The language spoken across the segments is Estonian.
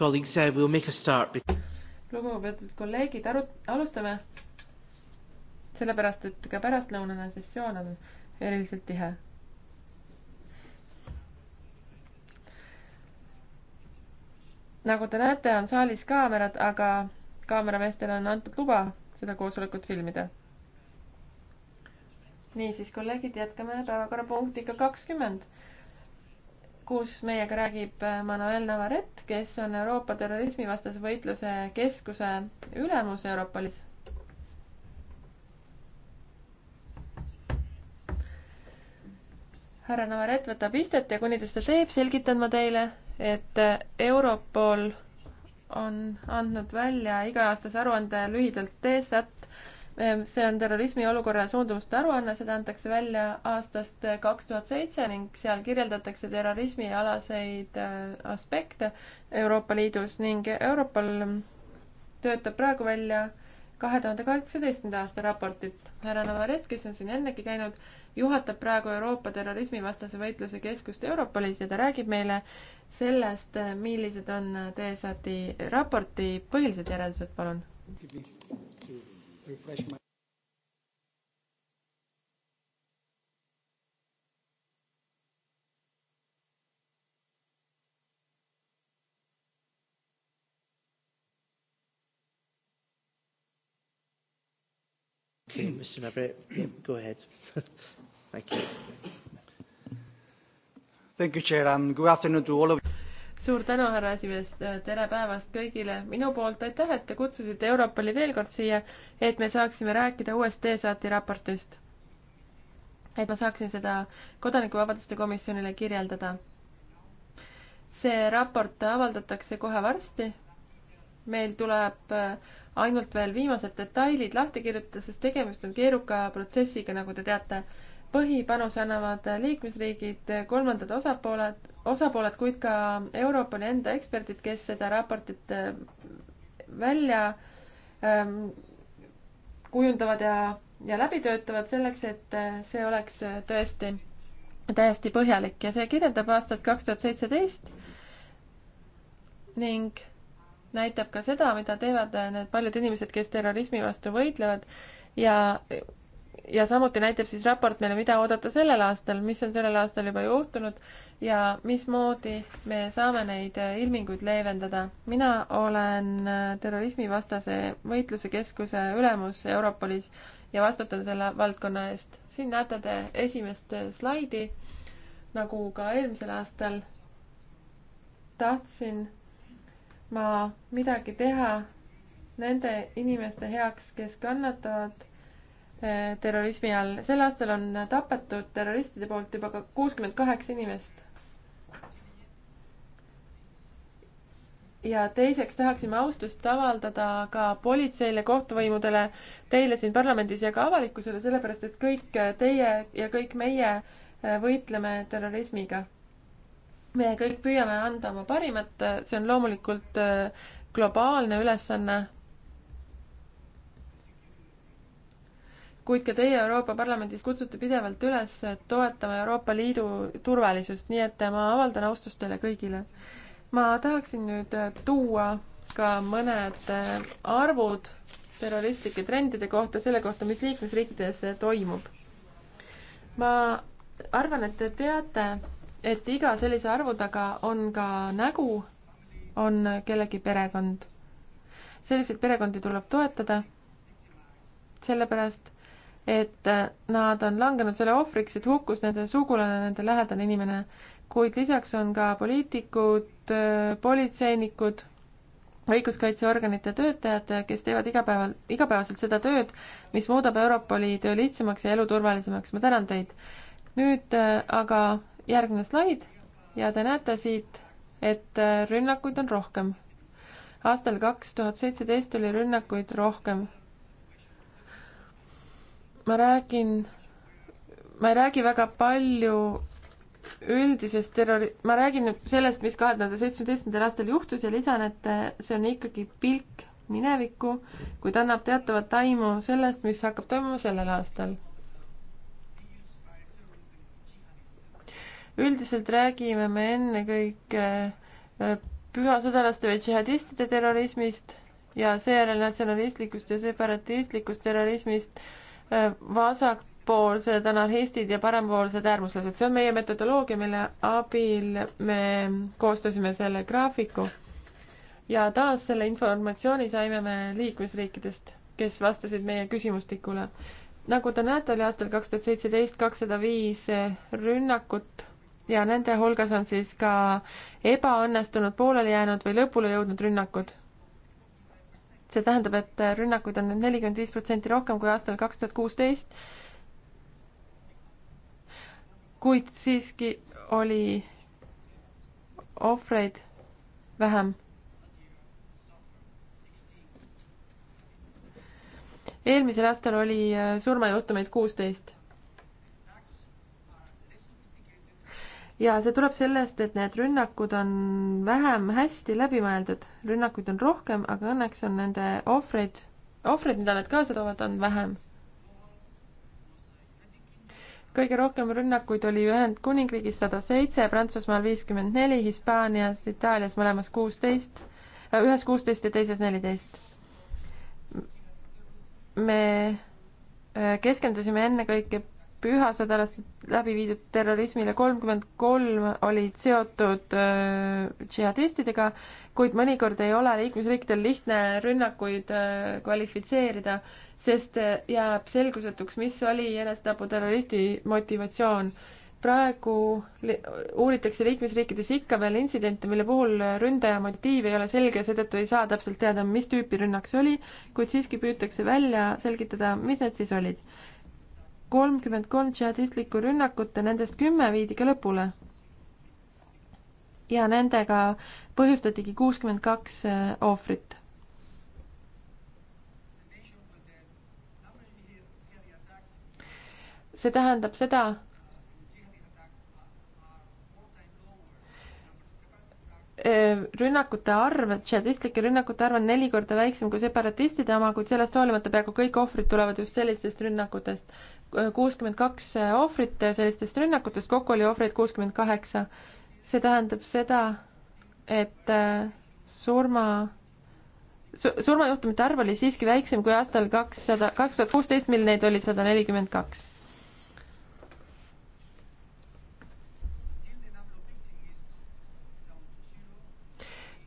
Colleagues, uh, we'll make a start. lugupeetud kolleegid, aru, alustame. sellepärast, et ka pärastlõunane sessioon on eriliselt tihe. nagu te näete, on saalis kaamerad, aga kaamerameestele on antud luba seda koosolekut filmida. niisiis, kolleegid, jätkame päevakorrapunktiga kakskümmend kus meiega räägib äh, Manuel Navaret, kes on Euroopa terrorismivastase võitluse keskuse ülemus Europolis. härra Navaret võtab istet ja kuni ta seda teeb, selgitan ma teile, et äh, Europol on andnud välja iga-aastase aruande lühidalt TSAT Ehm, see on terrorismi olukorra suundumuste aruanne, seda antakse välja aastast eh, kaks tuhat seitse ning seal kirjeldatakse terrorismialaseid eh, aspekte Euroopa Liidus ning Europol töötab praegu välja kahe tuhande kaheksateistkümnenda aasta raportit. härra Navaret, kes on siin ennegi käinud, juhatab praegu Euroopa terrorismivastase võitluse keskust Europolis ja ta räägib meile sellest, eh, millised on TSAT-i raporti põhilised järeldused, palun refresh my Okay, Mr. Nabrett, go ahead. Thank you. Thank you, Chair, and good afternoon to all of you suur tänu, härra esimees, tere päevast kõigile minu poolt, aitäh, et te kutsusite Europoli veel kord siia, et me saaksime rääkida uuest ESAT-i raportist. et ma saaksin seda Kodanikuvabaduste komisjonile kirjeldada. see raport avaldatakse kohe varsti. meil tuleb äh, ainult veel viimased detailid lahti kirjutada, sest tegemist on keeruka protsessiga, nagu te teate põhipanuse annavad liikmesriigid, kolmandad osapooled, osapooled, kuid ka Europoli enda eksperdid, kes seda raportit äh, välja ähm, kujundavad ja, ja läbi töötavad selleks, et äh, see oleks tõesti täiesti põhjalik ja see kirjeldab aastat kaks tuhat seitseteist ning näitab ka seda, mida teevad äh, need paljud inimesed, kes terrorismi vastu võitlevad ja ja samuti näitab siis raport meile, mida oodata sellel aastal, mis on sellel aastal juba juhtunud ja mismoodi me saame neid ilminguid leevendada. mina olen äh, terrorismivastase võitluse keskuse ülemus Europolis ja vastutan selle valdkonna eest. siin näete te esimest äh, slaidi, nagu ka eelmisel aastal tahtsin ma midagi teha nende inimeste heaks, kes kannatavad Äh, terrorismi all. sel aastal on tapetud terroristide poolt juba ka kuuskümmend kaheksa inimest. ja teiseks tahaksime austust avaldada ka politseile, kohtuvõimudele, teile siin parlamendis ja ka avalikkusele, sellepärast et kõik teie ja kõik meie äh, võitleme terrorismiga. me kõik püüame anda oma parimat, see on loomulikult äh, globaalne ülesanne kuid ka teie Euroopa Parlamendis kutsute pidevalt üles toetama Euroopa Liidu turvalisust, nii et ma avaldan austust teile kõigile. ma tahaksin nüüd tuua ka mõned arvud terroristlike trendide kohta, selle kohta, mis liikmesriikides toimub. ma arvan, et te teate, et iga sellise arvu taga on ka nägu, on kellegi perekond. selliseid perekondi tuleb toetada, sellepärast et äh, nad on langenud selle ohvriks, et hukkus nende sugulane, nende lähedane inimene. kuid lisaks on ka poliitikud, äh, politseinikud, õiguskaitseorganite töötajad, äh, kes teevad igapäeval, igapäevaselt seda tööd, mis muudab Europoli töö lihtsamaks ja elu turvalisemaks. ma tänan teid. nüüd aga järgmine slaid ja te näete siit, et rünnakuid on rohkem. aastal kaks tuhat seitseteist oli rünnakuid rohkem ma räägin, ma ei räägi väga palju üldisest terrori-, ma räägin nüüd sellest, mis kahe tuhande seitsmeteistkümnendal aastal juhtus ja lisan, et see on ikkagi pilk minevikku, kuid annab teatavat aimu sellest, mis hakkab toimuma sellel aastal. üldiselt räägime me ennekõike äh, pühasõdalaste või džihadistide terrorismist ja seejärel natsionalistlikust ja separatistlikust terrorismist vasakpoolsed anarhistid ja parempoolsed äärmuslased. see on meie metodoloogia, mille abil me koostasime selle graafiku. ja taas selle informatsiooni saime me liikmesriikidest, kes vastasid meie küsimustikule. nagu te näete, oli aastal kaks tuhat seitseteist kakssada viis rünnakut ja nende hulgas on siis ka ebaõnnestunud, pooleli jäänud või lõpule jõudnud rünnakud see tähendab, et rünnakuid on nüüd nelikümmend viis protsenti rohkem kui aastal kaks tuhat kuusteist. kuid siiski oli ohvreid vähem. eelmisel aastal oli äh, surmajuhtumeid kuusteist ja see tuleb sellest, et need rünnakud on vähem hästi läbi mõeldud, rünnakuid on rohkem, aga õnneks on nende ohvreid, ohvreid, mida nad kaasa toovad, on vähem. kõige rohkem rünnakuid oli Ühendkuningriigis sada seitse, Prantsusmaal viiskümmend neli, Hispaanias, Itaalias mõlemas kuusteist, äh, ühes kuusteist ja teises neliteist. me äh, keskendusime ennekõike püha sadalast läbi viidud terrorismile kolmkümmend kolm olid seotud äh, džihadistidega, kuid mõnikord ei ole liikmesriikidel lihtne rünnakuid äh, kvalifitseerida, sest äh, jääb selgusetuks, mis oli enesetaputerroristi motivatsioon. praegu uuritakse liikmesriikides ikka veel intsidente, mille puhul ründaja motiiv ei ole selge, seetõttu ei saa täpselt teada, mis tüüpi rünnak see oli, kuid siiski püütakse välja selgitada, mis need siis olid kolmkümmend kolm džihadistlikku rünnakut ja nendest kümme viidi ka lõpule. ja nendega põhjustatigi kuuskümmend kaks äh, ohvrit see tähendab seda, äh, rünnakute arv, džihadistlike rünnakute arv on neli korda väiksem kui separatistide oma, kuid sellest hoolimata peaaegu kõik ohvrid tulevad just sellistest rünnakutest kuuskümmend kaks ohvrit sellistest rünnakutest, kokku oli ohvreid kuuskümmend kaheksa. see tähendab seda, et äh, surma surmajuhtumite arv oli siiski väiksem kui aastal kakssada, kaks tuhat kuusteist, mil neid oli sada nelikümmend kaks.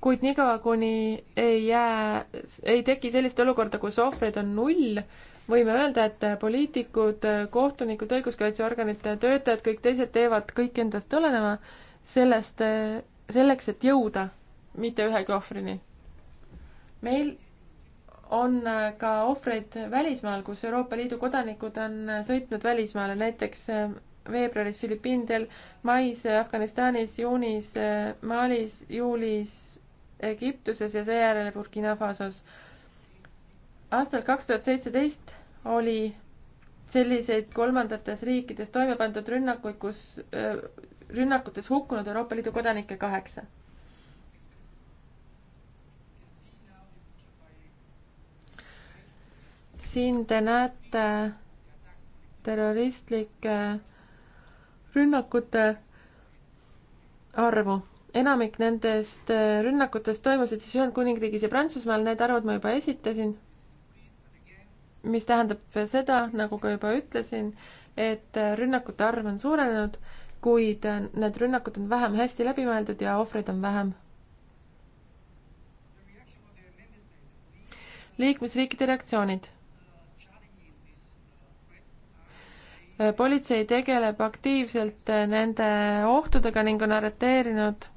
kuid niikaua, kuni ei jää, ei teki sellist olukorda, kus ohvreid on null, võime öelda, et poliitikud, kohtunikud, õiguskaitseorganite töötajad, kõik teised teevad kõik endast oleneva sellest, selleks, et jõuda mitte ühegi ohvrini. meil on ka ohvreid välismaal, kus Euroopa Liidu kodanikud on sõitnud välismaale, näiteks veebruaris Filipiinidel, mais Afganistanis, juunis Malis, juulis Egiptuses ja seejärel Burkina Fasos. aastal kaks tuhat seitseteist oli selliseid kolmandates riikides toime pandud rünnakuid, kus, rünnakutes hukkunud Euroopa Liidu kodanikke kaheksa. siin te näete terroristlike rünnakute arvu enamik nendest äh, rünnakutest toimusid siis Ühendkuningriigis ja Prantsusmaal, need arvud ma juba esitasin, mis tähendab seda, nagu ka juba ütlesin, et äh, rünnakute arv on suurenenud, kuid äh, need rünnakud on vähem hästi läbi mõeldud ja ohvreid on vähem. liikmesriikide reaktsioonid politsei tegeleb aktiivselt nende ohtudega ning on arreteerinud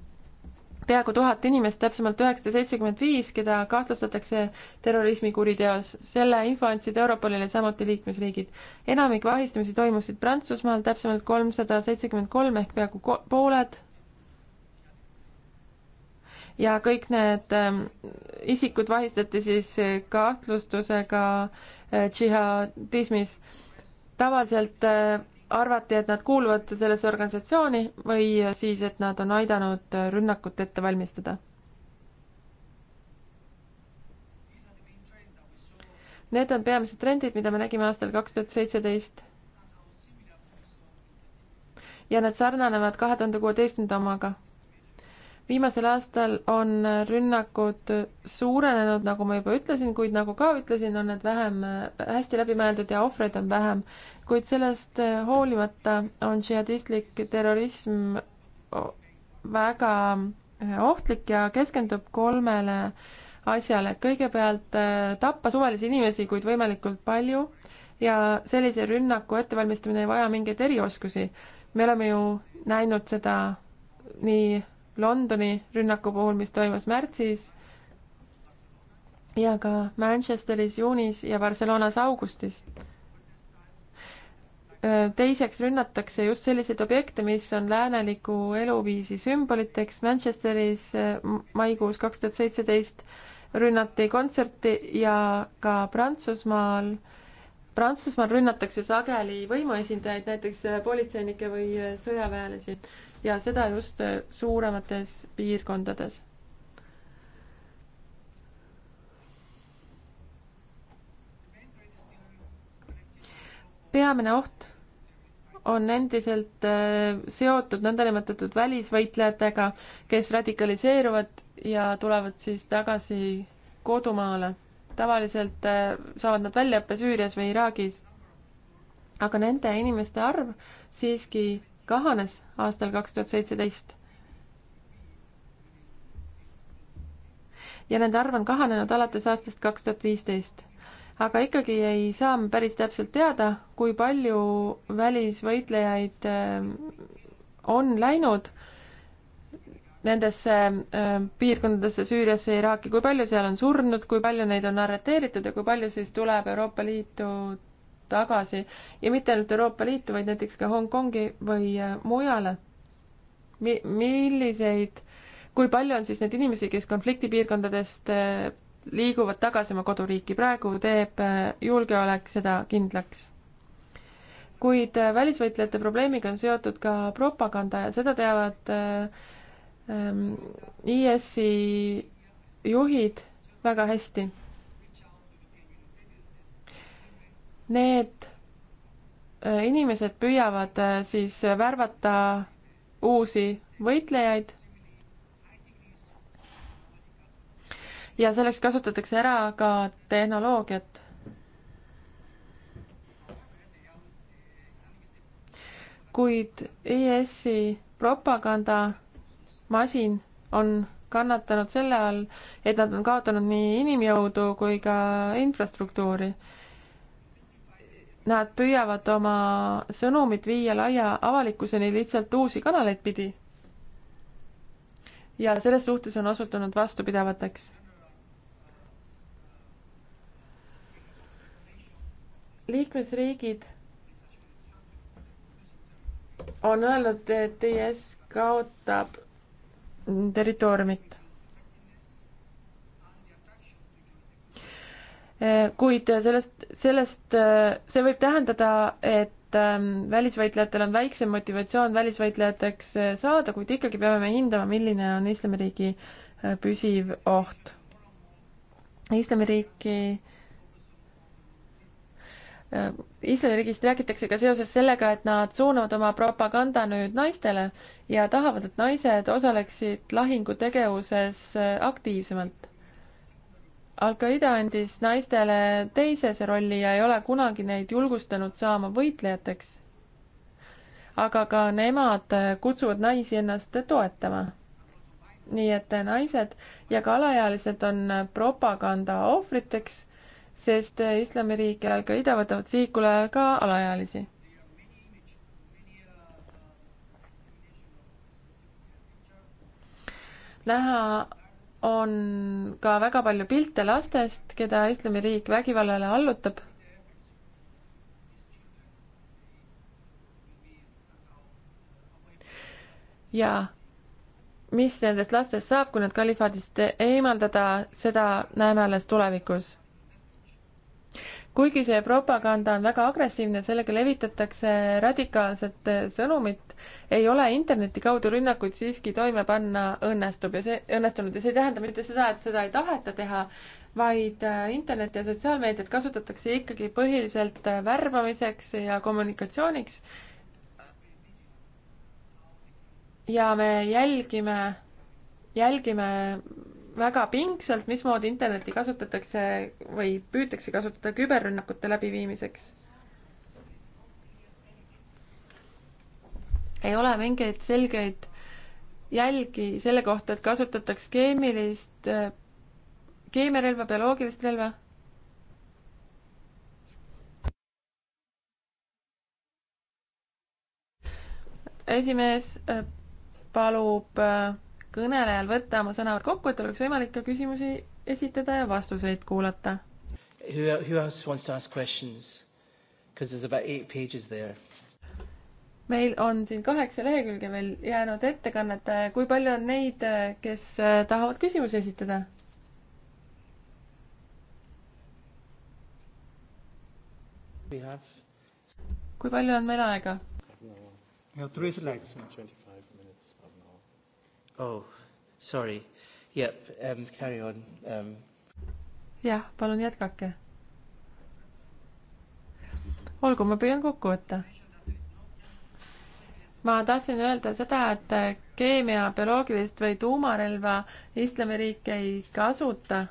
peaaegu tuhat inimest, täpsemalt üheksasada seitsekümmend viis, keda kahtlustatakse terrorismikuriteos. selle info andsid Europolile samuti liikmesriigid. enamik vahistamisi toimusid Prantsusmaal, täpsemalt kolmsada seitsekümmend kolm ehk peaaegu pooled. ja kõik need ähm, isikud vahistati siis äh, kahtlustusega äh, džihadismis. tavaliselt äh, arvati, et nad kuuluvad sellesse organisatsiooni või siis, et nad on aidanud rünnakut ette valmistada. Need on peamised trendid, mida me nägime aastal kaks tuhat seitseteist. ja need sarnanevad kahe tuhande kuueteistkümnenda omaga viimasel aastal on rünnakud suurenenud, nagu ma juba ütlesin, kuid nagu ka ütlesin, on need vähem hästi läbi mõeldud ja ohvreid on vähem. kuid sellest hoolimata on džihadistlik terrorism väga ohtlik ja keskendub kolmele asjale. kõigepealt äh, tappa suvalisi inimesi, kuid võimalikult palju ja sellise rünnaku ettevalmistamine ei vaja mingeid erioskusi. me oleme ju näinud seda nii Londoni rünnaku puhul, mis toimus märtsis ja ka Manchesteris juunis ja Barcelonas augustis. teiseks rünnatakse just selliseid objekte, mis on lääneliku eluviisi sümboliteks. Manchesteris maikuus kaks tuhat seitseteist rünnati kontserti ja ka Prantsusmaal Prantsusmaal rünnatakse sageli võimuesindajaid, näiteks politseinikke või sõjaväelasi ja seda just äh, suuremates piirkondades. peamine oht on endiselt äh, seotud nõndanimetatud välisvõitlejatega, kes radikaliseeruvad ja tulevad siis tagasi kodumaale. tavaliselt äh, saavad nad väljaõppe Süürias või Iraagis. aga nende inimeste arv siiski kahanes aastal kaks tuhat seitseteist. ja nende arv on kahanenud alates aastast kaks tuhat viisteist. aga ikkagi ei saa me päris täpselt teada, kui palju välisvõitlejaid ähm, on läinud nendesse ähm, piirkondadesse Süüriasse, Iraaki, kui palju seal on surnud, kui palju neid on arreteeritud ja kui palju siis tuleb Euroopa Liitu tagasi ja mitte ainult Euroopa Liitu, vaid näiteks ka Hongkongi või äh, mujale Mi. milliseid, kui palju on siis neid inimesi, kes konfliktipiirkondadest äh, liiguvad tagasi oma koduriiki, praegu teeb äh, julgeolek seda kindlaks. kuid välisvõitlejate probleemiga on seotud ka propaganda ja seda teavad ähm, IS-i juhid väga hästi Need äh, inimesed püüavad äh, siis värvata uusi võitlejaid ja selleks kasutatakse ära ka tehnoloogiat. kuid EAS-i propagandamasin on kannatanud selle all, et nad on kaotanud nii inimjõudu kui ka infrastruktuuri nad püüavad oma sõnumit viia laia avalikkuseni lihtsalt uusi kanaleid pidi. ja selles suhtes on osutunud vastupidavateks. liikmesriigid on öelnud, et IS e kaotab territooriumit Äh, kuid sellest, sellest, äh, see võib tähendada, et ähm, välisvõitlejatel on väiksem motivatsioon välisvõitlejateks äh, saada, kuid ikkagi peame me hindama, milline on islamiriigi püsiv oht. islamiriiki islamiriigist räägitakse ka seoses sellega, et nad suunavad oma propaganda nüüd naistele ja tahavad, et naised osaleksid lahingutegevuses aktiivsemalt Al-Qaeda andis naistele teisese rolli ja ei ole kunagi neid julgustanud saama võitlejateks. aga ka nemad kutsuvad naisi ennast toetama. nii et naised ja ka alaealised on propaganda ohvriteks, sest Islamiriik ja Al-Qaeda võtavad sihikule ka alaealisi näha on ka väga palju pilte lastest, keda Islamiriik vägivallale allutab. ja mis nendest lastest saab, kui nad kalifaadist eemaldada, seda näeme alles tulevikus. kuigi see propaganda on väga agressiivne, sellega levitatakse radikaalset sõnumit, ei ole interneti kaudu rünnakuid siiski toime panna õnnestub ja see, õnnestunud ja see ei tähenda mitte seda, et seda ei taheta teha, vaid äh, internetti ja sotsiaalmeediat kasutatakse ikkagi põhiliselt äh, värbamiseks ja kommunikatsiooniks. ja me jälgime, jälgime väga pingsalt, mismoodi internetti kasutatakse või püütakse kasutada küberrünnakute läbiviimiseks ei ole mingeid selgeid jälgi selle kohta, et kasutataks keemilist, keemiarelva, bioloogilist relva. esimees äh, palub äh, kõnelejal võtta oma sõnavõtt kokku, et oleks võimalik ka küsimusi esitada ja vastuseid kuulata. Who, who else wants to ask questions? Because there's about eight pages there meil on siin kaheksa lehekülge veel jäänud ettekannet. kui palju on neid, kes äh, tahavad küsimusi esitada? kui palju on meil aega? Three slides. Twenty-five minutes, half an hour. Oh, sorry. Yep, um, carry on um.. jah, palun jätkake. olgu, ma püüan kokku võtta ma tahtsin öelda seda, et keemia, bioloogilist või tuumarelva Islamiriik ei kasuta,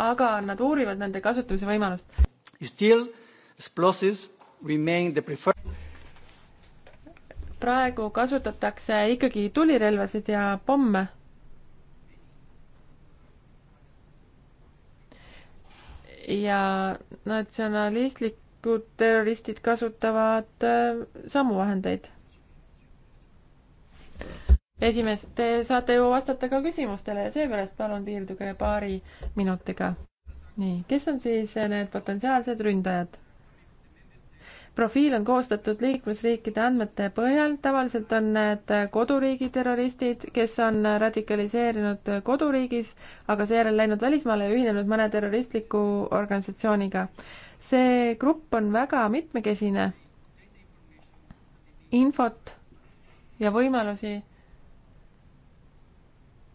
aga nad uurivad nende kasutamise võimalust. Still explosives remain the prefer-. praegu kasutatakse ikkagi tulirelvasid ja pomme. ja natsionalistlikud terroristid kasutavad äh, samu vahendeid esimees, te saate ju vastata ka küsimustele ja seepärast palun piirduge paari minutiga. nii, kes on siis need potentsiaalsed ründajad? profiil on koostatud liikmesriikide andmete põhjal, tavaliselt on need koduriigi terroristid, kes on radikaliseerinud koduriigis, aga seejärel läinud välismaale ja ühinenud mõne terroristliku organisatsiooniga. see grupp on väga mitmekesine. infot ja võimalusi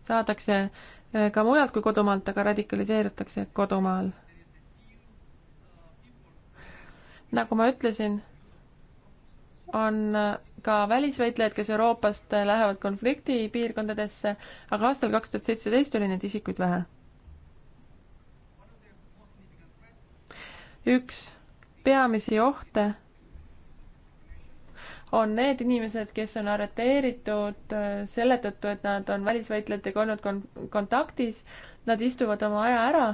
saadakse äh, ka mujalt kui kodumaalt, aga radikaliseerutakse kodumaal. nagu ma ütlesin, on äh, ka välisvõitlejad, kes Euroopast äh, lähevad konfliktipiirkondadesse, aga aastal kaks tuhat seitseteist oli neid isikuid vähe. üks peamisi ohte on need inimesed, kes on arreteeritud äh, selle tõttu, et nad on välisvõitlejatega olnud kon-, kontaktis, nad istuvad oma aja ära,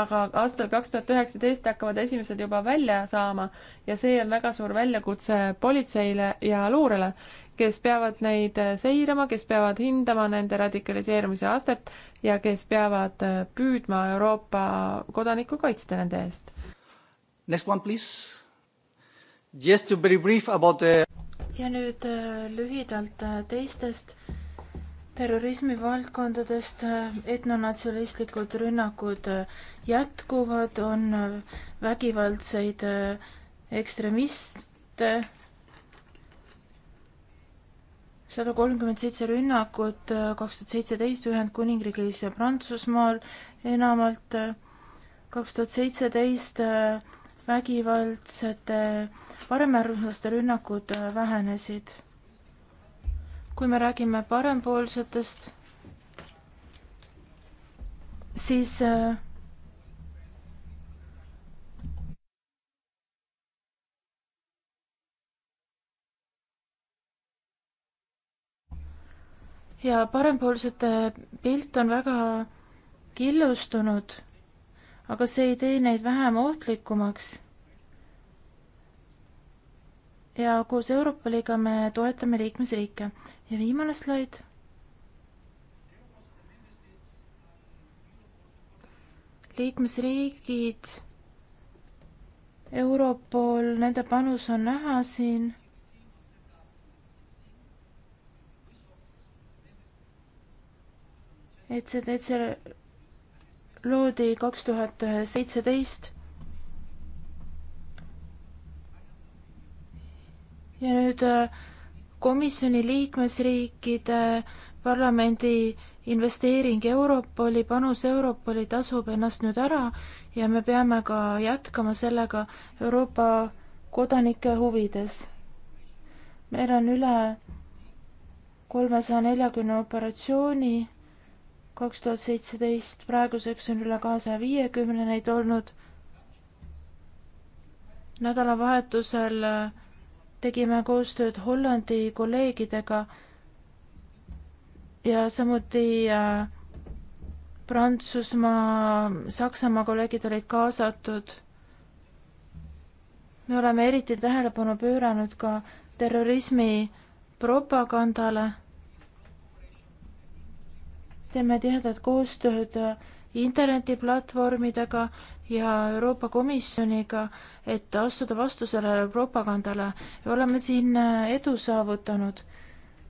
aga aastal kaks tuhat üheksateist hakkavad esimesed juba välja saama ja see on väga suur väljakutse politseile ja luurele, kes peavad neid äh, seirama, kes peavad hindama nende radikaliseerumise astet ja kes peavad äh, püüdma Euroopa kodanikku kaitsta nende eest. Next one please Yes, to be brief about the... ja nüüd äh, lühidalt äh, teistest terrorismivaldkondadest äh, etnonatsionalistlikud rünnakud jätkuvad, on vägivaldseid ekstremiste. sada kolmkümmend seitse rünnakut kaks tuhat seitseteist Ühendkuningriigis ja Prantsusmaal enamalt, kaks tuhat seitseteist vägivaldsete äh, paremäärmuslaste rünnakud äh, vähenesid. kui me räägime parempoolsetest, siis äh, ja parempoolsete pilt on väga killustunud, aga see ei tee neid vähem ohtlikumaks ja koos Euroopa Liiga me toetame liikmesriike. ja viimane slaid. liikmesriigid, Europol, nende panus on näha siin. et see täitsa loodi kaks tuhat seitseteist ja nüüd äh, komisjoni liikmesriikide parlamendi investeering Europoli, panus Europoli tasub ennast nüüd ära ja me peame ka jätkama sellega Euroopa kodanike huvides. meil on üle kolmesaja neljakümne operatsiooni, kaks tuhat seitseteist, praeguseks on üle kahesaja viiekümne neid olnud. nädalavahetusel äh, tegime koostööd Hollandi kolleegidega ja samuti äh, Prantsusmaa, Saksamaa kolleegid olid kaasatud. me oleme eriti tähelepanu pööranud ka terrorismi propagandale. teeme tihedat koostööd internetiplatvormidega ja Euroopa Komisjoniga, et astuda vastu sellele propagandale ja oleme siin äh, edu saavutanud.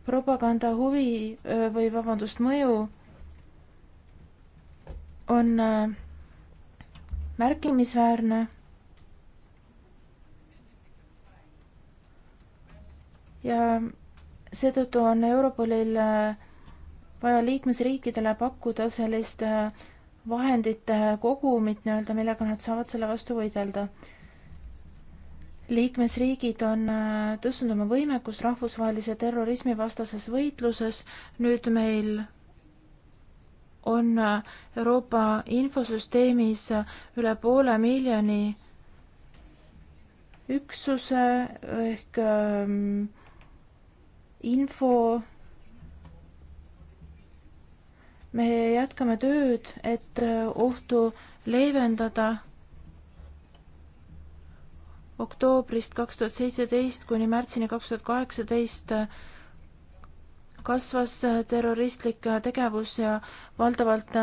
propaganda huvi äh, või vabandust, mõju on äh, märkimisväärne. ja seetõttu on Europolil vaja liikmesriikidele pakkuda sellist vahendite kogumit nii-öelda, millega nad saavad selle vastu võidelda. liikmesriigid on äh, tõstnud oma võimekust rahvusvahelise terrorismi vastases võitluses, nüüd meil on äh, Euroopa infosüsteemis äh, üle poole miljoni üksuse ehk ähm, info me jätkame tööd, et äh, ohtu leevendada. oktoobrist kaks tuhat seitseteist kuni märtsini kaks tuhat kaheksateist äh, kasvas äh, terroristlik tegevus ja valdavalt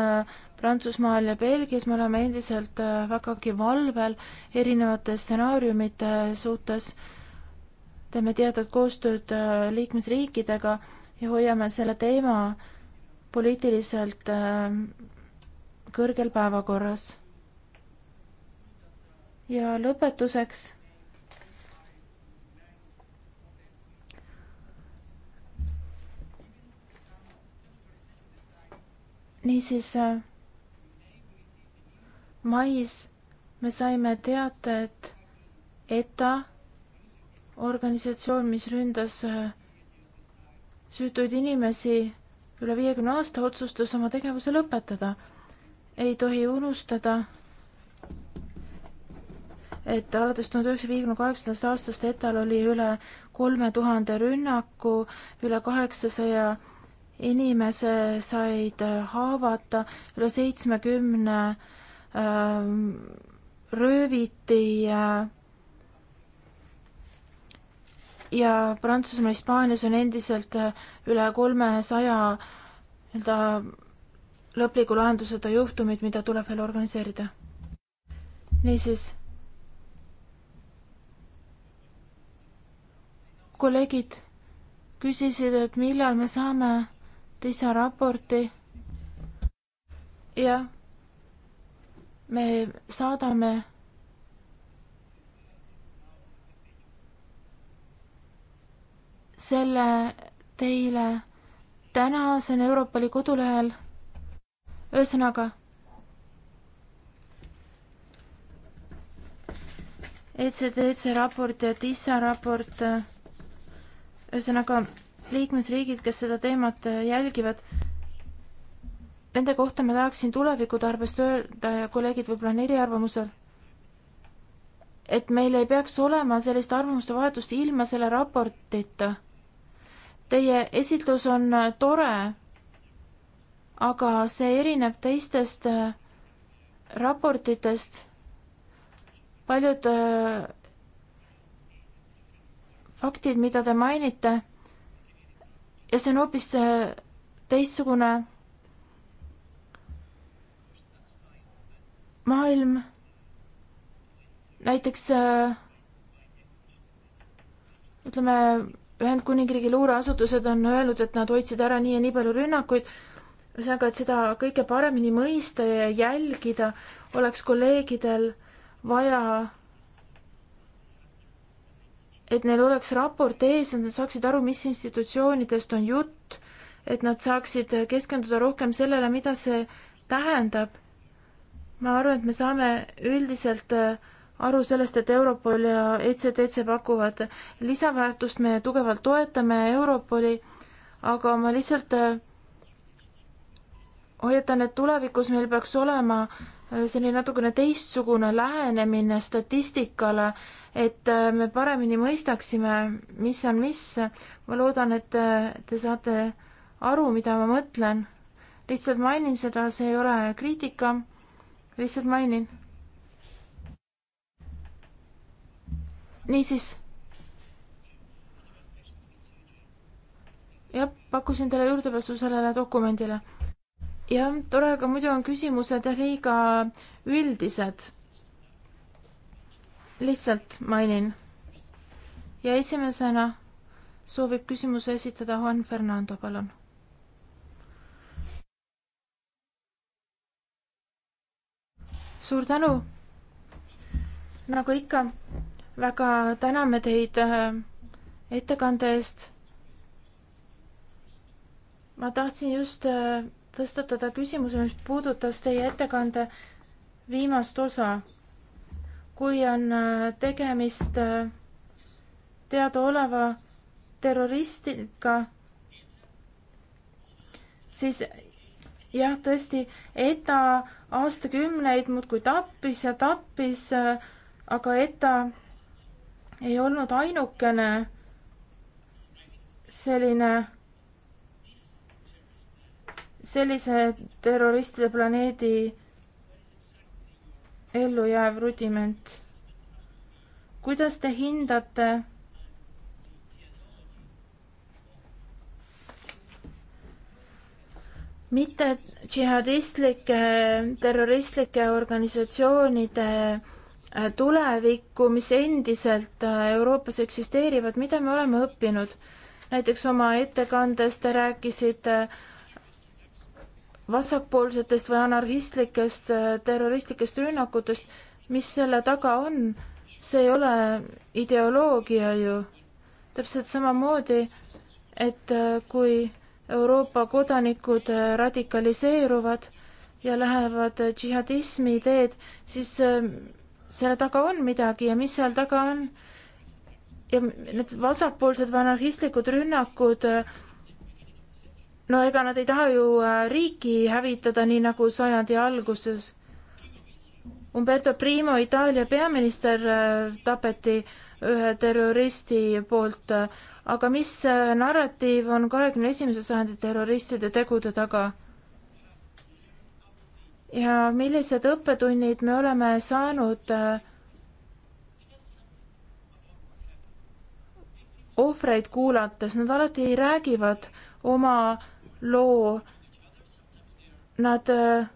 Prantsusmaal ja Belgias me oleme endiselt vägagi valvel erinevate stsenaariumite suhtes. teeme teatud koostööd liikmesriikidega ja hoiame selle teema poliitiliselt äh, kõrgel päevakorras. ja lõpetuseks niisiis äh, mais me saime teate, et ETA organisatsioon, mis ründas äh, süütuid inimesi, üle viiekümne aasta otsustas oma tegevuse lõpetada. ei tohi unustada, et alates tuhande üheksasaja viiekümne kaheksandast aastast ETA-l oli üle kolme tuhande rünnaku, üle kaheksasaja inimese said haavata, üle seitsmekümne ähm, rööviti äh, ja Prantsusmaal, Hispaanias on endiselt äh, üle kolmesaja nii-öelda lõpliku lahenduseta juhtumid, mida tuleb veel organiseerida. niisiis. kolleegid küsisid, et millal me saame lisaraporti. jah, me saadame selle teile täna, see on Euroopa Liidu kodulehel. ühesõnaga. ECDC raport ja TISA raport. ühesõnaga liikmesriigid, kes seda teemat jälgivad, nende kohta ma tahaksin tuleviku tarbest öelda ja kolleegid võib-olla on eriarvamusel, et meil ei peaks olema sellist arvamuste vahetust ilma selle raportita Teie esitlus on äh, tore, aga see erineb teistest äh, raportitest. paljud äh, faktid, mida te mainite, ja see on hoopis äh, teistsugune maailm. näiteks äh, ütleme Ühendkuningriigi luureasutused on öelnud, et nad hoidsid ära nii ja nii palju rünnakuid, ühesõnaga, et seda kõike paremini mõista ja jälgida, oleks kolleegidel vaja, et neil oleks raport ees, et nad saaksid aru, mis institutsioonidest on jutt, et nad saaksid keskenduda rohkem sellele, mida see tähendab. ma arvan, et me saame üldiselt äh, aru sellest, et Europol ja ECDC pakuvad lisaväärtust, me tugevalt toetame Europoli, aga ma lihtsalt äh, hoiatan, et tulevikus meil peaks olema äh, selline natukene teistsugune lähenemine statistikale, et äh, me paremini mõistaksime, mis on mis. ma loodan, et te saate aru, mida ma mõtlen. lihtsalt mainin seda, see ei ole kriitika, lihtsalt mainin niisiis. jah, pakkusin teile juurdepääsu sellele dokumendile. jah, tore, aga muidu on küsimused jah liiga üldised. lihtsalt mainin. ja esimesena soovib küsimuse esitada Juan Fernando, palun suur tänu. nagu ikka, väga täname teid äh, ettekande eest. ma tahtsin just äh, tõstatada küsimuse, mis puudutas teie ettekande viimast osa. kui on äh, tegemist teadaoleva terroristiga, siis jah, tõesti, ETA aastakümneid muudkui tappis ja tappis, aga ETA ei olnud ainukene selline, sellise terroristide planeedi ellujääv rudiment. kuidas te hindate mitte džihadistlike terroristlike organisatsioonide tulevikku, mis endiselt äh, Euroopas eksisteerivad, mida me oleme õppinud? näiteks oma ettekandes te rääkisite äh, vasakpoolsetest või anarhistlikest äh, terroristlikest rünnakutest, mis selle taga on, see ei ole ideoloogia ju. täpselt samamoodi, et kui Euroopa kodanikud radikaliseeruvad ja lähevad džihadismi teed, siis selle taga on midagi ja mis seal taga on. ja need vasakpoolsed või anarhistlikud rünnakud, no ega nad ei taha ju äh, riiki hävitada, nii nagu sajandi alguses. Umberto Primo, Itaalia peaminister, äh, tapeti ühe terroristi poolt, aga mis äh, narratiiv on kahekümne esimese sajandi terroristide tegude taga? ja millised õppetunnid me oleme saanud äh, ohvreid kuulates, nad alati räägivad oma loo. Nad äh,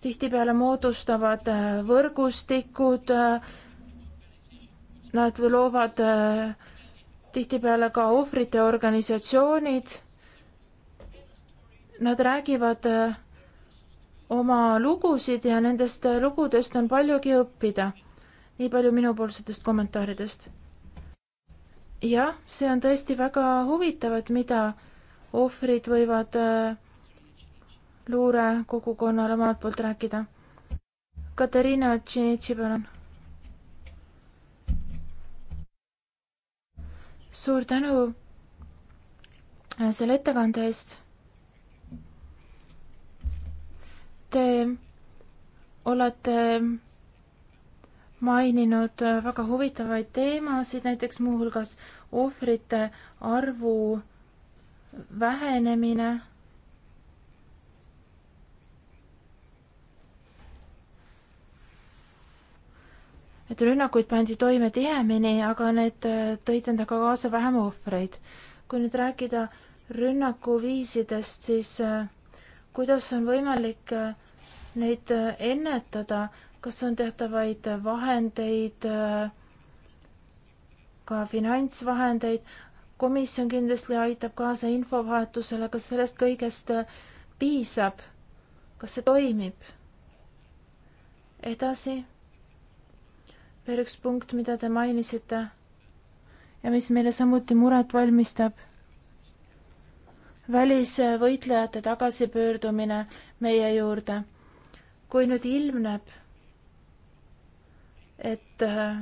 tihtipeale moodustavad äh, võrgustikud, nad loovad tihtipeale ka ohvrite organisatsioonid. Nad räägivad äh, oma lugusid ja nendest lugudest on paljugi õppida. nii palju minupoolsetest kommentaaridest. jah, see on tõesti väga huvitav, et mida ohvrid võivad äh, luurekogukonnale omalt poolt rääkida. Katariina Tšinitši, palun. suur tänu äh, selle ettekande eest Te olete maininud väga huvitavaid teemasid, näiteks muuhulgas ohvrite arvu vähenemine. et rünnakuid pandi toime tihemini, aga need tõid endaga kaasa vähem ohvreid. kui nüüd rääkida rünnakuviisidest, siis äh, kuidas on võimalik äh, neid äh, ennetada, kas on teatavaid äh, vahendeid, ka finantsvahendeid, komisjon kindlasti aitab kaasa infovahetusele, kas sellest kõigest piisab, kas see toimib? edasi, veel üks punkt, mida te mainisite ja mis meile samuti muret valmistab välisvõitlejate tagasipöördumine meie juurde. kui nüüd ilmneb, et äh,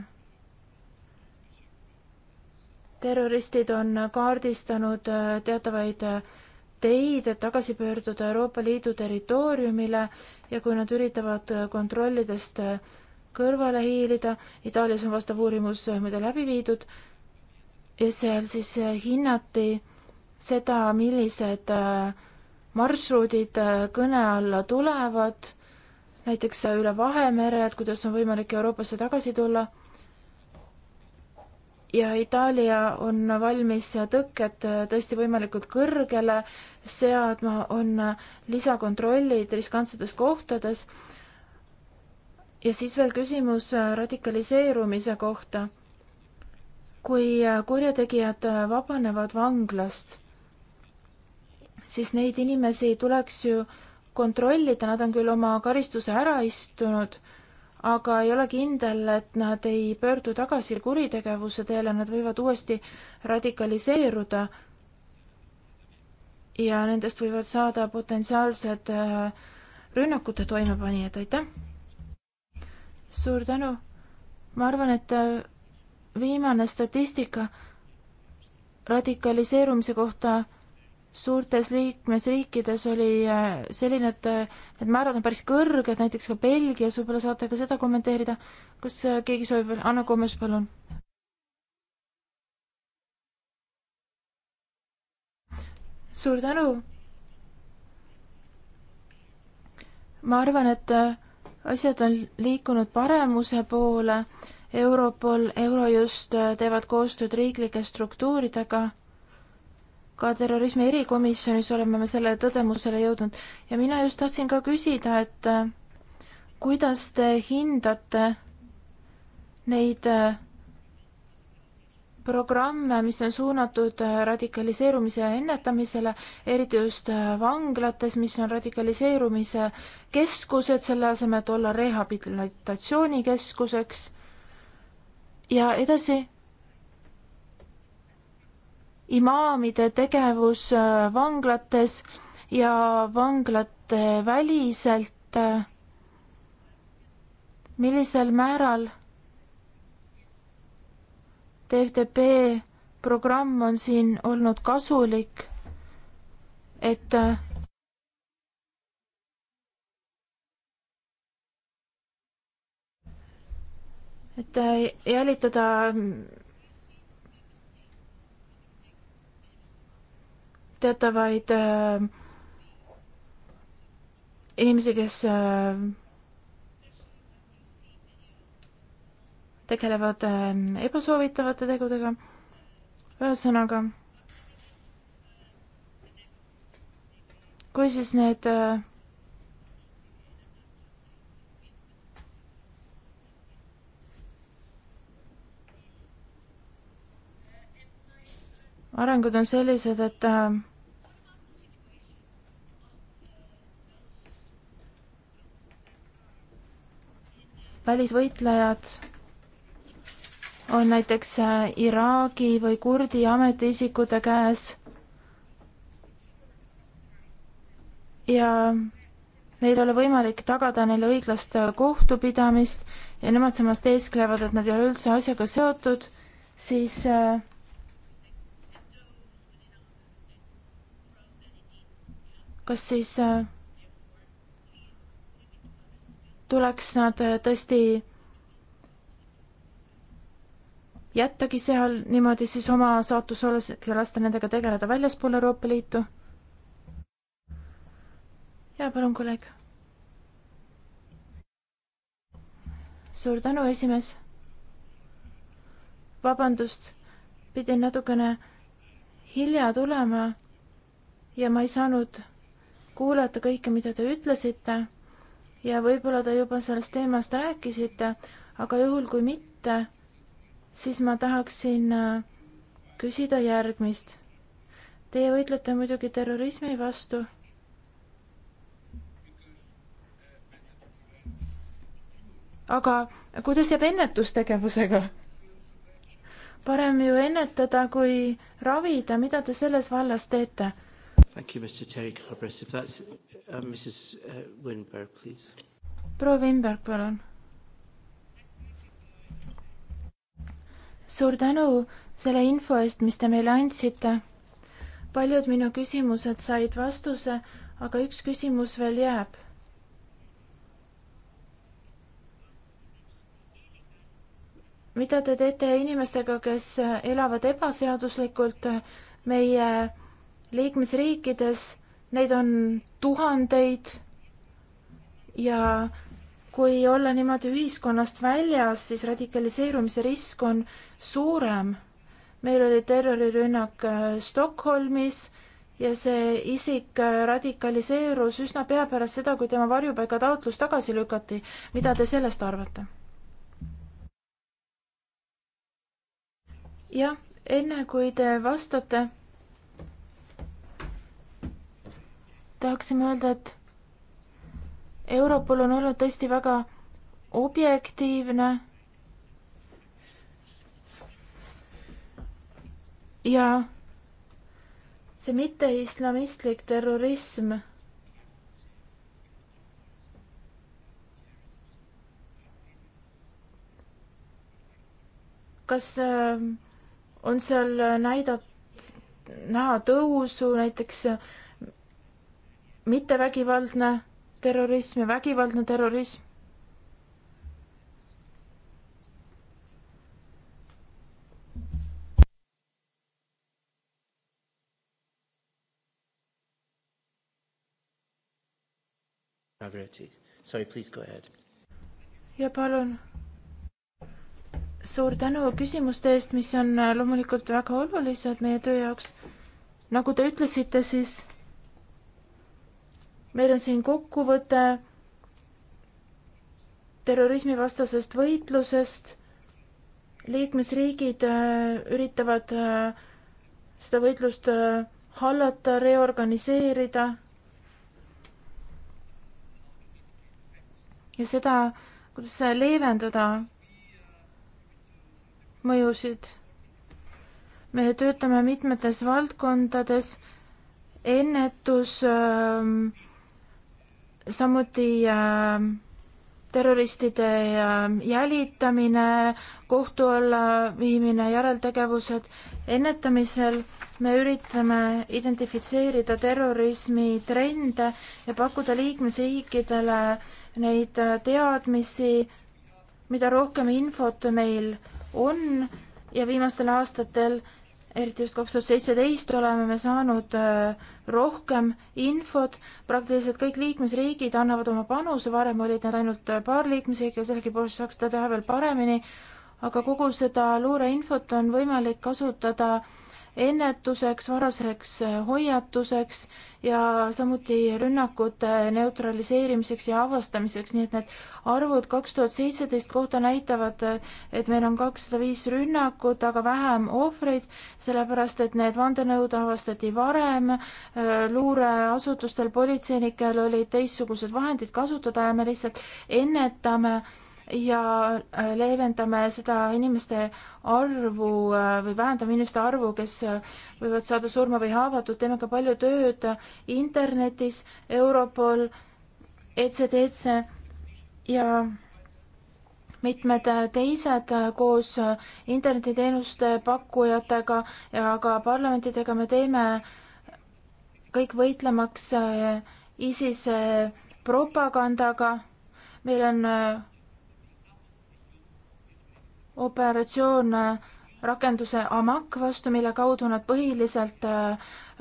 terroristid on kaardistanud äh, teatavaid äh, teid, et tagasi pöörduda Euroopa Liidu territooriumile ja kui nad üritavad kontrollidest kõrvale hiilida, Itaalias on vastav uurimus muide läbi viidud ja seal siis hinnati seda, millised äh, marsruudid äh, kõne alla tulevad, näiteks äh, üle Vahemere, et kuidas on võimalik Euroopasse tagasi tulla. ja Itaalia on valmis tõkked tõesti võimalikult kõrgele seadma, on lisakontrollid riskantsetes kohtades. ja siis veel küsimus radikaliseerumise kohta kui kurjategijad vabanevad vanglast siis neid inimesi tuleks ju kontrollida, nad on küll oma karistuse ära istunud, aga ei ole kindel, et nad ei pöördu tagasi kuritegevuse teele, nad võivad uuesti radikaliseeruda. ja nendest võivad saada potentsiaalsed äh, rünnakute toimepanijad, aitäh! suur tänu! ma arvan, et äh, viimane statistika radikaliseerumise kohta suurtes liikmesriikides oli äh, selline, et need äh, määrad on päris kõrged, näiteks ka Belgias, võib-olla saate ka seda kommenteerida. kas äh, keegi soovib veel? Anna Komes, palun. suur tänu. ma arvan, et asjad on liikunud paremuse poole. Europol, Eurojust teevad koostööd riiklike struktuuridega ka terrorismi erikomisjonis oleme me selle tõdemusele jõudnud ja mina just tahtsin ka küsida, et äh, kuidas te hindate neid äh, programme, mis on suunatud äh, radikaliseerumise ennetamisele, eriti just vanglates, mis on radikaliseerumise keskused, selle asemel, et olla rehabilitatsioonikeskuseks. ja edasi, imaamide tegevus äh, vanglates ja vanglate väliselt, äh, millisel määral TFTP programm on siin olnud kasulik, et äh, et jälitada teatavaid äh, inimesi, kes äh, tegelevad äh, ebasoovitavate tegudega. ühesõnaga, kui siis need äh, arengud on sellised, et äh, välisvõitlejad on näiteks äh, Iraagi või kurdi ametiisikute käes ja meil ei ole võimalik tagada neile õiglast äh, kohtupidamist ja nemad samas teesklevad, et nad ei ole üldse asjaga seotud, siis äh, kas siis äh, tuleks nad äh, tõesti jättagi seal niimoodi siis oma saatuse olles ja lasta nendega tegeleda väljaspool Euroopa Liitu? jaa, palun, kolleeg. suur tänu, esimees. vabandust, pidin natukene hilja tulema ja ma ei saanud kuulata kõike, mida te ütlesite ja võib-olla te juba sellest teemast rääkisite, aga juhul kui mitte, siis ma tahaksin äh, küsida järgmist. Teie võitlete muidugi terrorismi vastu. aga kuidas jääb ennetustegevusega? parem ju ennetada kui ravida, mida te selles vallas teete Thank you, Mr Terry Cabras. If that's uh, Mrs uh, Winberg, please. proua Winberg, palun. suur tänu selle info eest, mis te meile andsite. paljud minu küsimused said vastuse, aga üks küsimus veel jääb mida te teete inimestega, kes elavad ebaseaduslikult meie liikmesriikides, neid on tuhandeid ja kui olla niimoodi ühiskonnast väljas, siis radikaliseerumise risk on suurem. meil oli terrorirünnak äh, Stockholmis ja see isik äh, radikaliseerus üsna pea pärast seda, kui tema varjupaigataotlus tagasi lükati. mida te sellest arvate? jah, enne kui te vastate tahaksime öelda, et Europol on olnud tõesti väga objektiivne ja see mitte-islamistlik terrorism kas äh, on seal näidat-, näha tõusu näiteks äh, mittevägivaldne terrorism ja vägivaldne terrorism. Sorry, please go ahead. ja palun. suur tänu küsimuste eest, mis on loomulikult väga olulised meie töö jaoks. nagu te ütlesite, siis meil on siin kokkuvõte terrorismivastasest võitlusest. liikmesriigid äh, üritavad äh, seda võitlust äh, hallata, reorganiseerida. ja seda, kuidas leevendada mõjusid. me töötame mitmetes valdkondades, ennetus äh,, samuti äh, terroristide äh, jälitamine, kohtu alla viimine, järeltegevused. ennetamisel me üritame identifitseerida terrorismi trende ja pakkuda liikmesriikidele neid äh, teadmisi, mida rohkem infot meil on ja viimastel aastatel eriti just kaks tuhat seitseteist oleme me saanud äh, rohkem infot, praktiliselt kõik liikmesriigid annavad oma panuse, varem olid need ainult äh, paar liikmesriiki ja sellegipoolest saaks seda teha veel paremini, aga kogu seda luureinfot on võimalik kasutada ennetuseks, varaseks hoiatuseks ja samuti rünnakute neutraliseerimiseks ja avastamiseks, nii et need arvud kaks tuhat seitseteist kohta näitavad, et meil on kakssada viis rünnakut, aga vähem ohvreid, sellepärast et need vandenõud avastati varem, luureasutustel, politseinikel olid teistsugused vahendid kasutada ja me lihtsalt ennetame äh, ja äh, leevendame seda inimeste arvu äh, või vähendame inimeste arvu, kes äh, võivad saada surma või haavatud, teeme ka palju tööd internetis, Europol, ECDC ja mitmed teised koos internetiteenuste pakkujatega ja ka parlamentidega me teeme kõik võitlemaks ISISe propagandaga. meil on operatsioon äh, rakenduse AMAK vastu, mille kaudu nad põhiliselt äh,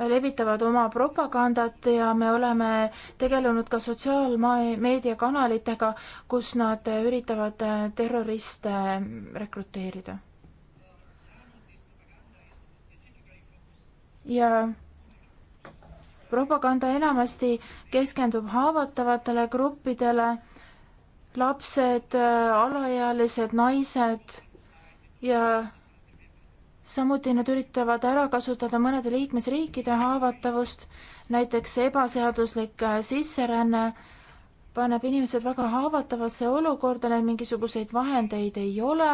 levitavad oma propagandat ja me oleme tegelenud ka sotsiaalmeediakanalitega, kus nad äh, üritavad terroriste rekruteerida. ja propaganda enamasti keskendub haavatavatele gruppidele, lapsed, alaealised, naised ja samuti nad üritavad ära kasutada mõnede liikmesriikide haavatavust, näiteks ebaseaduslik äh, sisseränne paneb inimesed väga haavatavasse olukorda, neil mingisuguseid vahendeid ei ole,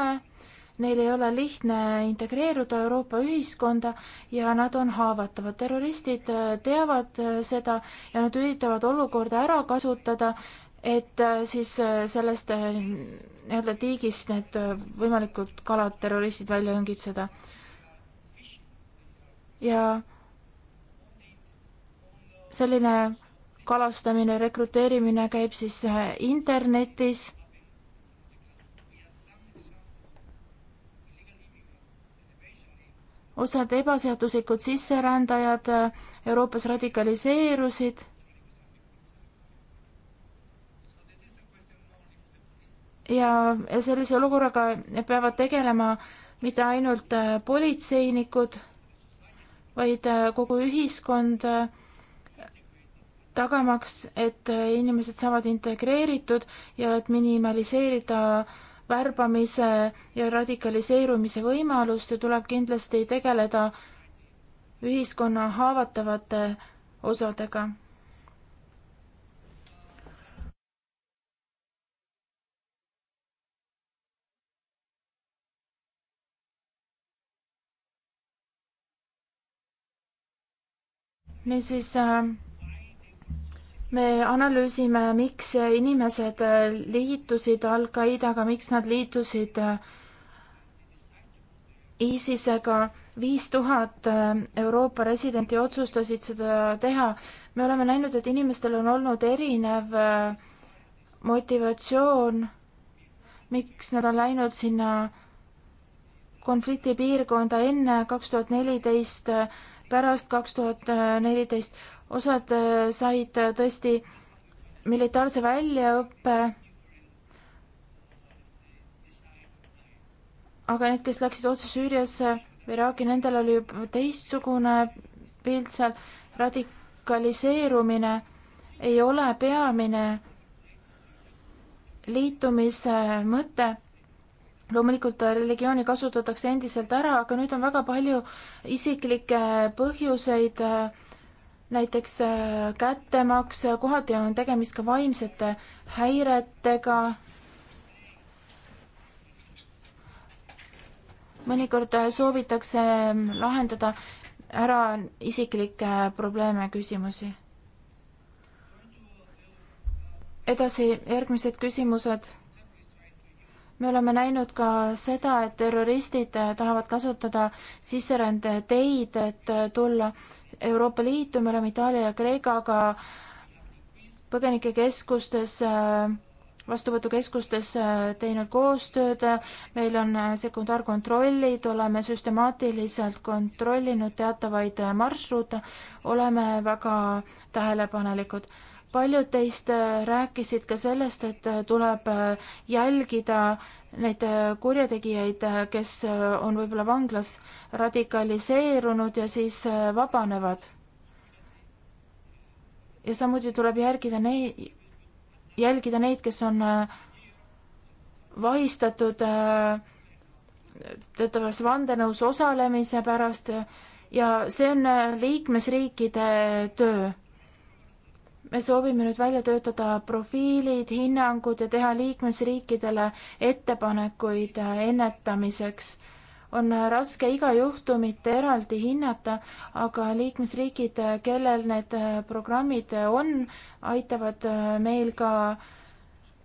neil ei ole lihtne integreeruda Euroopa ühiskonda ja nad on haavatavad. terroristid äh, teavad äh, seda ja nad üritavad olukorda ära kasutada et äh, siis äh, sellest äh, nii-öelda tiigist need võimalikud kalad, terroristid välja õngitseda. ja selline kalastamine, rekruteerimine käib siis internetis. osad ebaseaduslikud sisserändajad Euroopas radikaliseerusid ja, ja sellise olukorraga peavad tegelema mitte ainult äh, politseinikud, vaid äh, kogu ühiskond, äh, tagamaks, et inimesed saavad integreeritud ja et minimaliseerida värbamise ja radikaliseerumise võimalust ja tuleb kindlasti tegeleda ühiskonna haavatavate osadega niisiis äh, me analüüsime, miks inimesed äh, liitusid Al-Qaidaga, miks nad liitusid äh, ISISega. viis tuhat Euroopa residenti otsustasid seda teha. me oleme näinud, et inimestel on olnud erinev motivatsioon, miks nad on läinud sinna konfliktipiirkonda enne kaks tuhat neliteist pärast kaks tuhat äh, neliteist. osad äh, said äh, tõesti militaarse väljaõppe. aga need, kes läksid otse Süüriasse või Iraaki, nendel oli juba teistsugune pilt seal. radikaliseerumine ei ole peamine liitumise mõte loomulikult äh, religiooni kasutatakse endiselt ära, aga nüüd on väga palju isiklikke põhjuseid, äh, näiteks äh, kättemaks, kohati on tegemist ka vaimsete häiretega. mõnikord soovitakse ähm, lahendada ära isiklikke probleeme, küsimusi. edasi, järgmised küsimused me oleme näinud ka seda, et terroristid äh, tahavad kasutada sisserände teid, et äh, tulla Euroopa Liitu, me oleme Itaalia ja Kreekaga põgenikekeskustes, äh, vastuvõtukeskustes teinud koostööd, meil on sekundaarkontrollid, oleme süstemaatiliselt kontrollinud teatavaid marsruute, oleme väga tähelepanelikud paljud teist äh, rääkisid ka sellest, et äh, tuleb äh, jälgida neid kurjategijaid, kes on võib-olla vanglas radikaliseerunud ja siis vabanevad. ja samuti tuleb järgida neid, jälgida neid, kes on vahistatud teatavas vandenõus osalemise pärast ja see on liikmesriikide töö me soovime nüüd välja töötada profiilid, hinnangud ja teha liikmesriikidele ettepanekuid ennetamiseks. on raske iga juhtumit eraldi hinnata, aga liikmesriigid, kellel need programmid on, aitavad meil ka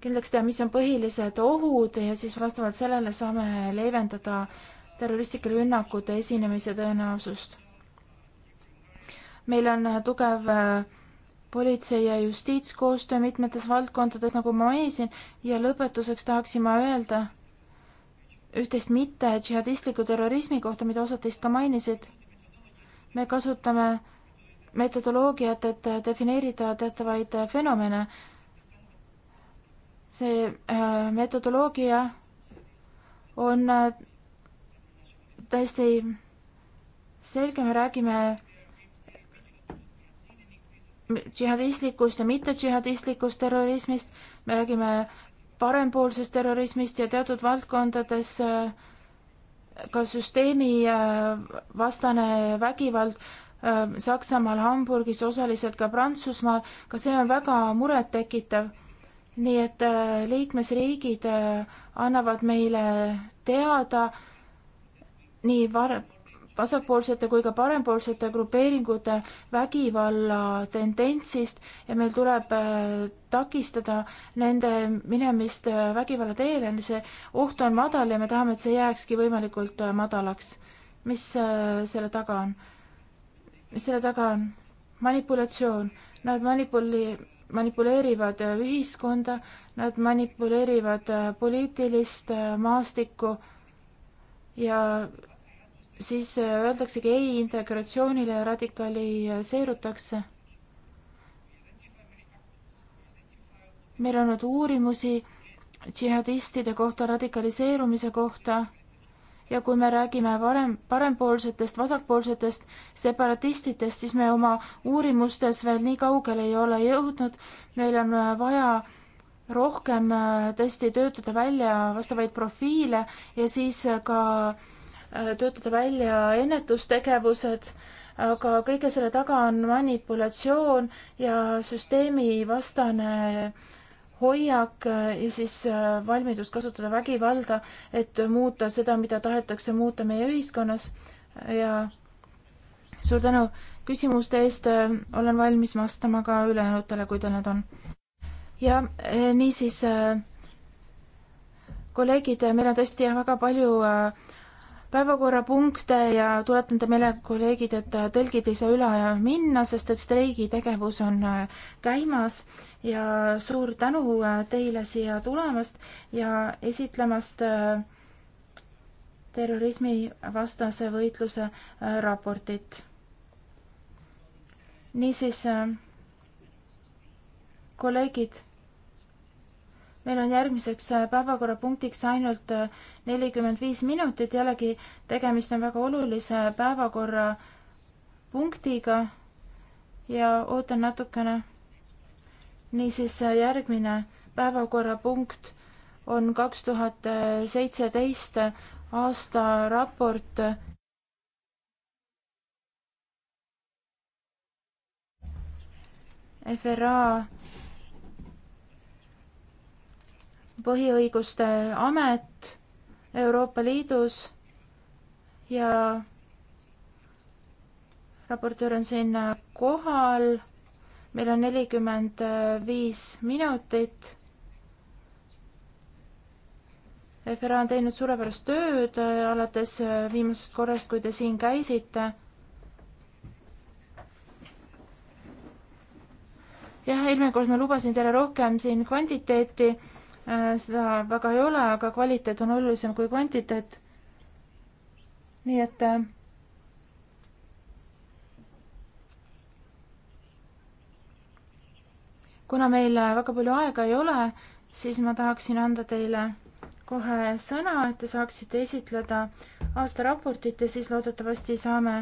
kindlaks teha, mis on põhilised ohud ja siis vastavalt sellele saame leevendada terroristlike rünnakute esinemise tõenäosust. meil on tugev äh, politsei ja justiitskoostöö mitmetes valdkondades, nagu ma mainisin, ja lõpetuseks tahaksin ma öelda üht-teist mitte džihadistliku terrorismi kohta, mida osad teist ka mainisid. me kasutame metodoloogiat, et defineerida teatavaid fenomene. see äh, metodoloogia on äh, täiesti selge, me räägime džihadistlikust ja mittedžihadistlikust terrorismist, me räägime parempoolsest terrorismist ja teatud valdkondades äh, ka süsteemi äh, vastane vägivald äh, Saksamaal, Hamburgis, osaliselt ka Prantsusmaal, ka see on väga murettekitav. nii et liikmesriigid annavad meile teada nii var-, vasakpoolsete kui ka parempoolsete grupeeringute vägivalla tendentsist ja meil tuleb äh, takistada nende minemist äh, vägivalla teele, see oht on madal ja me tahame, et see jääkski võimalikult äh, madalaks. mis selle taga on? mis selle taga on? manipulatsioon, nad manipuli-, manipuleerivad ühiskonda, nad manipuleerivad poliitilist maastikku ja siis äh, öeldaksegi ei integratsioonile ja radikaliseerutakse. Äh, meil on olnud uurimusi džihadistide kohta, radikaliseerumise kohta ja kui me räägime varem, parempoolsetest, vasakpoolsetest separatistidest, siis me oma uurimustes veel nii kaugele ei ole jõudnud. meil on äh, vaja rohkem tõesti töötada välja vastavaid profiile ja siis ka äh, Äh, töötada välja ennetustegevused, aga kõige selle taga on manipulatsioon ja süsteemivastane hoiak äh, ja siis äh, valmidus kasutada vägivalda, et muuta seda, mida tahetakse muuta meie ühiskonnas ja suur tänu küsimuste eest, olen valmis vastama ka ülejäänutele, kui teil need on. ja niisiis kolleegid, meil on tõesti jah, väga palju äh, päevakorrapunkte ja tuletan te meile, kolleegid, et tõlgid ei saa üle aja minna, sest et streigitegevus on äh, käimas ja suur tänu äh, teile siia tulemast ja esitlemast äh, terrorismivastase võitluse raportit. niisiis, kolleegid meil on järgmiseks äh, päevakorrapunktiks ainult äh, nelikümmend viis minutit, jällegi tegemist on väga olulise päevakorrapunktiga ja ootan natukene. niisiis, äh, järgmine päevakorrapunkt on kaks tuhat seitseteist aasta raport FRA põhiõiguste amet Euroopa Liidus ja raportöör on siin kohal. meil on nelikümmend viis minutit. FRA on teinud suurepärast tööd alates viimasest korrast, kui te siin käisite. jah, eelmine kord ma lubasin teile rohkem siin kvantiteeti Äh, seda väga ei ole, aga kvaliteet on olulisem kui kvantiteet. nii et äh, kuna meil äh, väga palju aega ei ole, siis ma tahaksin anda teile kohe sõna, et te saaksite esitleda aastaraportit ja siis loodetavasti saame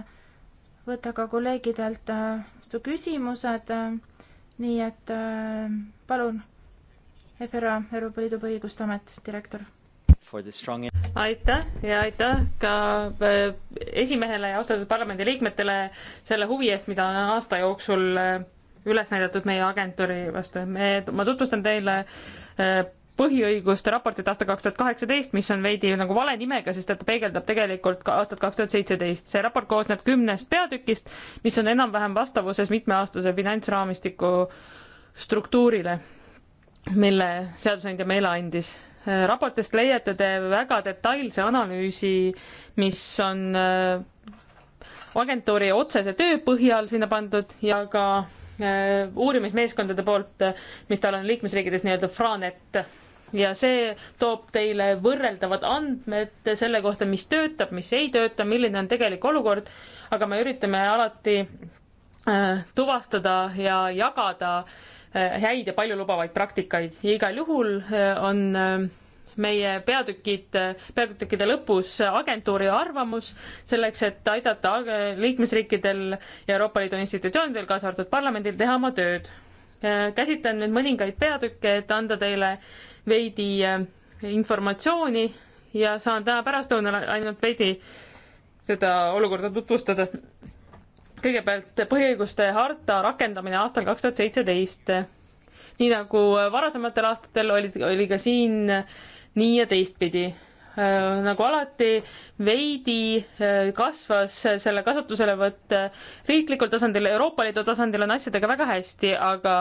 võtta ka kolleegidelt vastu küsimused. nii et palun EFRA, Euroopa Liidu Põhiõiguste Amet, direktor Strong... aitäh ja aitäh ka äh, esimehele ja austatud parlamendiliikmetele selle huvi eest, mida on aasta jooksul äh, üles näidatud meie agentuuri vastu. me, ma tutvustan teile äh, põhiõiguste raportit aasta kaks tuhat kaheksateist, mis on veidi nagu vale nimega, sest et ta peegeldab tegelikult ka aastat kaks tuhat seitseteist. see raport koosneb kümnest peatükist, mis on enam-vähem vastavuses mitmeaastase finantsraamistiku struktuurile mille seadusandja meile andis. raportist leiate te väga detailse analüüsi, mis on äh, agentuuri otsese töö põhjal sinna pandud ja ka äh, uurimismeeskondade poolt, mis tal on liikmesriikides nii-öelda Franet ja see toob teile võrreldavad andmed selle kohta, mis töötab, mis ei tööta, milline on tegelik olukord, aga me üritame alati äh, tuvastada ja jagada äh, Äh, häid ja paljulubavaid praktikaid ja igal juhul äh, on äh, meie peatükid, peatükkide lõpus agentuuri arvamus selleks, et aidata liikmesriikidel ja Euroopa Liidu institutsioonidel, kaasa arvatud parlamendil, teha oma tööd. käsitlen nüüd mõningaid peatükke, et anda teile veidi informatsiooni ja saan täna pärastlõunal ainult veidi seda olukorda tutvustada kõigepealt põhiõiguste harta rakendamine aastal kaks tuhat seitseteist. nii nagu varasematel aastatel oli, oli ka siin nii ja teistpidi. Äh, nagu alati, veidi äh, kasvas selle kasutuselevõtt äh, riiklikul tasandil, Euroopa Liidu tasandil on asjadega väga hästi, aga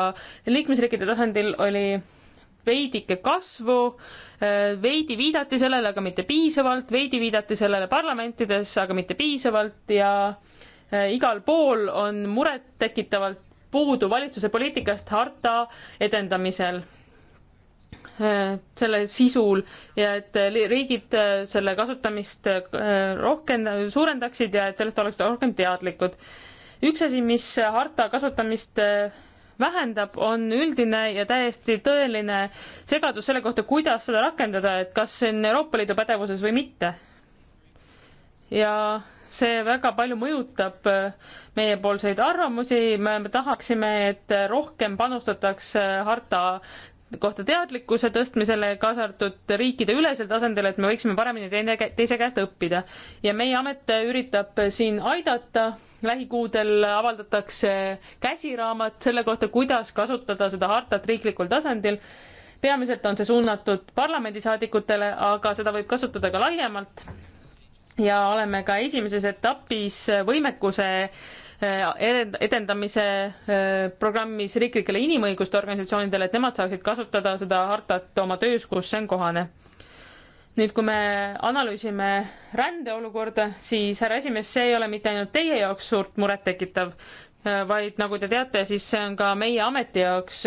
liikmesriikide tasandil oli veidike kasvu, veidi viidati sellele, aga mitte piisavalt, veidi viidati sellele parlamentides, aga mitte piisavalt ja äh, Äh, igal pool on murettekitavalt puudu valitsuse poliitikast harta edendamisel äh, selle sisul ja et riigid äh, selle kasutamist rohkem suurendaksid ja et sellest oleks rohkem teadlikud. üks asi, mis harta kasutamist vähendab, on üldine ja täiesti tõeline segadus selle kohta, kuidas seda rakendada, et kas see on Euroopa Liidu pädevuses või mitte. ja see väga palju mõjutab äh, meiepoolseid arvamusi, me tahaksime, et rohkem panustataks äh, harta kohta teadlikkuse tõstmisele, kaasa arvatud riikideülesel tasandil, et me võiksime paremini teine, teise käest õppida. ja meie amet üritab siin aidata, lähikuudel avaldatakse käsiraamat selle kohta, kuidas kasutada seda hartat riiklikul tasandil. peamiselt on see suunatud parlamendisaadikutele, aga seda võib kasutada ka laiemalt ja oleme ka esimeses etapis võimekuse eh, edendamise eh, programmis riiklikele inimõiguste organisatsioonidele, et nemad saaksid kasutada seda hartat oma töös, kus see on kohane. nüüd, kui me analüüsime rändeolukorda, siis härra esimees, see ei ole mitte ainult teie jaoks suurt muret tekitav, eh, vaid nagu te teate, siis see on ka meie ameti jaoks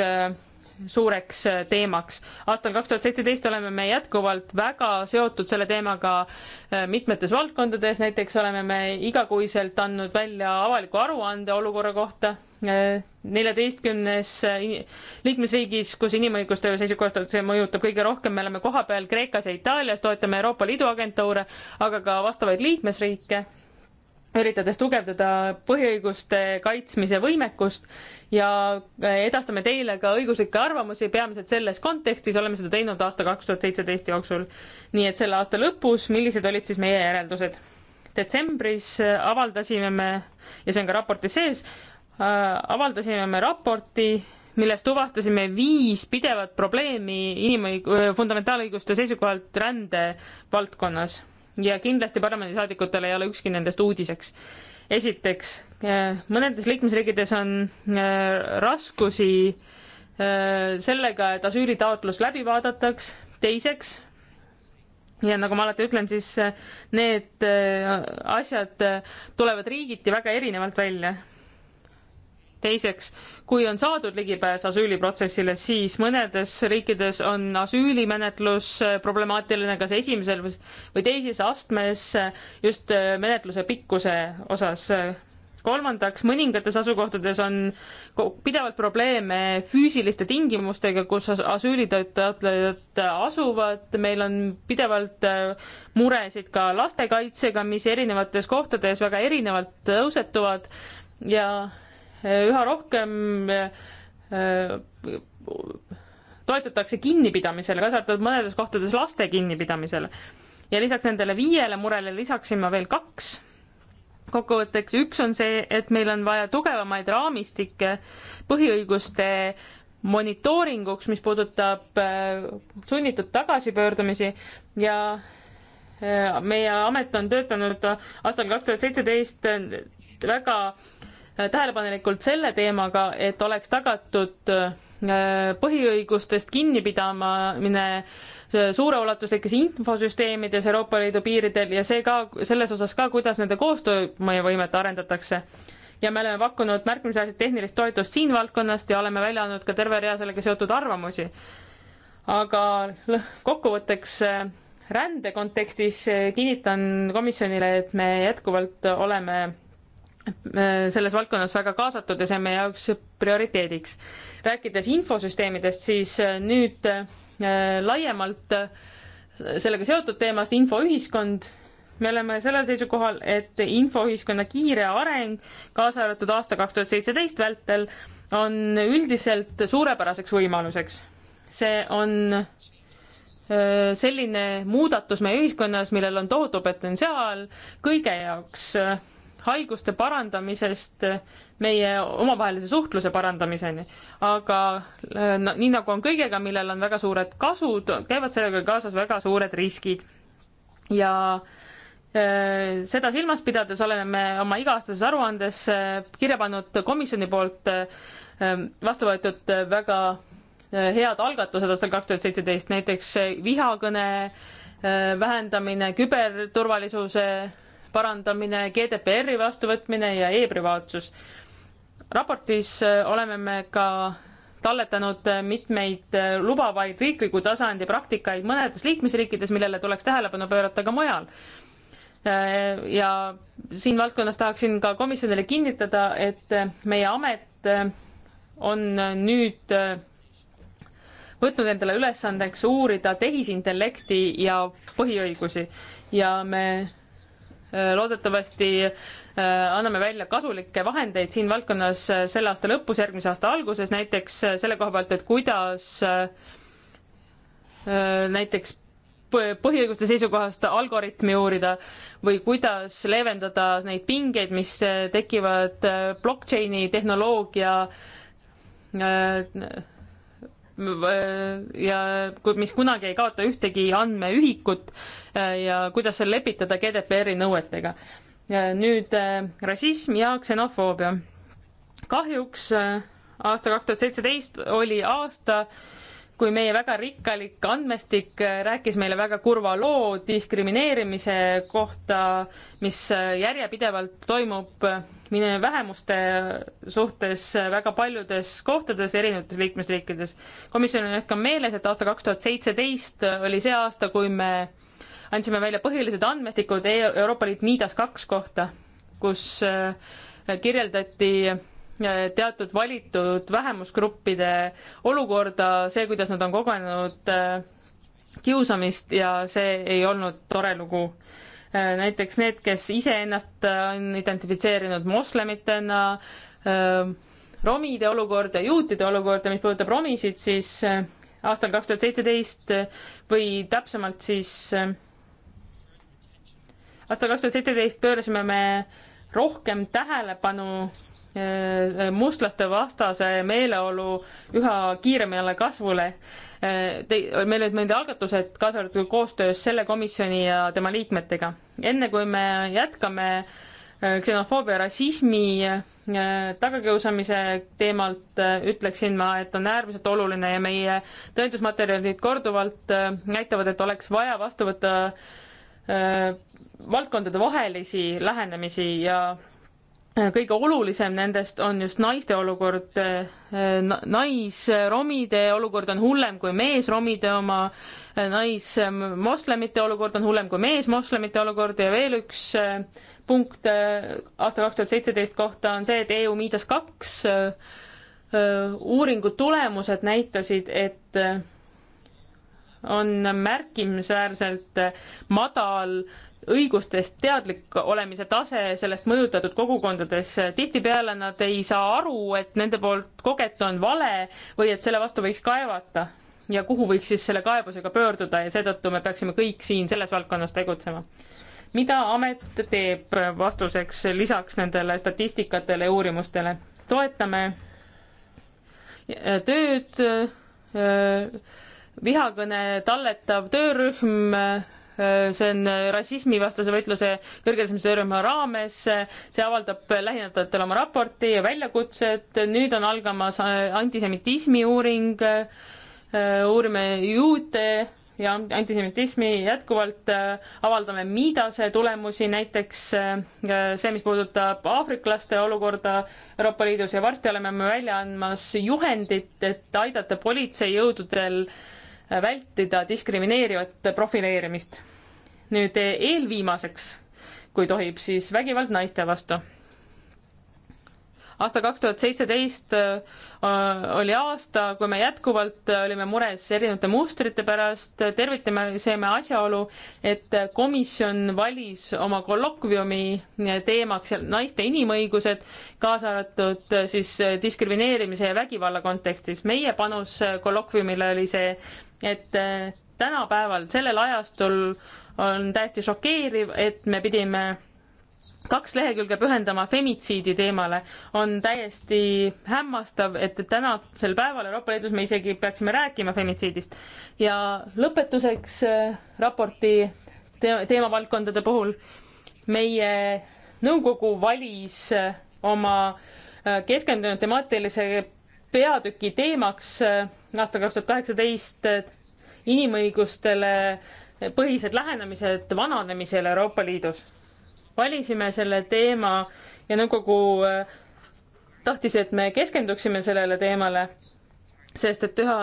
suureks äh, teemaks. aastal kaks tuhat seitseteist oleme me jätkuvalt väga seotud selle teemaga äh, mitmetes valdkondades, näiteks oleme me igakuiselt andnud välja avaliku aruande olukorra kohta äh, neljateistkümnes liikmesriigis, kus inimõiguste seisukohast see mõjutab kõige rohkem, me oleme kohapeal Kreekas ja Itaalias, toetame Euroopa Liidu agentuure, aga ka vastavaid liikmesriike üritades tugevdada põhiõiguste kaitsmise võimekust ja äh, edastame teile ka õiguslikke arvamusi, peamiselt selles kontekstis, oleme seda teinud aasta kaks tuhat seitseteist jooksul. nii et selle aasta lõpus, millised olid siis meie järeldused? detsembris äh, avaldasime me, ja see on ka raportis sees, äh, avaldasime me raporti, milles tuvastasime viis pidevat probleemi inimõig-, fundamentaalõiguste seisukohalt rände valdkonnas ja kindlasti parlamendisaadikutele ei ole ükski nendest uudiseks. esiteks, äh, mõnedes liikmesriikides on äh, raskusi äh, sellega, et asüülitaotlus läbi vaadataks, teiseks, ja nagu ma alati ütlen, siis need asjad tulevad riigiti väga erinevalt välja teiseks, kui on saadud ligipääs asüüliprotsessile, siis mõnedes riikides on asüülimenetlus äh, problemaatiline kas esimesel või teises astmes äh, just äh, menetluse pikkuse osas. kolmandaks, mõningates asukohtades on pidevalt probleeme füüsiliste tingimustega, kus asüülitaotlejad asuvad, meil on pidevalt muresid ka lastekaitsega, mis erinevates kohtades väga erinevalt tõusetuvad ja üha rohkem äh, toetatakse kinnipidamisele, kaasa arvatud mõnedes kohtades laste kinnipidamisele. ja lisaks nendele viiele murele lisaksin ma veel kaks. kokkuvõtteks üks on see, et meil on vaja tugevamaid raamistikke põhiõiguste monitooringuks, mis puudutab äh, sunnitud tagasipöördumisi ja äh, meie amet on töötanud aastal kaks tuhat seitseteist väga Äh, tähelepanelikult selle teemaga, et oleks tagatud äh, põhiõigustest kinnipidamine äh, suureulatuslikes infosüsteemides Euroopa Liidu piiridel ja see ka, selles osas ka, kuidas nende koostöövõimet arendatakse. ja me oleme pakkunud märkimisväärset tehnilist toetust siin valdkonnast ja oleme välja andnud ka terve rea sellega seotud arvamusi. aga kokkuvõtteks rände kontekstis kinnitan komisjonile, et me jätkuvalt oleme Äh, selles valdkonnas väga kaasatud ja see on meie jaoks prioriteediks. rääkides infosüsteemidest, siis äh, nüüd äh, laiemalt sellega seotud teemast infoühiskond. me oleme sellel seisukohal, et infoühiskonna kiire areng, kaasa arvatud aasta kaks tuhat seitseteist vältel, on üldiselt suurepäraseks võimaluseks. see on selline muudatus meie ühiskonnas, millel on tohutu potentsiaal kõige jaoks haiguste parandamisest meie omavahelise suhtluse parandamiseni. aga äh, no, nii nagu on kõigega, millel on väga suured kasud, käivad sellega kaasas väga suured riskid. ja äh, seda silmas pidades oleme me oma iga-aastases aruandes äh, kirja pannud komisjoni poolt vastu võetud väga head algatused aastal kaks tuhat seitseteist, näiteks vihakõne vähendamine, küberturvalisuse parandamine, GDPR-i vastuvõtmine ja e-privaatsus. raportis äh, oleme me ka talletanud äh, mitmeid äh, lubavaid riikliku tasandi praktikaid mõnedes liikmesriikides, millele tuleks tähelepanu pöörata ka mujal. ja siin valdkonnas tahaksin ka komisjonile kinnitada, et meie amet on nüüd võtnud endale ülesandeks uurida tehisintellekti ja põhiõigusi ja me Äh, loodetavasti äh, anname välja kasulikke vahendeid siin valdkonnas äh, selle aasta lõpus, järgmise aasta alguses, näiteks selle koha pealt, et kuidas näiteks põhiõiguste seisukohast algoritmi uurida või kuidas leevendada neid pingeid, mis tekivad blockchain'i tehnoloogia Äh, ja mis kunagi ei kaota ühtegi andmeühikut äh, ja kuidas seal lepitada GDPR-i nõuetega. nüüd äh, rassism ja ksenofoobia. kahjuks aasta kaks tuhat seitseteist oli aasta, kui meie väga rikkalik andmestik äh, rääkis meile väga kurva loo diskrimineerimise kohta, mis äh, järjepidevalt toimub äh, vähemuste suhtes väga paljudes kohtades erinevates liikmesriikides. komisjonil on ehk ka meeles, et aasta kaks tuhat seitseteist oli see aasta, kui me andsime välja põhilised andmestikud e-, Euroopa Liit Miidas kaks kohta, kus kirjeldati teatud valitud vähemusgruppide olukorda, see, kuidas nad on kogenud äh, kiusamist ja see ei olnud tore lugu. Äh, näiteks need, kes iseennast on identifitseerinud moslemitena, äh, romide olukorda, juutide olukorda, mis puudutab romisid, siis aastal kaks tuhat seitseteist või täpsemalt siis aastal kaks tuhat seitseteist pöörasime me rohkem tähelepanu mustlaste vastase meeleolu üha kiiremale kasvule. meil olid mõned algatused, kaasa arvatud koostöös selle komisjoni ja tema liikmetega. enne kui me jätkame äh, ksenofoobia, rassismi, äh, tagakiusamise teemalt äh, ütleksin ma, et on äärmiselt oluline ja meie tõendusmaterjalid korduvalt näitavad, et oleks vaja vastu võtta valdkondade vahelisi lähenemisi ja kõige olulisem nendest on just naiste olukord. Eh, naisromide olukord on hullem kui meesromide oma, eh, naismoslemite olukord on hullem kui meesmoslemite olukord ja veel üks eh, punkt aasta kaks tuhat seitseteist kohta on see, et EU Midas kaks uuringu tulemused näitasid, et on märkimisväärselt madal äh, õigustest teadlik olemise tase sellest mõjutatud kogukondades. tihtipeale nad ei saa aru, et nende poolt kogetu on vale või et selle vastu võiks kaevata ja kuhu võiks siis selle kaebusega pöörduda ja seetõttu me peaksime kõik siin selles valdkonnas tegutsema. mida amet teeb vastuseks lisaks nendele statistikatele ja uurimustele? toetame äh, tööd, äh, vihakõne talletav töörühm Äh, see on äh, rassismivastase võitluse kõrgetasemelise töörühma raames, see avaldab lähinädalatel oma raporti ja väljakutsed, nüüd on algamas äh, antisemitismi uuring, uurime juute ja antisemitismi jätkuvalt avaldame Miidase tulemusi, näiteks see, mis puudutab aafriklaste olukorda Euroopa Liidus ja varsti oleme me välja andmas juhendit, et aidata politseijõududel äh, vältida diskrimineerivat profileerimist. nüüd eelviimaseks, kui tohib, siis vägivald naiste vastu. aasta kaks tuhat seitseteist äh, oli aasta, kui me jätkuvalt olime mures erinevate mustrite pärast, tervitasime asjaolu, et komisjon valis oma kollokviumi teemaks naiste inimõigused, kaasa arvatud siis diskrimineerimise ja vägivalla kontekstis. meie panus kollokviumile oli see et äh, tänapäeval, sellel ajastul on täiesti šokeeriv, et me pidime kaks lehekülge pühendama femitsiidi teemale, on täiesti hämmastav, et tänasel päeval Euroopa Liidus me isegi peaksime rääkima femitsiidist. ja lõpetuseks äh, raporti te teemavaldkondade puhul meie nõukogu valis äh, oma keskendunud temaatilise peatüki teemaks äh, aastal kaks tuhat kaheksateist äh, inimõigustele äh, põhised lähenemised vananemisele Euroopa Liidus. valisime selle teema ja nõukogu tahtis, et me keskenduksime sellele teemale, sest et üha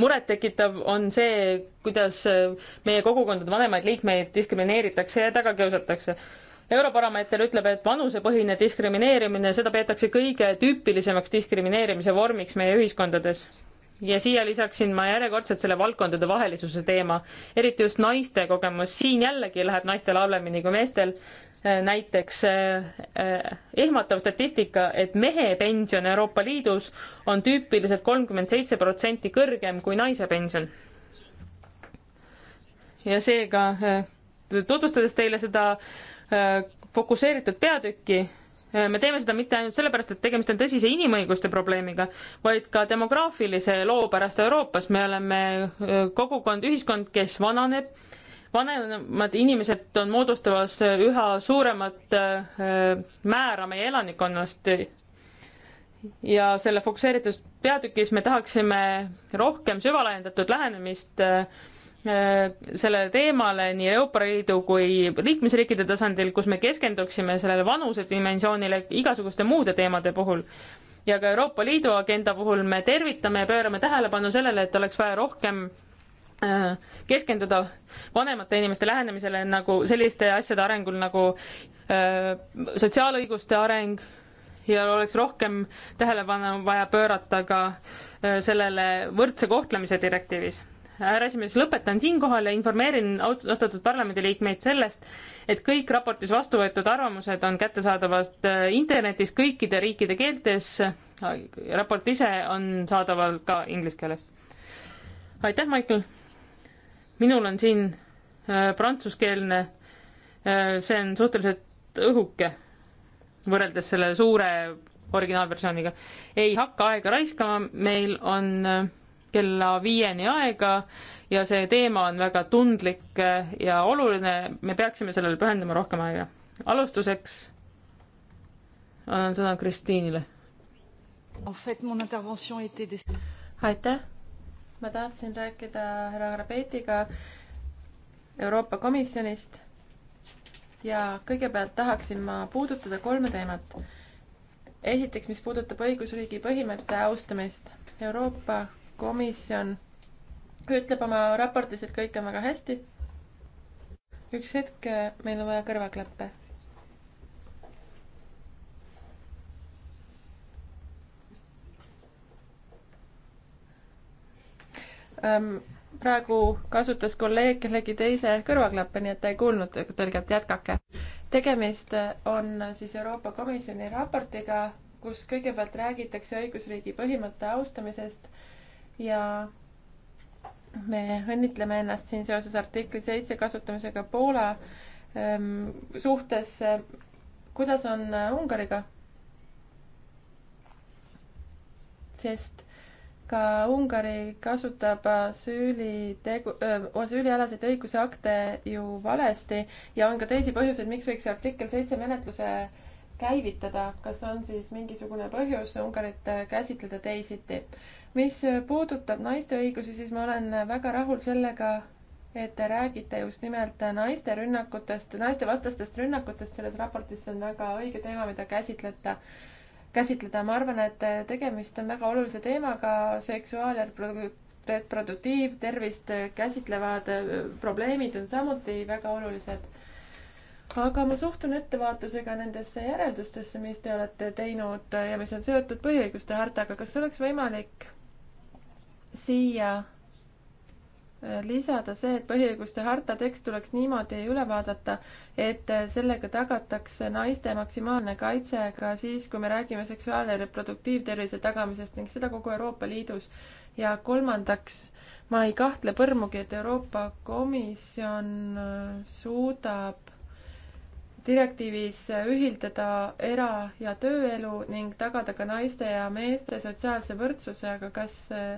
murettekitav on see, kuidas meie kogukondade vanemaid liikmeid diskrimineeritakse ja taga kiusatakse. Eurobaromeeter ütleb, et vanusepõhine diskrimineerimine, seda peetakse kõige tüüpilisemaks diskrimineerimise vormiks meie ühiskondades ja siia lisaksin ma järjekordselt selle valdkondade vahelisuse teema, eriti just naiste kogemus, siin jällegi läheb naistel halvemini kui meestel. Äh, näiteks äh, äh, ehmatav statistika, et mehe pension Euroopa Liidus on tüüpiliselt kolmkümmend seitse protsenti kõrgem kui naise pension. ja seega tutvustades teile seda Äh, fokusseeritud peatükki. Äh, me teeme seda mitte ainult sellepärast, et tegemist on tõsise inimõiguste probleemiga, vaid ka demograafilise loo pärast Euroopas. me oleme äh, kogukond, ühiskond, kes vananeb, vanemad inimesed on moodustamas üha suuremat määra meie elanikkonnast ja selle fokusseeritud peatükis me tahaksime rohkem süvalaiendatud lähenemist äh, Äh, sellele teemale nii Euroopa Liidu kui liikmesriikide tasandil, kus me keskenduksime sellele vanuse dimensioonile igasuguste muude teemade puhul. ja ka Euroopa Liidu agenda puhul me tervitame ja pöörame tähelepanu sellele, et oleks vaja rohkem äh, keskenduda vanemate inimeste lähenemisele nagu selliste asjade arengul nagu äh, sotsiaalõiguste areng ja oleks rohkem tähelepanu vaja pöörata ka äh, sellele võrdse kohtlemise direktiivis härra esimees, lõpetan siinkohal ja informeerin austatud parlamendiliikmeid sellest, et kõik raportis vastu võetud arvamused on kättesaadavad äh, internetis kõikide riikide keeltes. Äh, raport ise on saadaval ka inglise keeles. aitäh, Michael. minul on siin äh, prantsuskeelne, see on suhteliselt õhuke võrreldes selle suure originaalversiooniga. ei hakka aega raiskama, meil on kella viieni aega ja see teema on väga tundlik eh, ja oluline, me peaksime sellele pühendama rohkem aega. alustuseks annan sõna Kristiinile. aitäh, ma tahtsin rääkida härra Rabetiga Euroopa Komisjonist ja kõigepealt tahaksin ma puudutada kolme teemat esiteks, mis puudutab õigusriigi põhimõtte austamist. Euroopa komisjon ütleb oma raportis, et kõik on väga hästi. üks hetk, meil on vaja kõrvaklappe ehm, praegu kasutas kolleeg kellegi teise kõrvaklappe, nii et ta ei kuulnud tõlget, jätkake. tegemist on siis Euroopa Komisjoni raportiga, kus kõigepealt räägitakse õigusriigi põhimõtte austamisest ja me õnnitleme ennast siin seoses artikli seitse kasutamisega Poola ähm, suhtes. Äh, kuidas on äh, Ungariga? sest ka Ungari kasutab asüüli tegu äh,, asüülialaseid õiguseakte ju valesti ja on ka teisi põhjuseid, miks võiks artikkel seitse menetluse käivitada, kas on siis mingisugune põhjus Ungarit äh, käsitleda teisiti mis puudutab naiste õigusi, siis ma olen väga rahul sellega, et te räägite just nimelt naiste rünnakutest, naistevastastest rünnakutest selles raportis, see on väga õige teema, mida käsitleda, käsitleda. ma arvan, et tegemist on väga olulise teemaga, seksuaal- ja reproduktiivtervist käsitlevad probleemid on samuti väga olulised. aga ma suhtun ettevaatusega nendesse järeldustesse, mis te olete teinud ja mis on seotud põhiõiguste hartaga. kas oleks võimalik siia äh, lisada see, et põhiõiguste harta tekst tuleks niimoodi üle vaadata, et äh, sellega tagatakse naiste maksimaalne kaitse ka siis, kui me räägime seksuaal- ja reproduktiivtervise tagamisest ning seda kogu Euroopa Liidus. ja kolmandaks, ma ei kahtle põrmugi, et Euroopa Komisjon äh, suudab direktiivis ühildada era- ja tööelu ning tagada ka naiste ja meeste sotsiaalse võrdsuse, aga kas äh,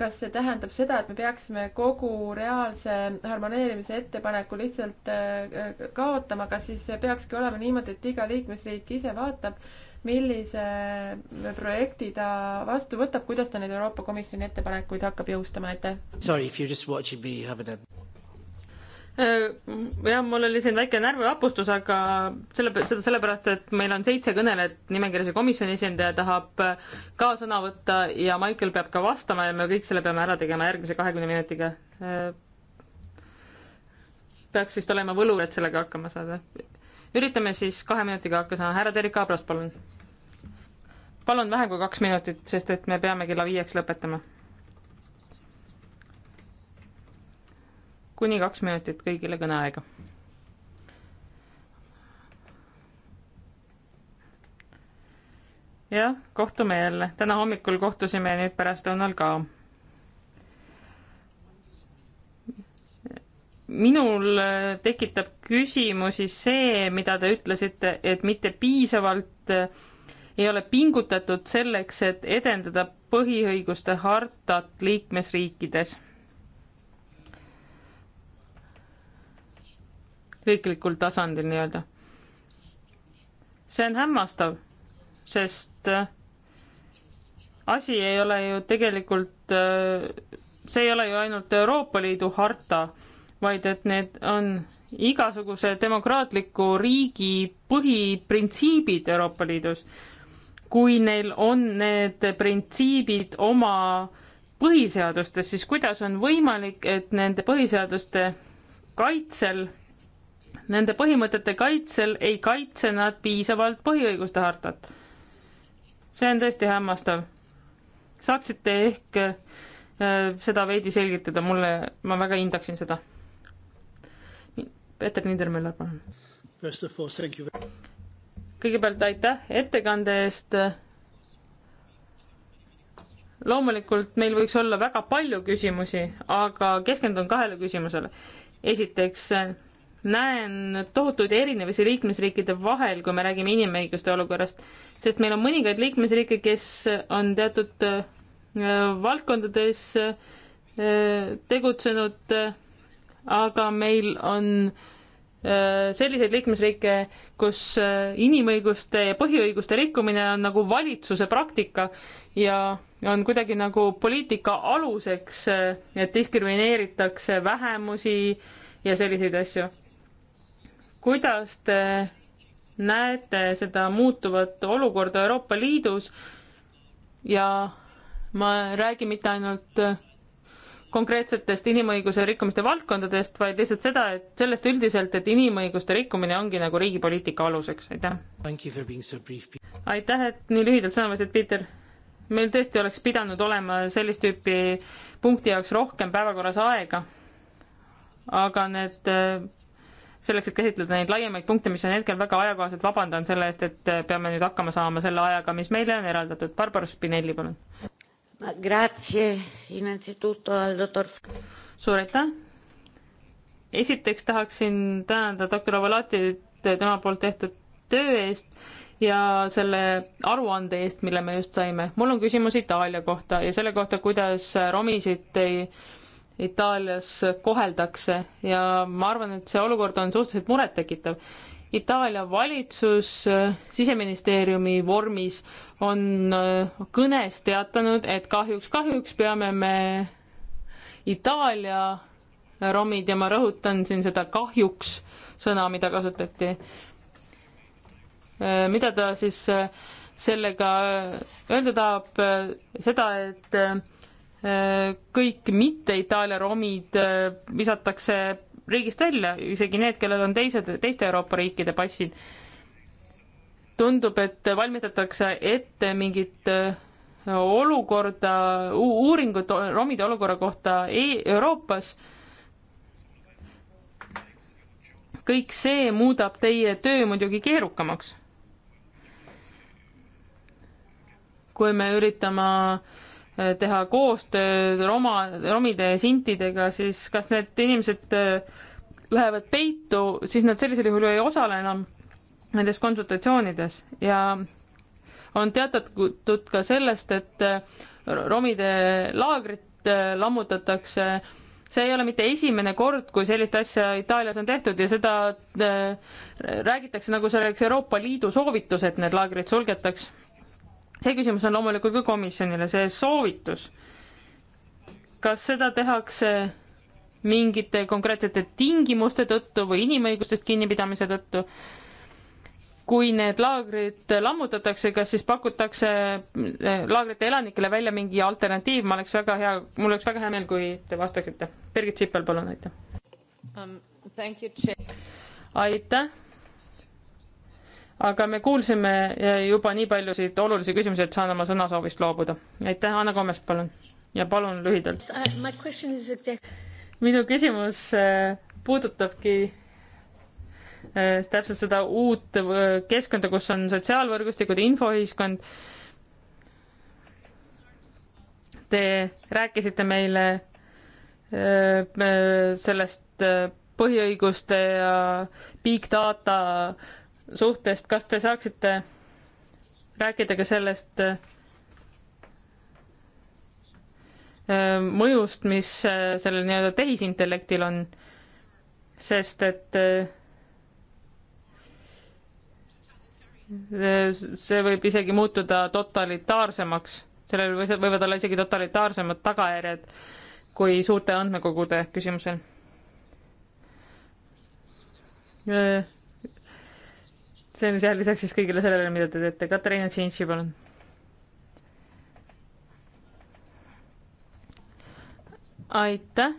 kas see tähendab seda, et me peaksime kogu reaalse harmoneerimise ettepaneku lihtsalt äh, kaotama, kas siis peakski olema niimoodi, et iga liikmesriik ise vaatab, millise äh, projekti ta vastu võtab, kuidas ta neid Euroopa Komisjoni ettepanekuid hakkab jõustama, aitäh! Äh, jah, mul oli siin väike närvivapustus, aga selle, seda sellepärast, et meil on seitse kõnelejat nimekirjas ja komisjoni esindaja tahab äh, ka sõna võtta ja Michael peab ka vastama ja me kõik selle peame ära tegema järgmise kahekümne minutiga. Äh, peaks vist olema võlur, et sellega hakkama saada. üritame siis kahe minutiga hakka saama. härra Terik Aabras, palun. palun vähem kui kaks minutit, sest et me peame kella viieks lõpetama kuni kaks minutit kõigile kõneaega. jah, kohtume jälle, täna hommikul kohtusime ja nüüd pärastlõunal ka. minul tekitab küsimusi see, mida te ütlesite, et mitte piisavalt ei ole pingutatud selleks, et edendada põhiõiguste hartat liikmesriikides riiklikul tasandil nii-öelda. see on hämmastav, sest äh, asi ei ole ju tegelikult, äh, see ei ole ju ainult Euroopa Liidu harta, vaid et need on igasuguse demokraatliku riigi põhiprintsiibid Euroopa Liidus. kui neil on need printsiibid oma põhiseadustes, siis kuidas on võimalik, et nende põhiseaduste kaitsel nende põhimõtete kaitsel ei kaitse nad piisavalt põhiõiguste hartat. see on tõesti hämmastav. saaksite ehk äh, seda veidi selgitada mulle, ma väga hindaksin seda. Peeter Niedermüller, palun. kõigepealt aitäh ettekande eest loomulikult meil võiks olla väga palju küsimusi, aga keskendun kahele küsimusele. esiteks näen tohutuid erinevusi liikmesriikide vahel, kui me räägime inimõiguste olukorrast, sest meil on mõningaid liikmesriike, kes on teatud äh, valdkondades äh, tegutsenud, aga meil on äh, selliseid liikmesriike, kus inimõiguste ja põhiõiguste rikkumine on nagu valitsuse praktika ja on kuidagi nagu poliitika aluseks, et diskrimineeritakse vähemusi ja selliseid asju kuidas te näete seda muutuvat olukorda Euroopa Liidus ja ma ei räägi mitte ainult konkreetsetest inimõiguse rikkumiste valdkondadest, vaid lihtsalt seda, et sellest üldiselt, et inimõiguste rikkumine ongi nagu riigi poliitika aluseks, aitäh. aitäh, et nii lühidalt sõna võtsid, Peeter. meil tõesti oleks pidanud olema sellist tüüpi punkti jaoks rohkem päevakorras aega. aga need äh, selleks, et käsitleda neid laiemaid punkte, mis on hetkel väga ajakohased, vabandan selle eest, et äh, peame nüüd hakkama saama selle ajaga, mis meile on eraldatud. Barbara Spinelli, palun. suur aitäh. esiteks tahaksin tänada doktor Ovalatit äh, tema poolt tehtud töö eest ja selle aruande eest, mille me just saime. mul on küsimus Itaalia kohta ja selle kohta, kuidas äh, romisid ei, Itaalias koheldakse ja ma arvan, et see olukord on suhteliselt murettekitav. Itaalia valitsus äh, siseministeeriumi vormis on äh, kõnes teatanud, et kahjuks-kahjuks peame me Itaalia romid ja ma rõhutan siin seda kahjuks sõna, mida kasutati. Äh, mida ta siis sellega öelda tahab, seda, et kõik mitte Itaalia romid äh, visatakse riigist välja, isegi need, kellel on teised, teiste Euroopa riikide passid. tundub, et valmistatakse ette mingit äh, olukorda, uuringut romide olukorra kohta e Euroopas. kõik see muudab teie töö muidugi keerukamaks. kui me üritame äh, teha koostööd roma, romide ja sintidega, siis kas need inimesed äh, lähevad peitu, siis nad sellisel juhul ju ei osale enam nendes konsultatsioonides ja on teatatud ka sellest, et äh, romide laagrit äh, lammutatakse. see ei ole mitte esimene kord, kui sellist asja Itaalias on tehtud ja seda räägitakse nagu see oleks Euroopa Liidu soovitus, et need laagrid sulgetaks see küsimus on loomulikult ka komisjonile, see soovitus, kas seda tehakse mingite konkreetsete tingimuste tõttu või inimõigustest kinnipidamise tõttu, kui need laagrid lammutatakse, kas siis pakutakse eh, laagrite elanikele välja mingi alternatiiv, ma oleks väga hea, mul oleks väga hea meel, kui te vastaksite. Birgit Sipel, palun, aitäh um,. aitäh aga me kuulsime eh, juba nii paljusid olulisi küsimusi, et saan oma sõnasoovist loobuda. aitäh, Anna Kommes, palun. ja palun lühidalt. Uh, minu küsimus eh, puudutabki eh, täpselt seda uut keskkonda, kus on sotsiaalvõrgustikud, infoühiskond. Te rääkisite meile sellest põhiõiguste ja big data suhtest, kas te saaksite rääkida ka sellest äh, mõjust, mis äh, sellel nii-öelda tehisintellektil on, sest et äh, see võib isegi muutuda totalitaarsemaks, sellel võivad olla isegi totalitaarsemad tagajärjed kui suurte andmekogude küsimusel see on seal lisaks siis kõigile sellele, mida te teete. Katariina Tšintši, palun. aitäh.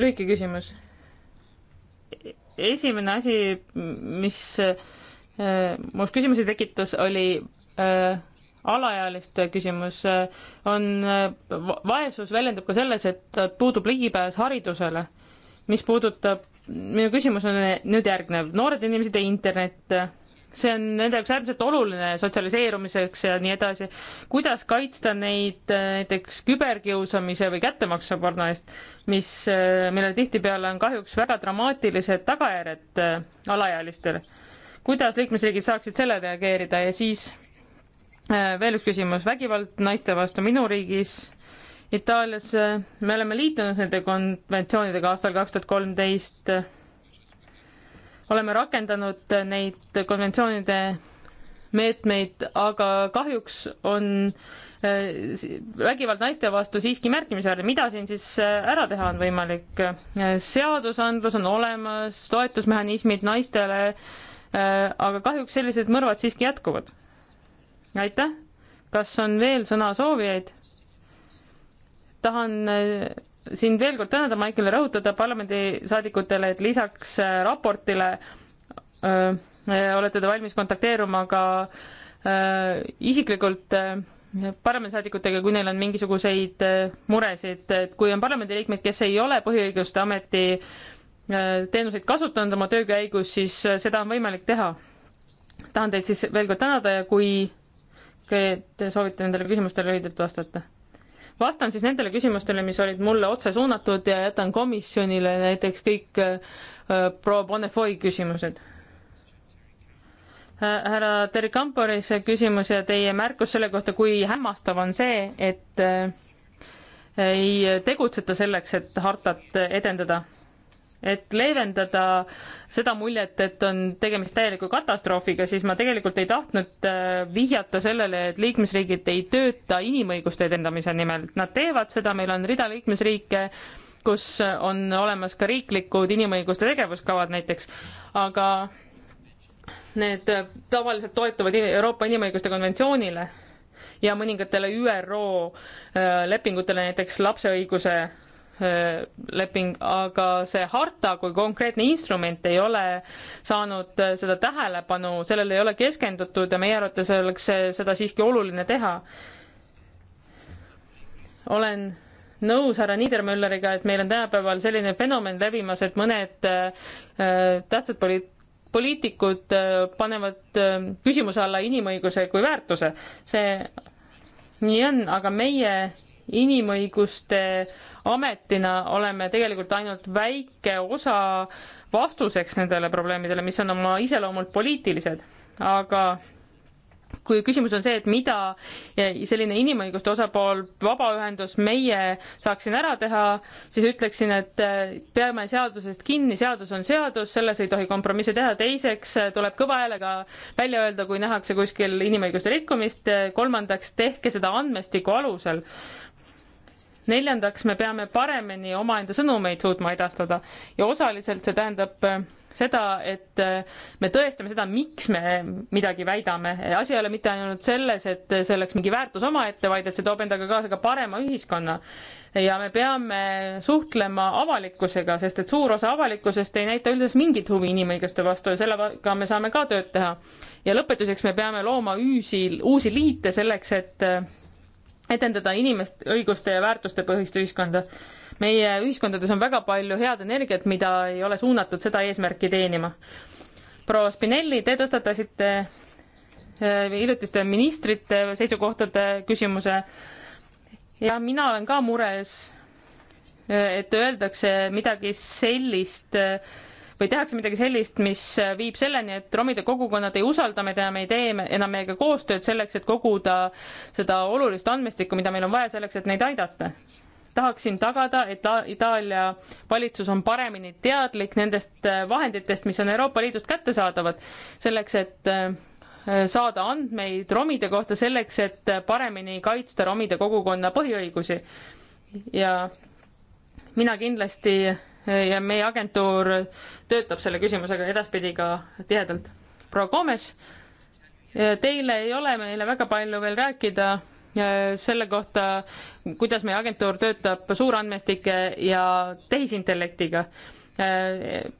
lühike küsimus. esimene asi, mis äh, muus küsimusi tekitas, oli äh, alaealiste küsimus äh, on va, vaesus väljendub ka selles, et puudub ligipääs haridusele mis puudutab minu küsimus on nüüd järgnev, noored inimesed ja internet, see on nende jaoks äärmiselt oluline sotsialiseerumiseks ja nii edasi. kuidas kaitsta neid äh, näiteks küberkiusamise või kättemaksuporno eest, mis, äh, millel tihtipeale on kahjuks väga dramaatilised tagajärjed äh, alaealistele? kuidas liikmesriigid saaksid sellele reageerida ja siis veel üks küsimus, vägivald naiste vastu minu riigis Itaalias äh, me oleme liitunud nende konventsioonidega aastal kaks tuhat kolmteist. oleme rakendanud äh, neid konventsioonide meetmeid, aga kahjuks on äh, vägivald naiste vastu siiski märkimisväärne. mida siin siis ära teha on võimalik? seadusandlus on olemas, toetusmehhanismid naistele, aga kahjuks sellised mõrvad siiski jätkuvad. aitäh. kas on veel sõnasoovijaid? tahan äh, siin veel kord tänada Michael ja rõhutada parlamendisaadikutele, et lisaks äh, raportile öö, äh, olete te valmis kontakteeruma ka öö, isiklikult parlamendisaadikutega, kui neil on mingisuguseid muresid, et kui on parlamendiliikmed, kes ei ole Põhiõiguste Ameti teenuseid kasutanud oma töö käigus, siis seda on võimalik teha. tahan teid siis veel kord tänada ja kui te soovite nendele küsimustele lühidalt vastata vastan siis nendele küsimustele, mis olid mulle otse suunatud ja jätan komisjonile näiteks kõik äh, äh, proua Bonnefoy küsimused. härra Terri Kamporis küsimus ja teie märkus selle kohta, kui hämmastav on see, et äh, ei tegutseta selleks, et hartat edendada et leevendada seda muljet, et on tegemist täieliku katastroofiga, siis ma tegelikult ei tahtnud äh, vihjata sellele, et liikmesriigid ei tööta inimõiguste edendamise nimel, nad teevad seda, meil on rida liikmesriike, kus on olemas ka riiklikud inimõiguste tegevuskavad näiteks, aga need tavaliselt toetuvad Euroopa Inimõiguste Konventsioonile ja mõningatele ÜRO äh, lepingutele, näiteks lapse õiguse Äh, leping, aga see harta kui konkreetne instrument ei ole saanud äh, seda tähelepanu, sellele ei ole keskendutud ja meie arvates oleks seda siiski oluline teha. olen nõus härra Niedermülleriga, et meil on tänapäeval selline fenomen levimas, et mõned äh, tähtsad poli-, poliitikud äh, panevad äh, küsimuse alla inimõiguse kui väärtuse. see nii on, aga meie inimõiguste ametina oleme tegelikult ainult väike osa vastuseks nendele probleemidele, mis on oma iseloomult poliitilised, aga kui küsimus on see, et mida selline inimõiguste osapool, vabaühendus, meie saaksin ära teha, siis ütleksin, et peame seadusest kinni, seadus on seadus, selles ei tohi kompromisse teha. teiseks tuleb kõva häälega välja öelda, kui nähakse kuskil inimõiguste rikkumist. kolmandaks, tehke seda andmestiku alusel neljandaks, me peame paremini omaenda sõnumeid suutma edastada ja osaliselt see tähendab äh, seda, et äh, me tõestame seda, miks me midagi väidame. asi ei ole mitte ainult selles, et see oleks mingi väärtus omaette, vaid et see toob endaga kaasa ka parema ühiskonna. ja me peame suhtlema avalikkusega, sest et suur osa avalikkusest ei näita üldiselt mingit huvi inimõiguste vastu ja sellega me saame ka tööd teha. ja lõpetuseks me peame looma üüsi, uusi liite selleks, et äh, edendada inimest, õiguste ja väärtuste põhist ühiskonda. meie ühiskondades on väga palju head energiat, mida ei ole suunatud seda eesmärki teenima. proua Spinelli, te tõstatasite äh, hiljutiste ministrite seisukohtade küsimuse ja mina olen ka mures, äh, et öeldakse midagi sellist, äh, või tehakse midagi sellist, mis viib selleni, et romide kogukonnad ei usalda meid enam, ei tee enam meiega koostööd selleks, et koguda seda olulist andmestikku, mida meil on vaja selleks, et neid aidata. tahaksin tagada, et Itaalia valitsus on paremini teadlik nendest äh, vahenditest, mis on Euroopa Liidust kättesaadavad, selleks et äh, saada andmeid romide kohta selleks, et paremini kaitsta romide kogukonna põhiõigusi. ja mina kindlasti ja meie agentuur töötab selle küsimusega edaspidi ka tihedalt. proua Gomes, teile ei ole meile väga palju veel rääkida äh, selle kohta, kuidas meie agentuur töötab suurandmestike ja tehisintellektiga äh,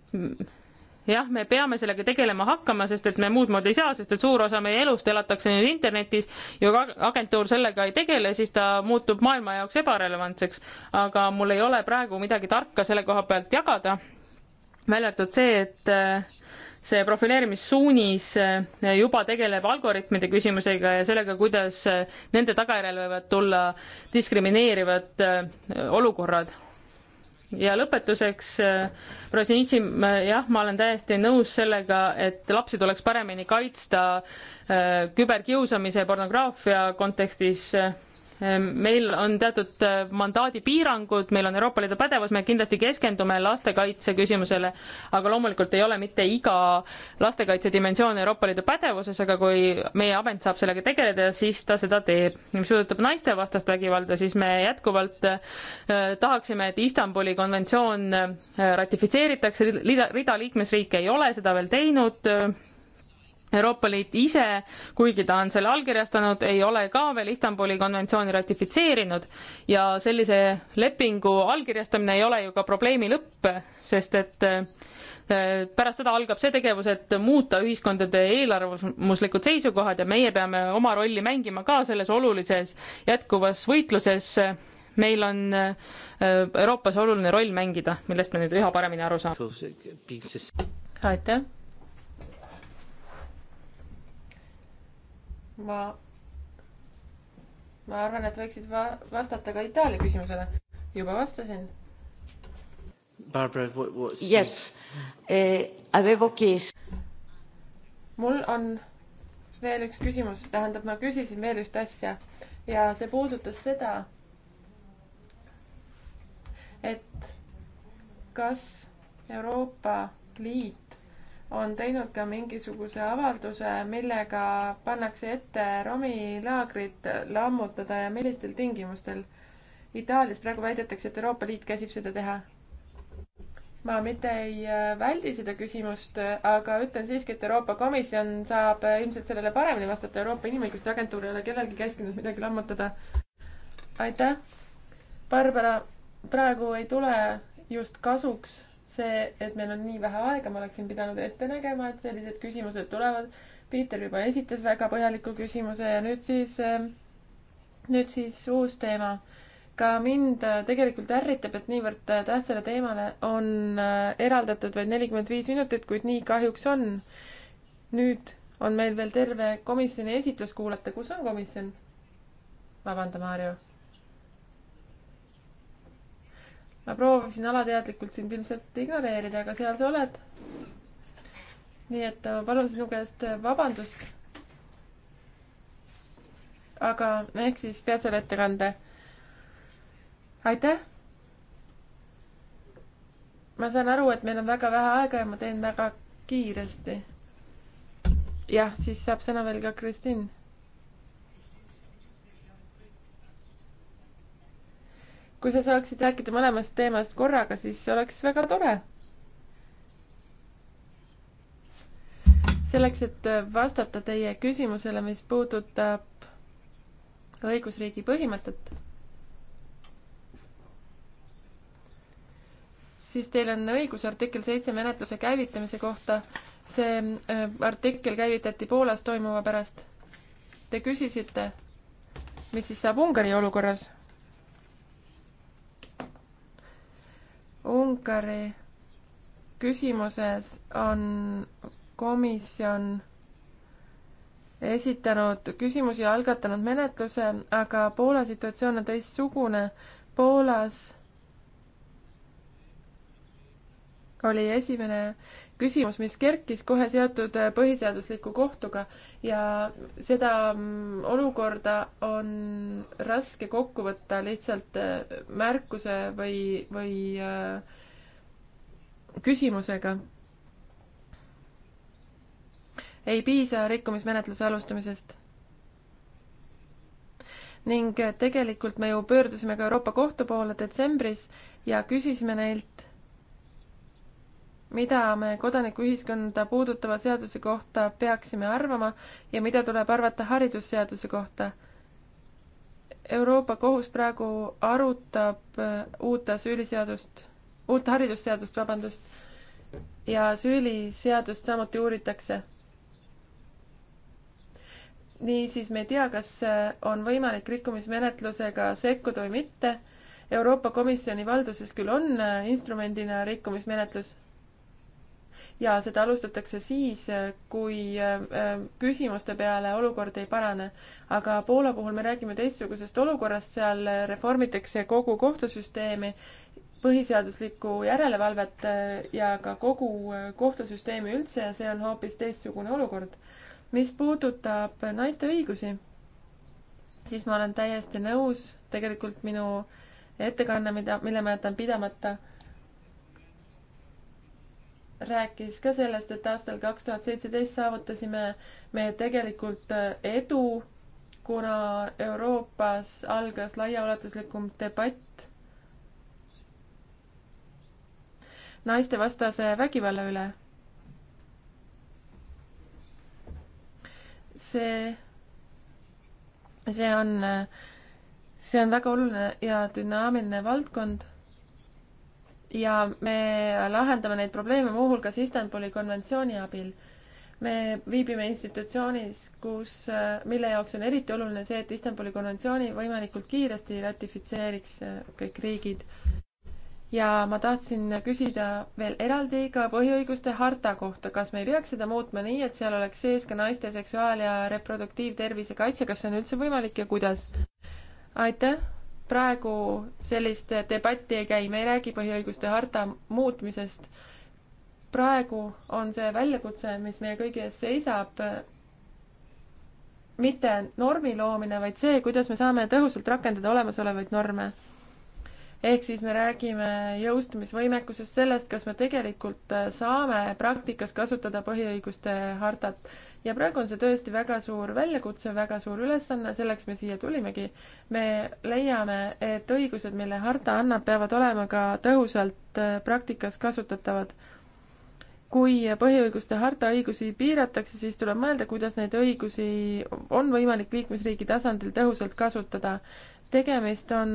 jah, me peame sellega tegelema hakkama, sest et me muud moodi ei saa, sest et suur osa meie elust elatakse nüüd internetis ja kui agentuur sellega ei tegele, siis ta muutub maailma jaoks ebarelevantseks. aga mul ei ole praegu midagi tarka selle koha pealt jagada, välja arvatud see, et äh, see profileerimissuunis äh, juba tegeleb algoritmide küsimusega ja sellega, kuidas äh, nende tagajärjel võivad tulla diskrimineerivad olukorrad ja lõpetuseks, Brzezinski, äh, jah, ma olen täiesti nõus sellega, et lapsi tuleks paremini kaitsta äh, küberkiusamise, pornograafia kontekstis äh, Ehm, meil on teatud äh, mandaadi piirangud, meil on Euroopa Liidu pädevus, me kindlasti keskendume lastekaitse küsimusele, aga loomulikult ei ole mitte iga lastekaitse dimensioon Euroopa Liidu pädevuses, aga kui meie amet saab sellega tegeleda, siis ta seda teeb. mis puudutab naistevastast vägivalda, siis me jätkuvalt äh, tahaksime, et Istanbuli konventsioon äh, ratifitseeritakse, rida liikmesriike ei ole seda veel teinud Euroopa Liit ise, kuigi ta on selle allkirjastanud, ei ole ka veel Istanbuli konventsiooni ratifitseerinud ja sellise lepingu allkirjastamine ei ole ju ka probleemi lõpp, sest et äh, pärast seda algab see tegevus, et muuta ühiskondade eelarvamuslikud seisukohad ja meie peame oma rolli mängima ka selles olulises jätkuvas võitluses. meil on äh, Euroopas oluline roll mängida, millest me nüüd üha paremini aru saame. aitäh ma, ma arvan, et võiksid va-, vastata ka Itaalia küsimusele. juba vastasin. Barbara, what, what's yes eh,, avevo chiesto. mul on veel üks küsimus, tähendab, ma küsisin veel ühte asja ja see puudutas seda, et kas Euroopa Liit on teinud ka mingisuguse avalduse, millega pannakse ette romilaagrit lammutada ja millistel tingimustel? Itaalias praegu väidetakse, et Euroopa Liit käsib seda teha. ma mitte ei äh, väldi seda küsimust, aga ütlen siiski, et Euroopa Komisjon saab äh, ilmselt sellele paremini vastata, Euroopa Inimõiguste Agentuur ei ole kellelgi käskinud midagi lammutada. aitäh! Barbara, praegu ei tule just kasuks see, et meil on nii vähe aega, ma oleksin pidanud ette nägema, et sellised küsimused tulevad. Piiter juba esitas väga põhjaliku küsimuse ja nüüd siis, äh, nüüd siis uus teema. ka mind äh, tegelikult ärritab, et niivõrd äh, tähtsale teemale on eraldatud vaid nelikümmend viis minutit, kuid nii kahjuks on. nüüd on meil veel terve komisjoni esitlus kuulata, kus on komisjon? vabanda, Maarjo ma proovisin alateadlikult sind ilmselt ignoreerida, aga seal sa oled. nii et ma palun sinu käest vabandust. aga ehk siis pead selle ettekande. aitäh. ma saan aru, et meil on väga vähe aega ja ma teen väga kiiresti. jah, siis saab sõna veel ka Kristin kui sa saaksid rääkida mõlemast teemast korraga, siis oleks väga tore. selleks, et vastata teie küsimusele, mis puudutab õigusriigi põhimõtet, siis teil on õigus artikkel seitse menetluse käivitamise kohta. see äh, artikkel käivitati Poolas toimuva pärast. Te küsisite, mis siis saab Ungari olukorras Ungari küsimuses on komisjon esitanud küsimusi ja algatanud menetluse, aga Poola situatsioon on teistsugune. Poolas oli esimene küsimus, mis kerkis kohe seotud äh, põhiseadusliku kohtuga ja seda mm, olukorda on raske kokku võtta lihtsalt äh, märkuse või, või äh, küsimusega. ei piisa rikkumismenetluse alustamisest ning tegelikult me ju pöördusime ka Euroopa Kohtu poole detsembris ja küsisime neilt mida me kodanikuühiskonda puudutava seaduse kohta peaksime arvama ja mida tuleb arvata haridusseaduse kohta. Euroopa Kohus praegu arutab äh, uut asüüliseadust, uut haridusseadust, vabandust, ja asüüliseadust samuti uuritakse. niisiis me ei tea, kas äh, on võimalik rikkumismenetlusega sekkuda või mitte Euroopa Komisjoni valduses küll on äh, instrumendina rikkumismenetlus, ja seda alustatakse siis, kui äh, küsimuste peale olukord ei parane. aga Poola puhul me räägime teistsugusest olukorrast, seal reformitakse kogu kohtusüsteemi, põhiseaduslikku järelevalvet äh, ja ka kogu äh, kohtusüsteemi üldse ja see on hoopis teistsugune olukord. mis puudutab naiste õigusi, siis ma olen täiesti nõus, tegelikult minu ettekanne, mida, mille ma jätan pidamata rääkis ka sellest, et aastal kaks tuhat seitseteist saavutasime me tegelikult äh, edu, kuna Euroopas algas laiaulatuslikum debatt naistevastase vägivalla üle. see, see on, äh, see on väga oluline ja dünaamiline valdkond ja me lahendame neid probleeme muuhulgas Istanbuli konventsiooni abil. me viibime institutsioonis, kus, mille jaoks on eriti oluline see, et Istanbuli konventsiooni võimalikult kiiresti ratifitseeriks äh, kõik riigid. ja ma tahtsin küsida veel eraldi ka põhiõiguste harta kohta, kas me ei peaks seda muutma nii, et seal oleks sees ka naiste seksuaal- ja reproduktiivtervise kaitse, kas see on üldse võimalik ja kuidas? aitäh! praegu sellist debatti ei käi, me ei räägi põhiõiguste harta muutmisest. praegu on see väljakutse, mis meie kõigi ees seisab, mitte normi loomine, vaid see, kuidas me saame tõhusalt rakendada olemasolevaid norme ehk siis me räägime jõustumisvõimekusest, sellest, kas me tegelikult äh, saame praktikas kasutada põhiõiguste hartat. ja praegu on see tõesti väga suur väljakutse, väga suur ülesanne, selleks me siia tulimegi. me leiame, et õigused, mille harta annab, peavad olema ka tõhusalt äh, praktikas kasutatavad kui põhiõiguste harta õigusi piiratakse, siis tuleb mõelda, kuidas neid õigusi on võimalik liikmesriigi tasandil tõhusalt kasutada tegemist on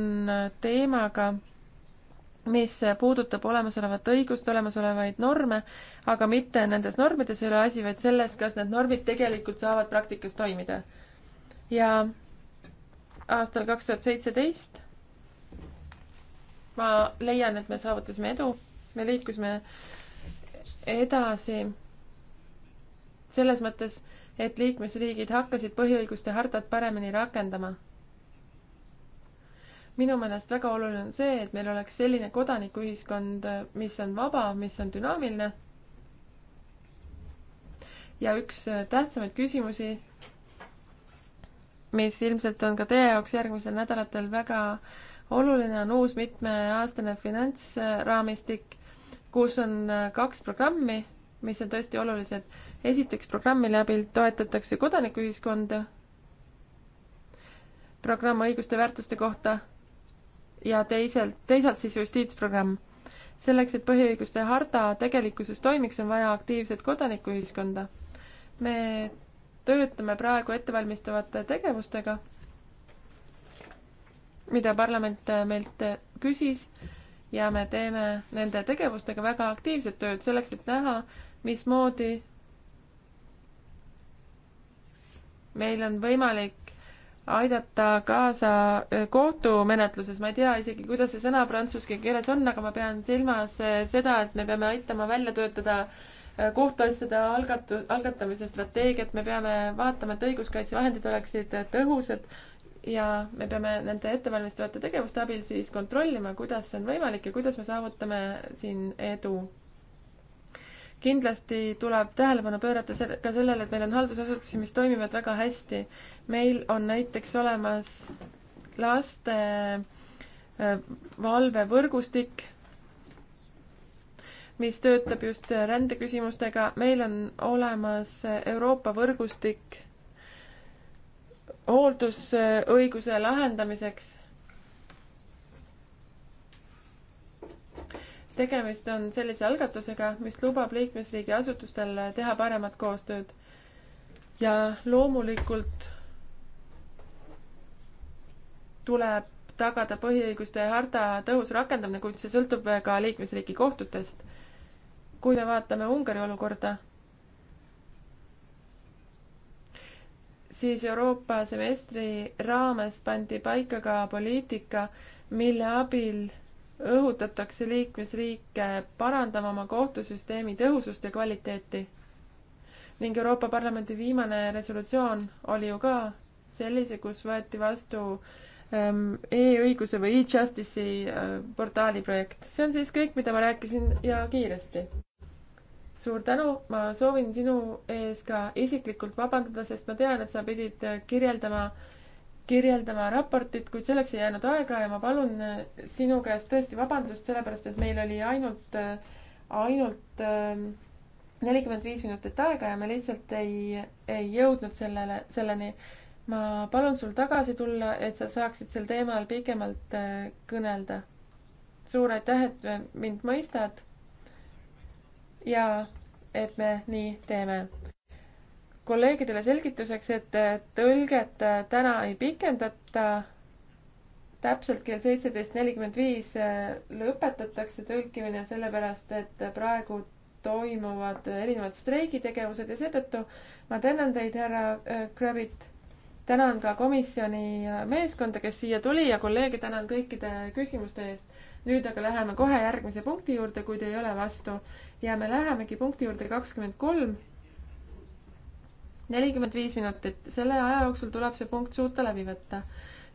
teemaga, mis puudutab olemasolevat õigust, olemasolevaid norme, aga mitte nendes normides ei ole asi, vaid selles, kas need normid tegelikult saavad praktikas toimida. ja aastal kaks tuhat seitseteist ma leian, et me saavutasime edu, me liikusime edasi selles mõttes, et liikmesriigid hakkasid põhiõiguste hartat paremini rakendama minu meelest väga oluline on see, et meil oleks selline kodanikuühiskond, mis on vaba, mis on dünaamiline. ja üks äh, tähtsamaid küsimusi, mis ilmselt on ka teie jaoks järgmistel nädalatel väga oluline, on uus mitmeaastane finantsraamistik, kus on äh, kaks programmi, mis on tõesti olulised. esiteks programmi läbi toetatakse kodanikuühiskonda, programm õiguste väärtuste kohta ja teiselt, teisalt siis justiitsprogramm. selleks, et põhiõiguste harta tegelikkuses toimiks, on vaja aktiivset kodanikuühiskonda. me töötame praegu ettevalmistavate tegevustega, mida parlament meilt küsis ja me teeme nende tegevustega väga aktiivset tööd selleks, et näha, mismoodi meil on võimalik aidata kaasa äh, kohtumenetluses, ma ei tea isegi, kuidas see sõna prantsuse keeles on, aga ma pean silmas äh, seda, et me peame aitama välja töötada äh, kohtuasjade algatu-, algatamise strateegiat, me peame vaatama, et õiguskaitsevahendid oleksid tõhusad ja me peame nende ettevalmistavate tegevuste abil siis kontrollima, kuidas see on võimalik ja kuidas me saavutame siin edu kindlasti tuleb tähelepanu pöörata ka sellele, et meil on haldusasutusi, mis toimivad väga hästi. meil on näiteks olemas laste äh, valvevõrgustik, mis töötab just rändeküsimustega, meil on olemas Euroopa võrgustik hooldusõiguse lahendamiseks tegemist on sellise algatusega, mis lubab liikmesriigi asutustel teha paremat koostööd. ja loomulikult tuleb tagada põhiõiguste harta tõhus rakendamine, kuid see sõltub ka liikmesriigi kohtutest. kui me vaatame Ungari olukorda, siis Euroopa semestri raames pandi paika ka poliitika, mille abil õhutatakse liikmesriike parandama oma kohtusüsteemi tõhusust ja kvaliteeti. ning Euroopa Parlamendi viimane resolutsioon oli ju ka sellise, kus võeti vastu ähm, e-õiguse või e-justice'i äh, portaali projekt. see on siis kõik, mida ma rääkisin ja kiiresti. suur tänu, ma soovin sinu ees ka isiklikult vabandada, sest ma tean, et sa pidid äh, kirjeldama äh, kirjeldama raportit, kuid selleks ei jäänud aega ja ma palun eh, sinu käest tõesti vabandust, sellepärast et meil oli ainult, eh, ainult eh, nelikümmend viis minutit aega ja me lihtsalt ei, ei jõudnud sellele, selleni. ma palun sul tagasi tulla, et sa saaksid sel teemal pikemalt kõnelda. suur aitäh, et mind mõistad. ja et me nii teeme kolleegidele selgituseks, et tõlget äh, täna ei pikendata. täpselt kell seitseteist nelikümmend viis äh, lõpetatakse tõlkimine, sellepärast et praegu toimuvad erinevad streigitegevused ja seetõttu ma tänan teid, härra äh, Kravit. tänan ka komisjoni meeskonda, kes siia tuli ja kolleege tänan kõikide küsimuste eest. nüüd aga läheme kohe järgmise punkti juurde, kui te ei ole vastu ja me lähemegi punkti juurde kakskümmend kolm nelikümmend viis minutit, selle aja jooksul tuleb see punkt suuta läbi võtta.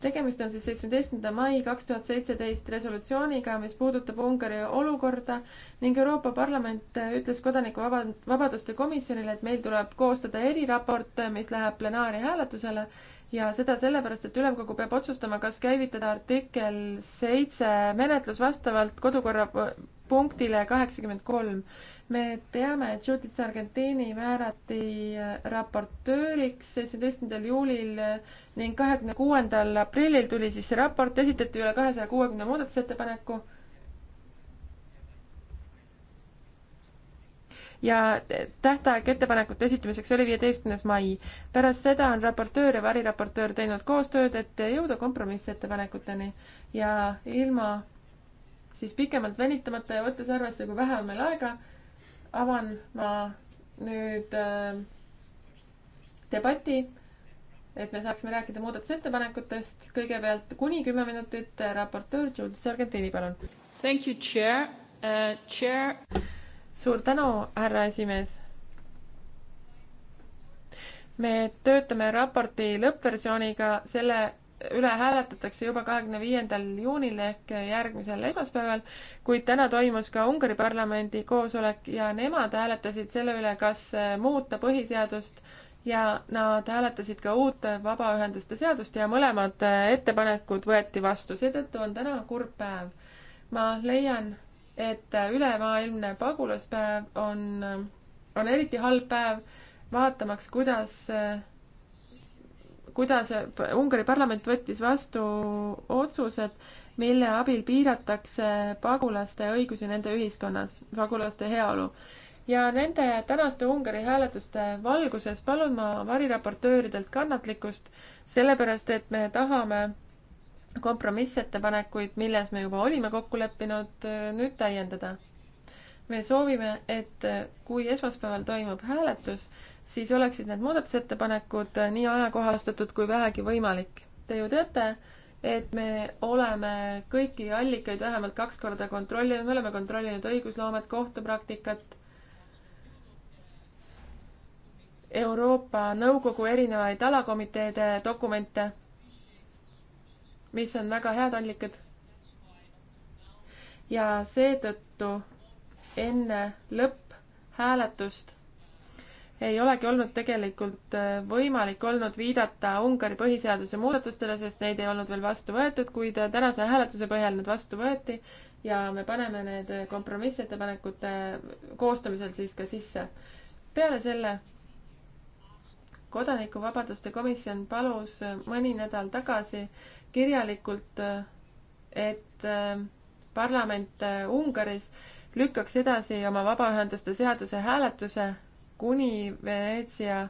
tegemist on siis seitsmeteistkümnenda mai kaks tuhat seitseteist resolutsiooniga, mis puudutab Ungari olukorda ning Euroopa Parlament ütles kodanikuvabaduste komisjonile, et meil tuleb koostada eriraport, mis läheb plenaari hääletusele ja seda sellepärast, et ülemkogu peab otsustama, kas käivitada artikkel seitse menetlus vastavalt kodukorra punktile kaheksakümmend kolm me teame, et Judith Sargentini määrati äh, raportööriks seitsmeteistkümnendal juulil äh, ning kahekümne kuuendal aprillil tuli siis see raport, esitati üle kahesaja kuuekümne muudatusettepaneku. ja tähtaeg ettepanekute esitamiseks oli viieteistkümnes mai. pärast seda on raportöör ja variraportöör teinud koostööd, et jõuda kompromissettepanekuteni ja ilma siis pikemalt venitamata ja võttes arvesse, kui vähe on meil aega avan ma nüüd äh, debati, et me saaksime rääkida muudatusettepanekutest. kõigepealt kuni kümme minutit äh, raportöör Judith Sargentini, palun. Thank you, chair uh,, chair. suur tänu, härra esimees. me töötame raporti lõppversiooniga selle üle hääletatakse juba kahekümne viiendal juunil ehk järgmisel esmaspäeval, kuid täna toimus ka Ungari parlamendi koosolek ja nemad hääletasid selle üle, kas muuta põhiseadust ja nad hääletasid ka uut vabaühenduste seadust ja mõlemad ettepanekud võeti vastu, seetõttu on täna kurb päev. ma leian, et ülemaailmne pagulaspäev on, on eriti halb päev, vaatamaks, kuidas kuidas Ungari parlament võttis vastu otsused, mille abil piiratakse pagulaste õigusi nende ühiskonnas, pagulaste heaolu. ja nende tänaste Ungari hääletuste valguses palun ma variraportööridelt kannatlikkust, sellepärast et me tahame kompromissettepanekuid, milles me juba olime kokku leppinud, nüüd täiendada. me soovime, et kui esmaspäeval toimub hääletus, siis oleksid need muudatusettepanekud nii ajakohastatud kui vähegi võimalik. Te ju teate, et me oleme kõiki allikaid vähemalt kaks korda kontrollinud, me oleme kontrollinud õigusloomet, kohtupraktikat Euroopa Nõukogu erinevaid alakomiteede dokumente, mis on väga head allikad. ja seetõttu enne lõpphääletust ei olegi olnud tegelikult äh, võimalik olnud viidata Ungari põhiseaduse muudatustele, sest neid ei olnud veel vastu võetud, kuid äh, tänase hääletuse põhjal need vastu võeti ja me paneme need kompromissettepanekute koostamisel siis ka sisse. peale selle kodanikuvabaduste komisjon palus äh, mõni nädal tagasi kirjalikult, et parlament Ungaris lükkaks edasi oma vabaühenduste seaduse hääletuse kuni Veneetsia äh,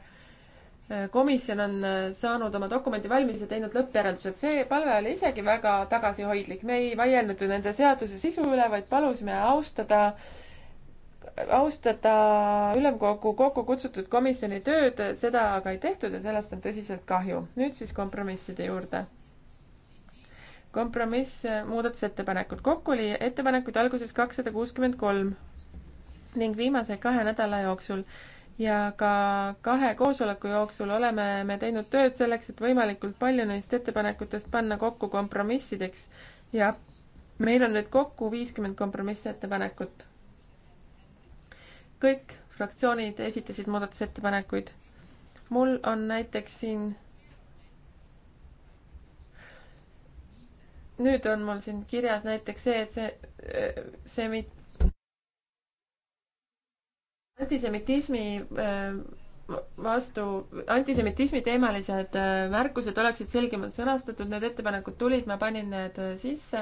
komisjon on äh, saanud oma dokumendi valmis ja teinud lõppjäreldused. see palve oli isegi väga tagasihoidlik. me ei vaielnud ju nende seaduse sisu üle, vaid palusime austada, austada ülemkogu kokku kutsutud komisjoni tööd. seda aga ei tehtud ja sellest on tõsiselt kahju. nüüd siis kompromisside juurde. kompromiss, äh, muudatusettepanekud. kokku oli ettepanekuid alguses kakssada kuuskümmend kolm ning viimase kahe nädala jooksul ja ka kahe koosoleku jooksul oleme me teinud tööd selleks, et võimalikult palju neist ettepanekutest panna kokku kompromissideks ja meil on nüüd kokku viiskümmend kompromissettepanekut. kõik fraktsioonid esitasid muudatusettepanekuid. mul on näiteks siin nüüd on mul siin kirjas näiteks see, et see, see, antisemitismi äh, vastu, antisemitismi teemalised äh, märkused oleksid selgemalt sõnastatud, need ettepanekud tulid, ma panin need äh, sisse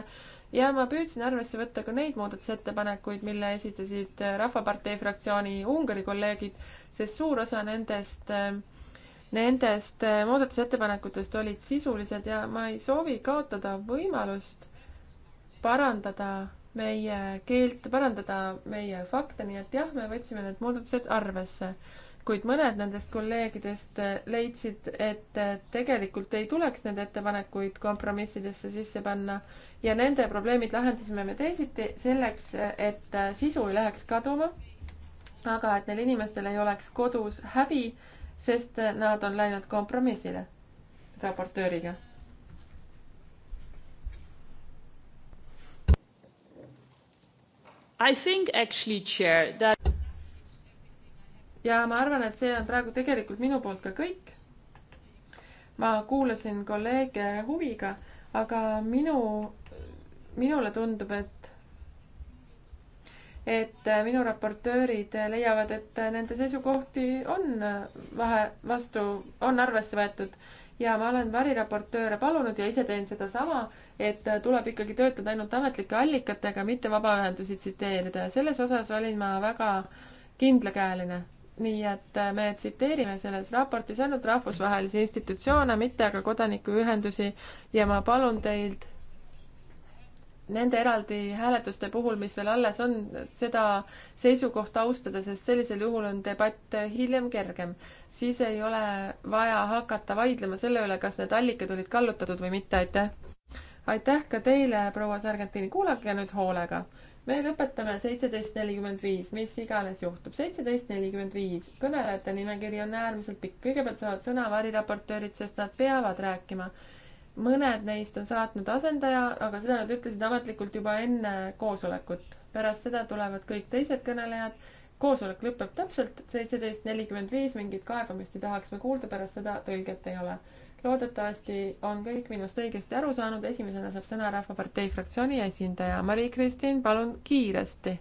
ja ma püüdsin arvesse võtta ka neid muudatusettepanekuid, mille esitasid Rahvapartei fraktsiooni Ungari kolleegid, sest suur osa nendest, nendest muudatusettepanekutest olid sisulised ja ma ei soovi kaotada võimalust parandada meie keelt, parandada meie fakte, nii et jah, me võtsime need muudatused arvesse. kuid mõned nendest kolleegidest leidsid, et tegelikult ei tuleks neid ettepanekuid kompromissidesse sisse panna ja nende probleemid lahendasime me teisiti selleks, et sisu ei läheks kaduma, aga et neil inimestel ei oleks kodus häbi, sest nad on läinud kompromissile raportööriga I think actually, chair, that ja ma arvan, et see on praegu tegelikult minu poolt ka kõik. ma kuulasin kolleege huviga, aga minu, minule tundub, et et minu raportöörid leiavad, et nende seisukohti on vahe, vastu, on arvesse võetud ja ma olen variraportööre palunud ja ise teen sedasama, et tuleb ikkagi töötada ainult ametlike allikatega, mitte vabaühendusi tsiteerida ja selles osas olin ma väga kindlakäeline. nii et me tsiteerime selles raportis ainult rahvusvahelisi institutsioone, mitte aga kodanikuühendusi ja ma palun teilt nende eraldi hääletuste puhul, mis veel alles on, seda seisukohta austada, sest sellisel juhul on debatt hiljem kergem. siis ei ole vaja hakata vaidlema selle üle, kas need allikad olid kallutatud või mitte, aitäh! aitäh ka teile, proua Sargentini, kuulake nüüd hoolega. me lõpetame seitseteist nelikümmend viis, mis iganes juhtub. seitseteist nelikümmend viis, kõnelejate nimekiri on äärmiselt pikk, kõigepealt saavad sõna variraportöörid, sest nad peavad rääkima mõned neist on saatnud asendaja, aga seda nad ütlesid ametlikult juba enne koosolekut. pärast seda tulevad kõik teised kõnelejad. koosolek lõpeb täpselt seitseteist nelikümmend viis, mingit kaebamist ei tahaks me kuulda, pärast seda tõlget ei ole. loodetavasti on kõik minust õigesti aru saanud, esimesena saab sõna Rahvapartei fraktsiooni esindaja Mari-Kristin, palun kiiresti.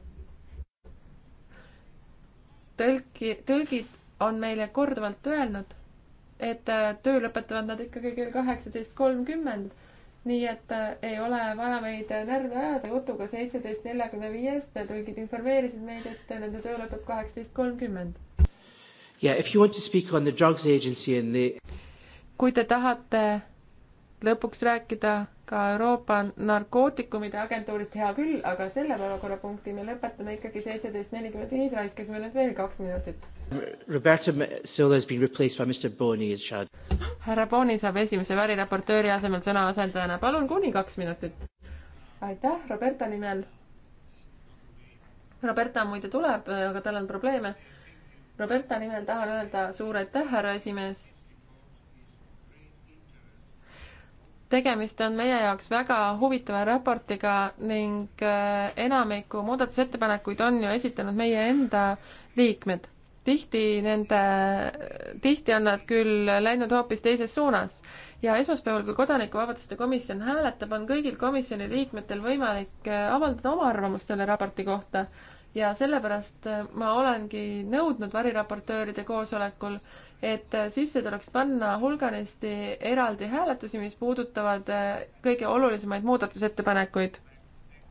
tõlki, tõlgid on meile korduvalt öelnud et äh, töö lõpetavad nad ikkagi kell kaheksateist kolmkümmend. nii et äh, ei ole vaja meid äh, närvi ajada, Utuga seitseteist neljakümne viiest tõlgid informeerisid meid, et nende töö lõpeb kaheksateist kolmkümmend. Yeah, if you want to speak on the drugs agency and the kui te tahate lõpuks rääkida ka Euroopa narkootikumide agentuurist, hea küll, aga selle päevakorrapunkti me lõpetame ikkagi seitseteist nelikümmend viis, raiskasime nüüd veel kaks minutit Roberta Metsola has been replaced by Mr Boni as shadow. härra Boni saab esimese väriraportööri asemel sõna asendajana, palun kuni kaks minutit. aitäh Roberta nimel. Roberta muide tuleb, aga tal on probleeme. Roberta nimel tahan öelda suur aitäh, härra esimees. tegemist on meie jaoks väga huvitava raportiga ning äh, enamiku muudatusettepanekuid on ju esitanud meie enda liikmed tihti nende, tihti on nad küll läinud hoopis teises suunas ja esmaspäeval, kui Kodanikuvabaduste komisjon hääletab, on kõigil komisjoni liikmetel võimalik äh, avaldada oma arvamust selle raporti kohta ja sellepärast äh, ma olengi nõudnud variraportööride koosolekul, et äh, sisse tuleks panna hulganisti eraldi hääletusi, mis puudutavad kõige olulisemaid muudatusettepanekuid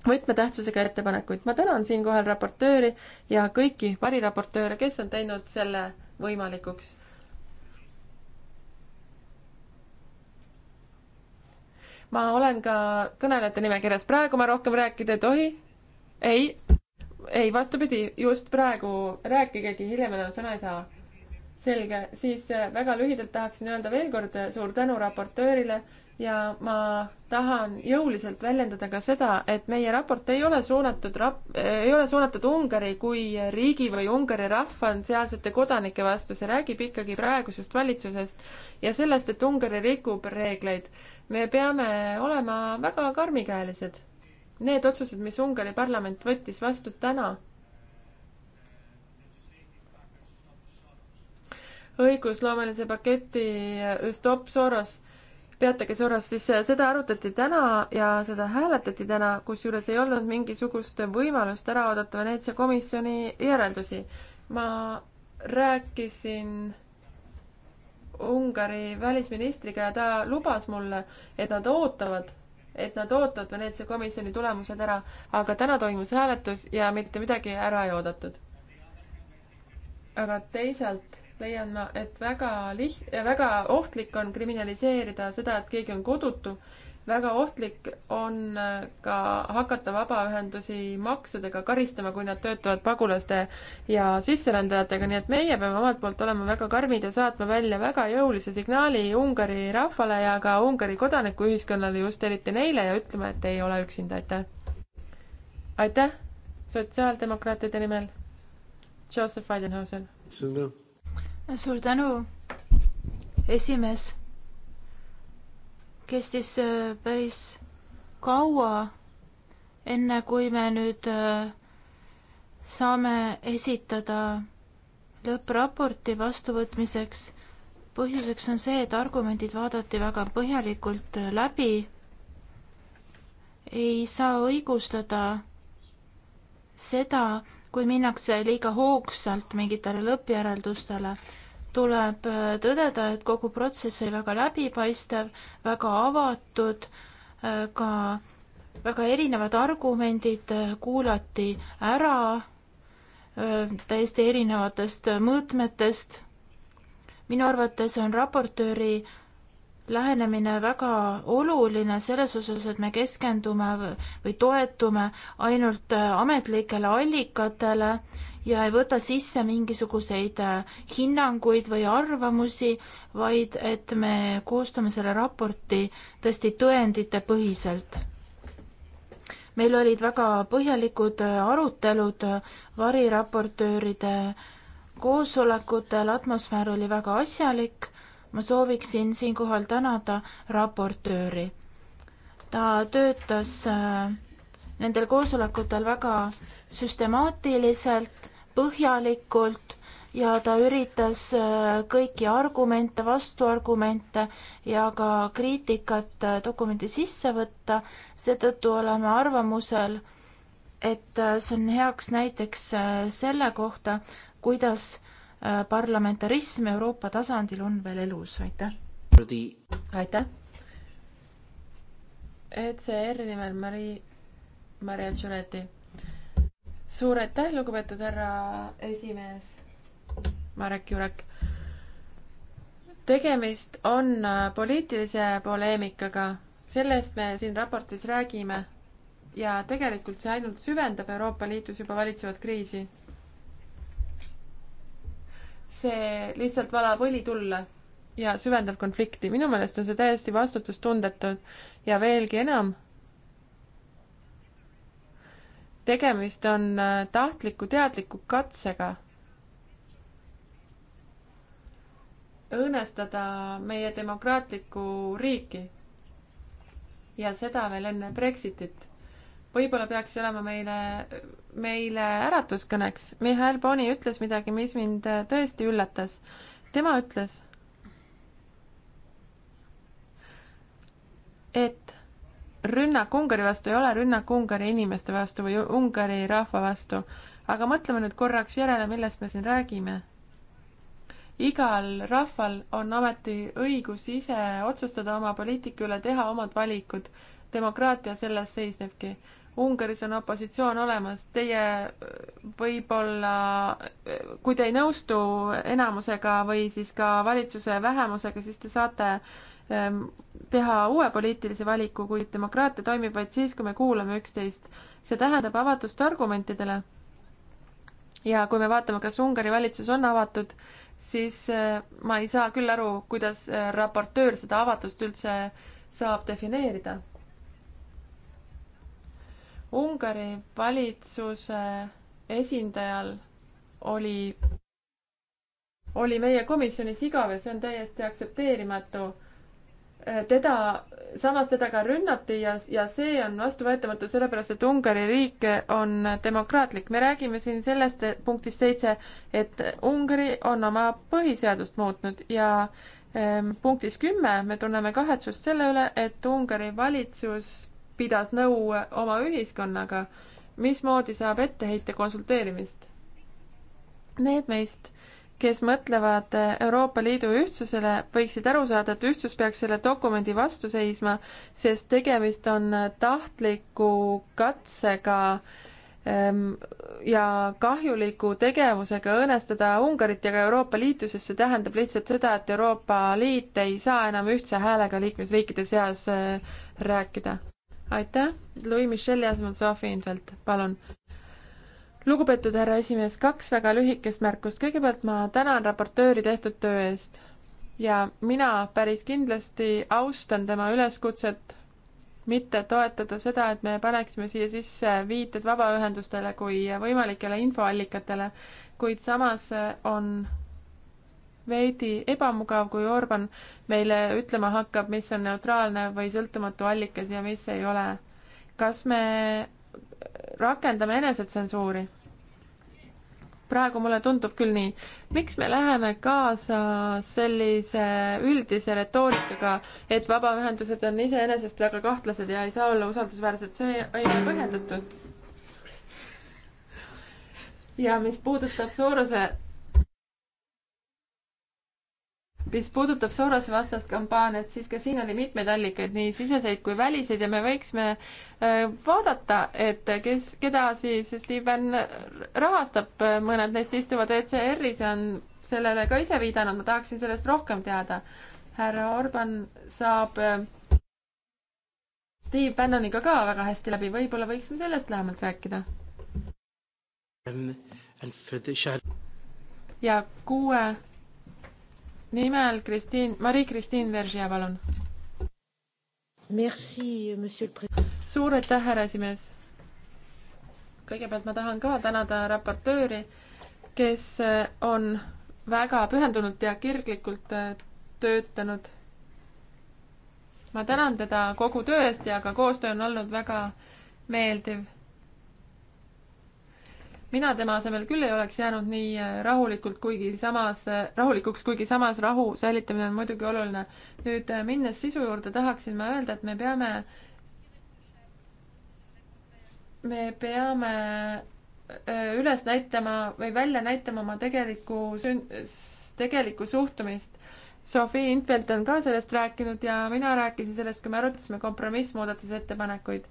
võtmetähtsusega ettepanekuid. ma tänan siinkohal raportööri ja kõiki variraportööre, kes on teinud selle võimalikuks. ma olen ka kõnelejate nimekirjas, praegu ma rohkem rääkida ei tohi. ei, ei vastupidi, just praegu rääkigegi, hiljem enam sõna ei saa. selge, siis väga lühidalt tahaksin öelda veel kord suur tänu raportöörile ja ma tahan jõuliselt väljendada ka seda, et meie raport ei ole suunatud rap-, ei ole suunatud Ungari kui riigi või Ungari rahva sealsete kodanike vastu, see räägib ikkagi praegusest valitsusest ja sellest, et Ungari rikub reegleid. me peame olema väga karmikäelised. Need otsused, mis Ungari parlament võttis vastu täna, õigusloomelise paketi Stop Soros peatage Soros, siis äh, seda arutati täna ja seda hääletati täna, kusjuures ei olnud mingisugust võimalust ära oodata Veneetsia komisjoni järeldusi. ma rääkisin Ungari välisministriga ja ta lubas mulle, et nad ootavad, et nad ootavad Veneetsia komisjoni tulemused ära, aga täna toimus hääletus ja mitte midagi ära ei oodatud. aga teisalt leian ma, et väga liht-, väga ohtlik on kriminaliseerida seda, et keegi on kodutu. väga ohtlik on äh, ka hakata vabaühendusi maksudega karistama, kui nad töötavad pagulaste ja sisserändajatega, nii et meie peame omalt poolt olema väga karmid ja saatma välja väga jõulise signaali Ungari rahvale ja ka Ungari kodanikuühiskonnale, just eriti neile, ja ütlema, et ei ole üksinda, aitäh! aitäh sotsiaaldemokraatide nimel, Joseph Weidenhausen suur tänu, esimees. kestis äh, päris kaua, enne kui me nüüd äh, saame esitada lõppraporti vastuvõtmiseks. põhjuseks on see, et argumendid vaadati väga põhjalikult äh, läbi. ei saa õigustada seda, kui minnakse liiga hoogsalt mingitele lõppjäreldustele tuleb äh, tõdeda, et kogu protsess oli väga läbipaistev, väga avatud, äh, ka väga erinevad argumendid äh, kuulati ära täiesti erinevatest mõõtmetest. minu arvates on raportööri lähenemine väga oluline selles osas, et me keskendume või toetume ainult ametlikele allikatele ja ei võta sisse mingisuguseid äh, hinnanguid või arvamusi, vaid et me koostame selle raporti tõesti tõenditepõhiselt. meil olid väga põhjalikud äh, arutelud äh, variraportööride koosolekutel, atmosfäär oli väga asjalik. ma sooviksin siinkohal tänada raportööri. ta töötas nendel koosolekutel väga süstemaatiliselt põhjalikult ja ta üritas äh, kõiki argumente, vastuargumente ja ka kriitikat äh, dokumendi sisse võtta, seetõttu oleme arvamusel, et äh, see on heaks näiteks selle kohta, kuidas parlamentarism Euroopa tasandil on veel elus, aitäh! aitäh! ECR nimel Mari, Maria Giuletti suur aitäh, lugupeetud härra esimees Marek Jurek. tegemist on äh, poliitilise poleemikaga, sellest me siin raportis räägime. ja tegelikult see ainult süvendab Euroopa Liidus juba valitsevat kriisi. see lihtsalt valab õli tulle ja süvendab konflikti. minu meelest on see täiesti vastutustundetud ja veelgi enam tegemist on äh, tahtliku teadliku katsega õõnestada meie demokraatlikku riiki. ja seda veel enne Brexitit. võib-olla peaks see olema meile, meile äratuskõneks. Mihhail Boni ütles midagi, mis mind äh, tõesti üllatas. tema ütles, et rünnak Ungari vastu ei ole rünnak Ungari inimeste vastu või Ungari rahva vastu. aga mõtleme nüüd korraks järele, millest me siin räägime. igal rahval on ometi õigus ise otsustada oma poliitika üle, teha omad valikud. demokraatia selles seisnebki Ungaris on opositsioon olemas, teie äh, võib-olla, äh, kui te ei nõustu enamusega või siis ka valitsuse vähemusega, siis te saate Ähm, teha uue poliitilise valiku, kuid demokraatia toimib vaid siis, kui me kuulame üksteist. see tähendab avatust argumentidele. ja kui me vaatame, kas Ungari valitsus on avatud, siis äh, ma ei saa küll aru, kuidas äh, raportöör seda avatust üldse saab defineerida. Ungari valitsuse esindajal oli, oli meie komisjonis igav ja see on täiesti aktsepteerimatu teda, samas teda ka rünnati ja, ja see on vastuvõetamatu, sellepärast et Ungari riik on demokraatlik. me räägime siin sellest punktist seitse, et Ungari on oma põhiseadust muutnud ja ehm, punktis kümme me tunneme kahetsust selle üle, et Ungari valitsus pidas nõu oma ühiskonnaga, mismoodi saab ette heita konsulteerimist. Need meist kes mõtlevad Euroopa Liidu ühtsusele, võiksid aru saada, et ühtsus peaks selle dokumendi vastu seisma, sest tegemist on tahtliku katsega ehm, ja kahjuliku tegevusega õõnestada Ungarit ja ka Euroopa Liitu, sest see tähendab lihtsalt seda, et Euroopa Liit ei saa enam ühtse häälega liikmesriikide seas äh, rääkida. aitäh, Louis Michel ja Asmund Sofi Infeld, palun! lugupeetud härra esimees, kaks väga lühikest märkust. kõigepealt ma tänan raportööri tehtud töö eest ja mina päris kindlasti austan tema üleskutset mitte toetada seda, et me paneksime siia sisse viited vabaühendustele kui võimalikele infoallikatele, kuid samas on veidi ebamugav, kui Orban meile ütlema hakkab, mis on neutraalne või sõltumatu allikas ja mis ei ole. kas me rakendame enesetsensuuri. praegu mulle tundub küll nii. miks me läheme kaasa sellise üldise retoorikaga, et vabaühendused on iseenesest väga kahtlased ja ei saa olla usaldusväärsed, see ei ole põhjendatud. ja mis puudutab Soorose mis puudutab Sorose vastast kampaaniat, siis ka siin oli mitmeid allikaid, nii siseseid kui väliseid ja me võiksime vaadata, et kes, keda siis Steven rahastab, mõned neist istuvad ECR-is ja on sellele ka ise viidanud, ma tahaksin sellest rohkem teada. härra Orban saab Steve Bannoniga ka väga hästi läbi, võib-olla võiksime sellest lähemalt rääkida um, ja kuue nimel Kristiin, Marie-Kristiin Veržia, palun. suur aitäh, härra esimees. kõigepealt ma tahan ka tänada raportööri, kes eh, on väga pühendunult ja kirglikult eh, töötanud. ma tänan teda kogu töö eest ja ka koostöö on olnud väga meeldiv mina tema asemel küll ei oleks jäänud nii äh, rahulikult, kuigi samas, äh, rahulikuks, kuigi samas rahu säilitamine on muidugi oluline. nüüd äh, minnes sisu juurde, tahaksin ma öelda, et me peame, me peame üles näitama või välja näitama oma tegelikku sün-, tegelikku suhtumist. Sophie Intvelt on ka sellest rääkinud ja mina rääkisin sellest, kui me arutasime kompromissmuudatusettepanekuid.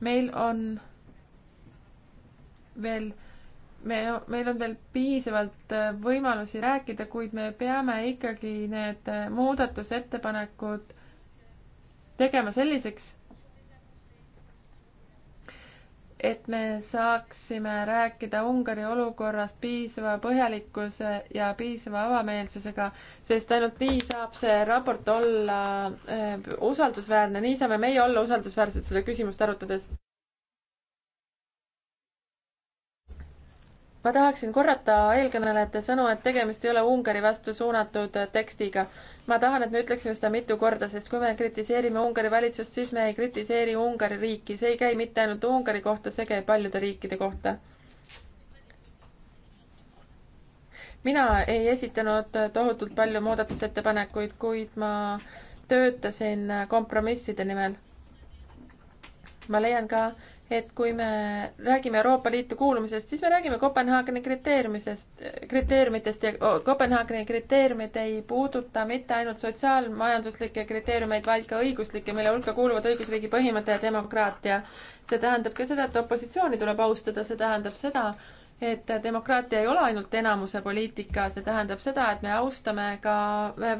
meil on veel, me, meil on veel piisavalt äh, võimalusi rääkida, kuid me peame ikkagi need äh, muudatusettepanekud tegema selliseks, et me saaksime rääkida Ungari olukorrast piisava põhjalikkuse ja piisava avameelsusega, sest ainult nii saab see raport olla äh, usaldusväärne, nii saame meie olla usaldusväärsed seda küsimust arutades. ma tahaksin korrata eelkõnelejate sõnu, et tegemist ei ole Ungari vastu suunatud tekstiga. ma tahan, et me ütleksime seda mitu korda, sest kui me kritiseerime Ungari valitsust, siis me ei kritiseeri Ungari riiki. see ei käi mitte ainult Ungari kohta, see käib paljude riikide kohta. mina ei esitanud tohutult palju muudatusettepanekuid, kuid ma töötasin kompromisside nimel. ma leian ka, et kui me räägime Euroopa Liitu kuulumisest, siis me räägime Kopenhaageni kriteeriumisest, kriteeriumitest ja Kopenhaageni kriteeriumid ei puuduta mitte ainult sotsiaalmajanduslikke kriteeriumeid, vaid ka õiguslikke, mille hulka kuuluvad õigusriigi põhimõte ja demokraatia. see tähendab ka seda, et opositsiooni tuleb austada, see tähendab seda, et demokraatia ei ole ainult enamuse poliitika, see tähendab seda, et me austame ka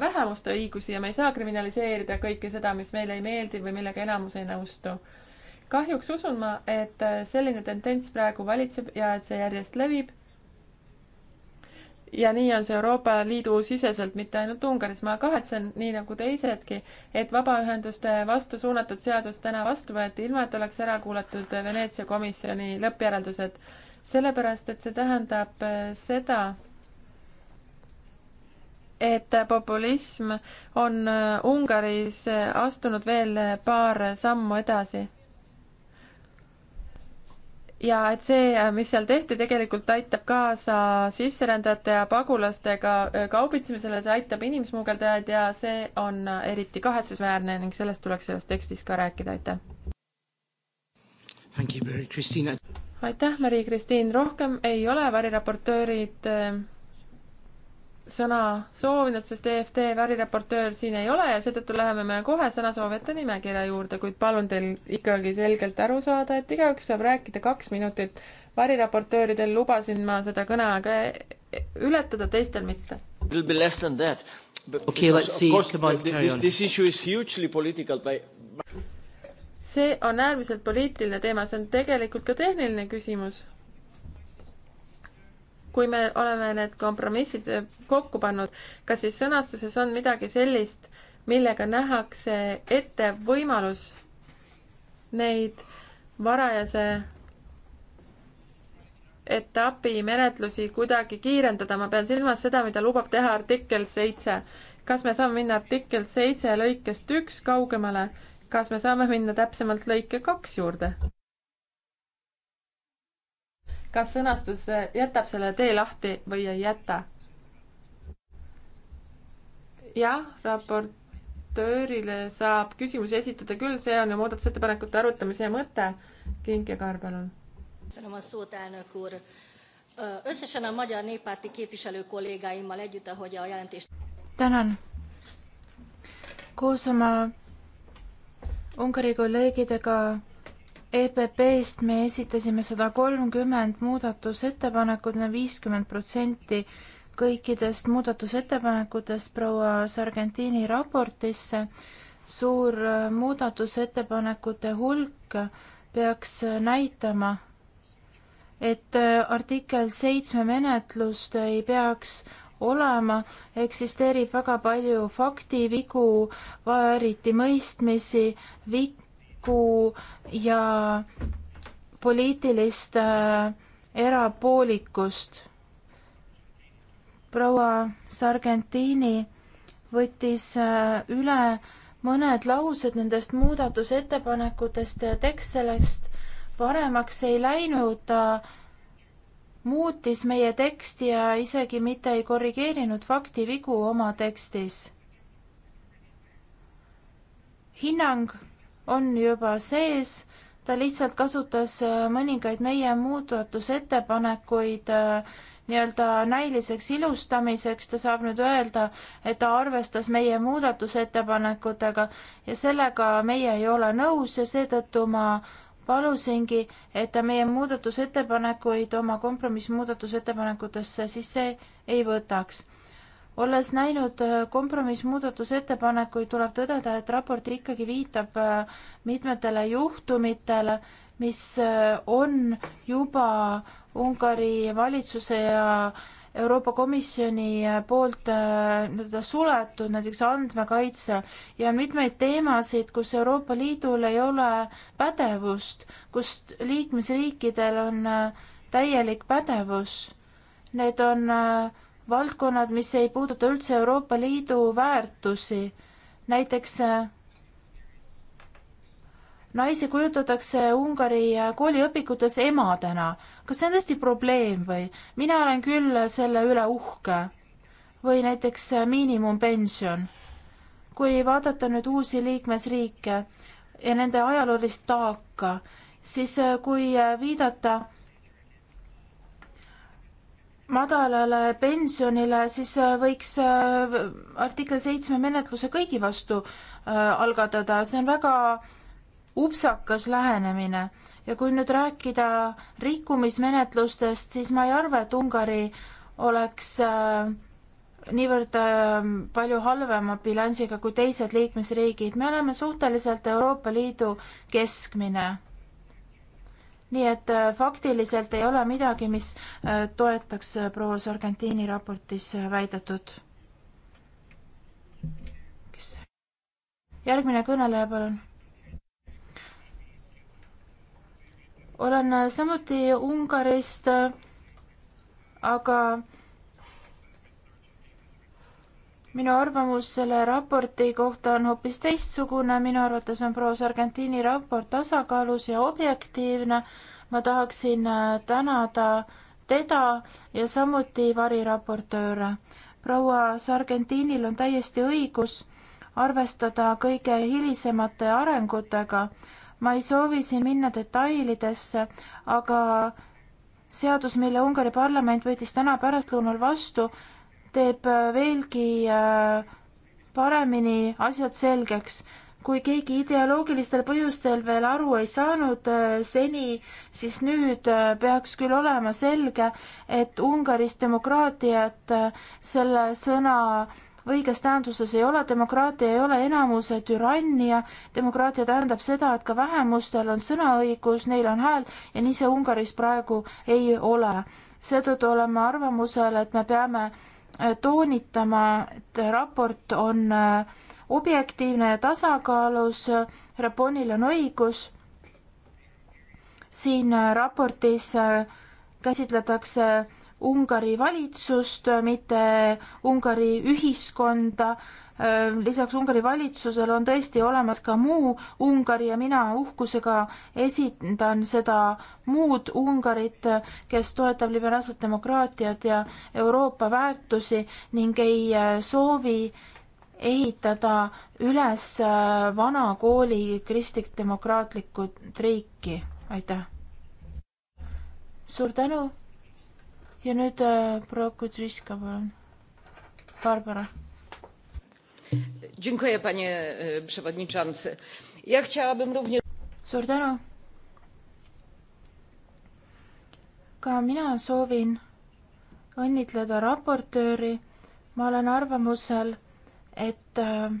vähemuste õigusi ja me ei saa kriminaliseerida kõike seda, mis meile ei meeldi või millega enamus ei nõustu kahjuks usun ma, et äh, selline tendents praegu valitseb ja et see järjest levib. ja nii on see Euroopa Liidu siseselt, mitte ainult Ungaris. ma kahetsen, nii nagu teisedki, et vabaühenduste vastu suunatud seadus täna vastu võeti, ilma et oleks ära kuulatud Veneetsia komisjoni lõppjäreldused. sellepärast, et see tähendab äh, seda, et populism on äh, Ungaris astunud veel paar sammu edasi ja et see, mis seal tehti, tegelikult aitab kaasa sisserändajate ja pagulastega äh, kaubitsemisele, see aitab inimsmugeldajaid ja see on äh, eriti kahetsusväärne ning sellest tuleks selles tekstis ka rääkida, aitäh. aitäh, Mari-Kristiin, rohkem ei ole variraportöörid äh, sõna soovinud, sest EFT väriraportöör siin ei ole ja seetõttu läheme me kohe sõnasoovijate nimekirja juurde, kuid palun teil ikkagi selgelt aru saada, et igaüks saab rääkida kaks minutit. variraportööridel lubasin ma seda kõneaega ületada, teistel mitte. Will be less than that. Okay, let's see. Come on, carry on. This issue is hugely political by see on äärmiselt poliitiline teema, see on tegelikult ka tehniline küsimus kui me oleme need kompromissid kokku pannud, kas siis sõnastuses on midagi sellist, millega nähakse ette võimalus neid varajase etapi menetlusi kuidagi kiirendada, ma pean silmas seda, mida lubab teha artikkel seitse. kas me saame minna artikkel seitse lõikest üks kaugemale, kas me saame minna täpsemalt lõike kaks juurde? kas sõnastus äh, jätab selle tee lahti või ei jäta? jah, raportöörile saab küsimusi esitada küll, see on ju muudatusettepanekute arutamise mõte. Kinkekaar, palun. sõnum on suur tänu, Kuur. Összesen a Magyar Néppárti képviselő kollégáimmal együtt, ahogy a jelentést... Tänan. Koos oma Ungari kolleegidega EPP-st me esitasime sada kolmkümmend muudatusettepanekut, viiskümmend protsenti kõikidest muudatusettepanekutest proua Sargentini raportisse. suur äh, muudatusettepanekute hulk peaks äh, näitama, et äh, artikkel seitsme menetlust ei peaks olema, eksisteerib väga palju faktivigu, vääriti mõistmisi, vik-, avalikku ja poliitilist äh, erapoolikust. proua Sargentini võttis äh, üle mõned laused nendest muudatusettepanekutest ja tekst sellest paremaks ei läinud, ta muutis meie teksti ja isegi mitte ei korrigeerinud faktivigu oma tekstis. hinnang on juba sees, ta lihtsalt kasutas äh, mõningaid meie muudatusettepanekuid äh, nii-öelda näiliseks ilustamiseks, ta saab nüüd öelda, et ta arvestas meie muudatusettepanekutega ja sellega meie ei ole nõus ja seetõttu ma palusingi, et ta meie muudatusettepanekuid oma kompromissmuudatusettepanekutesse sisse ei võtaks olles näinud äh, kompromissmuudatusettepanekuid, tuleb tõdeda, et raport ikkagi viitab äh, mitmetele juhtumitele, mis äh, on juba Ungari valitsuse ja Euroopa Komisjoni poolt nii-öelda suletud, näiteks andmekaitse ja on mitmeid teemasid, kus Euroopa Liidul ei ole pädevust, kust liikmesriikidel on täielik pädevus. Need on äh, valdkonnad, mis ei puuduta üldse Euroopa Liidu väärtusi. näiteks äh, naisi kujutatakse Ungari äh, kooliõpikutes emadena. kas see on tõesti probleem või? mina olen küll selle üle uhke. või näiteks äh, miinimumpension. kui vaadata nüüd uusi liikmesriike ja nende ajaloolist taaka, siis kui viidata madalale pensionile, siis äh, võiks äh, artikkel seitsme menetluse kõigi vastu äh, algatada, see on väga upsakas lähenemine ja kui nüüd rääkida rikkumismenetlustest, siis ma ei arva, et Ungari oleks niivõrd palju halvema bilansiga kui teised liikmesriigid, me oleme suhteliselt Euroopa Liidu keskmine nii et äh, faktiliselt ei ole midagi, mis äh, toetaks äh, proua Sargentini raportis väidetud. kes? järgmine kõneleja, palun. olen samuti Ungarist, aga minu arvamus selle raporti kohta on hoopis teistsugune, minu arvates on proua Sargentini raport tasakaalus ja objektiivne. ma tahaksin äh, tänada teda ja samuti variraportööre. proua Sargentinil on täiesti õigus arvestada kõige hilisemate arengutega. ma ei soovi siin minna detailidesse, aga seadus, mille Ungari parlament võttis täna pärastlõunal vastu, teeb äh, veelgi äh, paremini asjad selgeks. kui keegi ideoloogilistel põhjustel veel aru ei saanud äh, seni, siis nüüd peaks küll olema selge, et Ungaris demokraatiat selle sõna õiges tähenduses ei ole, demokraatia ei ole enamuse türannia, demokraatia tähendab seda, et ka vähemustel on sõnaõigus, neil on hääl ja nii see Ungaris praegu ei ole. seetõttu oleme arvamusel, et me peame toonitama, et raport on äh, objektiivne ja tasakaalus, härra Bonnil on õigus, siin äh, raportis äh, käsitletakse Ungari valitsust, mitte Ungari ühiskonda Äh, lisaks Ungari valitsusele on tõesti olemas ka muu Ungari ja mina uhkusega esindan seda muud Ungarit, kes toetab liberaalset demokraatiat ja Euroopa väärtusi ning ei äh, soovi ehitada üles äh, vana kooli kristlik-demokraatlikku riiki. aitäh! suur tänu ja nüüd proua Kudriska, palun. Barbara panie e, przewodniczący! ja chciałabym również. suur tänu! ka mina soovin õnnitleda raportööri. ma olen arvamusel, et äh,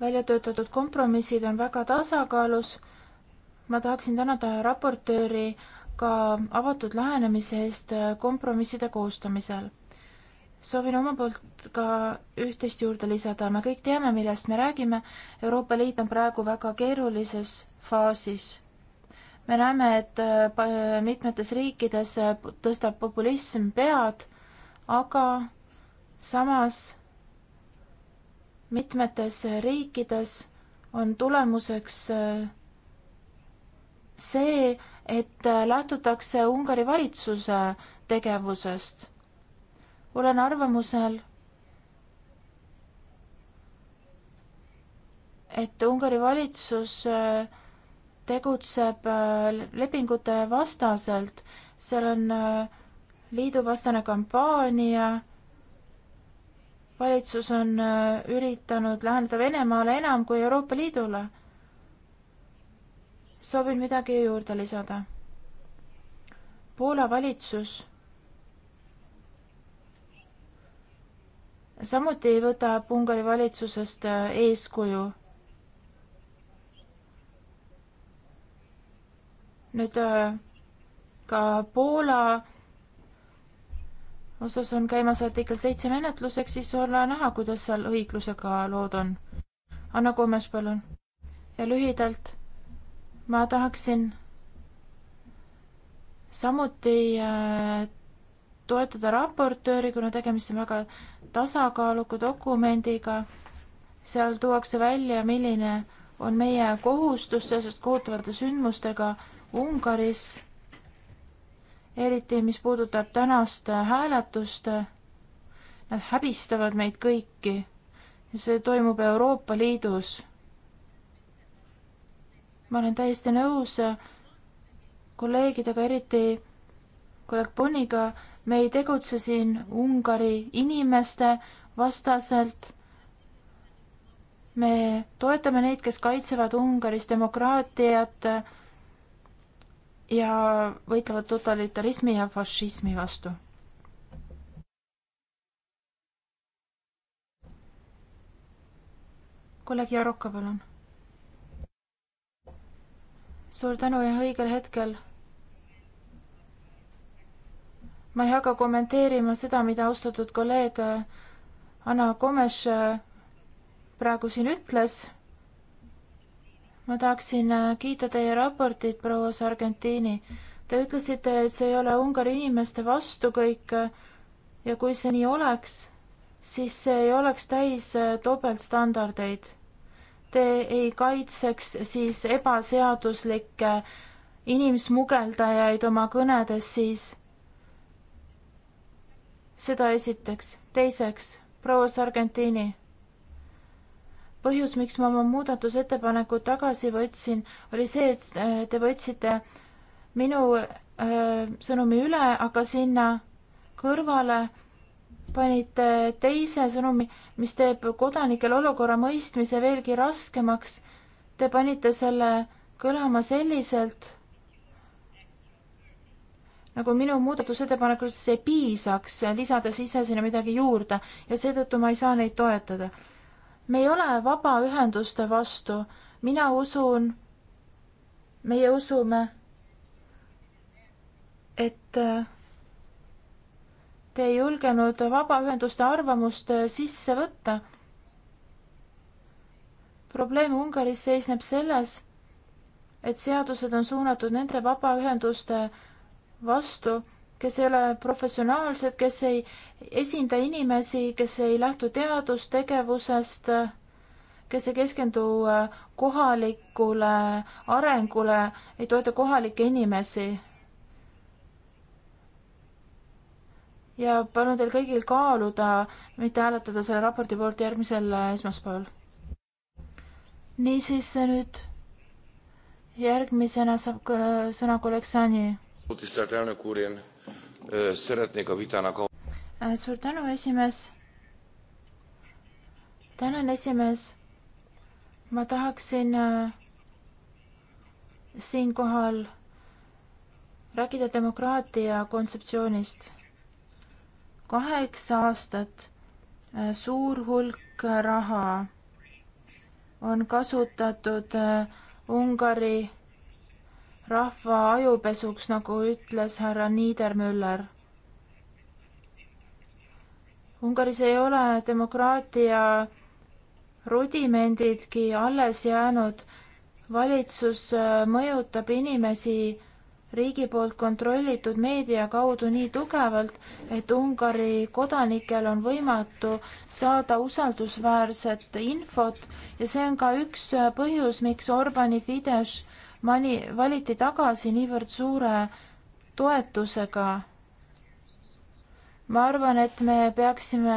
välja töötatud kompromissid on väga tasakaalus. ma tahaksin tänada raportööri ka avatud lähenemise eest äh, kompromisside koostamisel soovin oma poolt ka üht-teist juurde lisada, me kõik teame, millest me räägime. Euroopa Liit on praegu väga keerulises faasis. me näeme, et äh, mitmetes riikides äh, tõstab populism pead, aga samas mitmetes riikides on tulemuseks äh, see, et lähtutakse Ungari valitsuse tegevusest olen arvamusel, et Ungari valitsus äh, tegutseb äh, lepingute vastaselt, seal on äh, liiduvastane kampaania, valitsus on üritanud läheneda Venemaale enam kui Euroopa Liidule. soovin midagi juurde lisada. Poola valitsus samuti võtab Ungari valitsusest äh, eeskuju. nüüd äh, ka Poola osas on käimas artikkel seitse menetlus, eks siis olla näha, kuidas seal õiglusega lood on. Anna Koomes, palun. ja lühidalt ma tahaksin samuti äh, toetada raportööri, kuna tegemist on väga tasakaaluka dokumendiga. seal tuuakse välja, milline on meie kohustus seoses kohutavate sündmustega Ungaris, eriti mis puudutab tänast hääletust. Nad häbistavad meid kõiki ja see toimub Euroopa Liidus. ma olen täiesti nõus kolleegidega, eriti kolleeg Boniga, me ei tegutse siin Ungari inimeste vastaselt. me toetame neid, kes kaitsevad Ungaris demokraatiat ja võitlevad totalitarismi ja fašismi vastu. kolleeg Jaroka, palun. suur tänu ja õigel hetkel ma ei hakka kommenteerima seda, mida austatud kolleeg äh, Anna Komes äh, praegu siin ütles. ma tahaksin äh, kiita teie raportit, proua Sargentini. Te ütlesite, et see ei ole Ungari inimeste vastu kõik ja kui see nii oleks, siis see ei oleks täis topeltstandardeid. Te ei kaitseks siis ebaseaduslikke inimsmugeldajaid oma kõnedes siis seda esiteks. teiseks, proua Sargentini. põhjus, miks ma oma muudatusettepaneku tagasi võtsin, oli see, et äh, te võtsite minu öö, äh, sõnumi üle, aga sinna kõrvale panite teise sõnumi, mis teeb kodanikel olukorra mõistmise veelgi raskemaks. Te panite selle kõlama selliselt, nagu minu muudatusettepanekust ei piisaks lisada sisse sinna midagi juurde ja seetõttu ma ei saa neid toetada. me ei ole vabaühenduste vastu, mina usun, meie usume, et äh, te ei julgenud vabaühenduste arvamust äh, sisse võtta. probleem Ungaris seisneb selles, et seadused on suunatud nende vabaühenduste vastu, kes ei ole professionaalsed, kes ei esinda inimesi, kes ei lähtu teadustegevusest, kes ei keskendu äh, kohalikule arengule, ei toeta kohalikke inimesi. ja palun teil kõigil kaaluda, mitte hääletada selle raporti poolt järgmisel äh, esmaspäeval. niisiis nüüd järgmisena saab äh, sõna kolleeg Sani suur tänu, esimees. tänan, esimees. ma tahaksin siinkohal rääkida demokraatia kontseptsioonist. kaheksa aastat suur hulk raha on kasutatud Ungari rahva ajupesuks, nagu ütles härra Niedermüller. Ungaris ei ole demokraatia rudimendidki alles jäänud. valitsus äh, mõjutab inimesi riigi poolt kontrollitud meedia kaudu nii tugevalt, et Ungari kodanikel on võimatu saada usaldusväärset infot ja see on ka üks äh, põhjus, miks Orbani Fidesz Mali valiti tagasi niivõrd suure toetusega. ma arvan, et me peaksime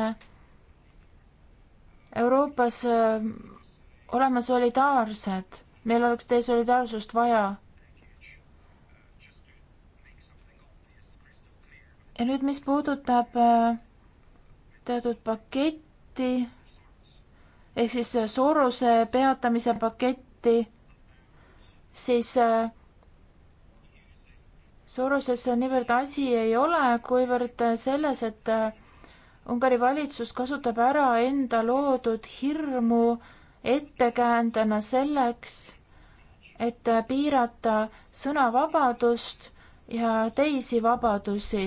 Euroopas äh, olema solidaarsed, meil oleks teie solidaarsust vaja. ja nüüd, mis puudutab äh, teatud paketti ehk siis äh, Sorose peatamise paketti siis äh, Soroses niivõrd asi ei ole, kuivõrd äh, selles, et äh, Ungari valitsus kasutab ära enda loodud hirmu ettekäändena selleks, et piirata sõnavabadust ja teisi vabadusi.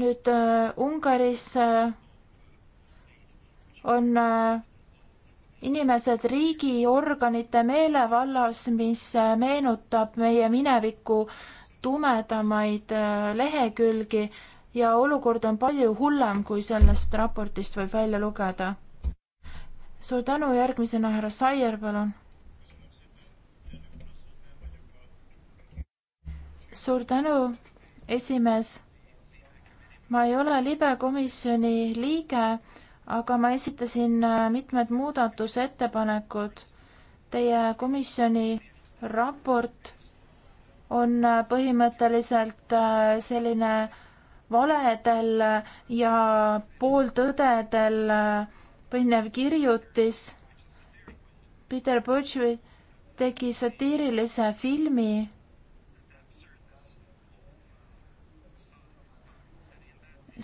nüüd Ungaris on inimesed riigiorganite meelevallas, mis meenutab meie mineviku tumedamaid äh, lehekülgi ja olukord on palju hullem, kui sellest raportist võib välja lugeda. suur tänu, järgmisena härra Saier, palun. suur tänu, esimees. ma ei ole libekomisjoni liige aga ma esitasin äh, mitmed muudatusettepanekud. Teie komisjoni raport on äh, põhimõtteliselt äh, selline valedel ja pooltõdedel põhinev kirjutis. Peter Butchwit tegi satiirilise filmi.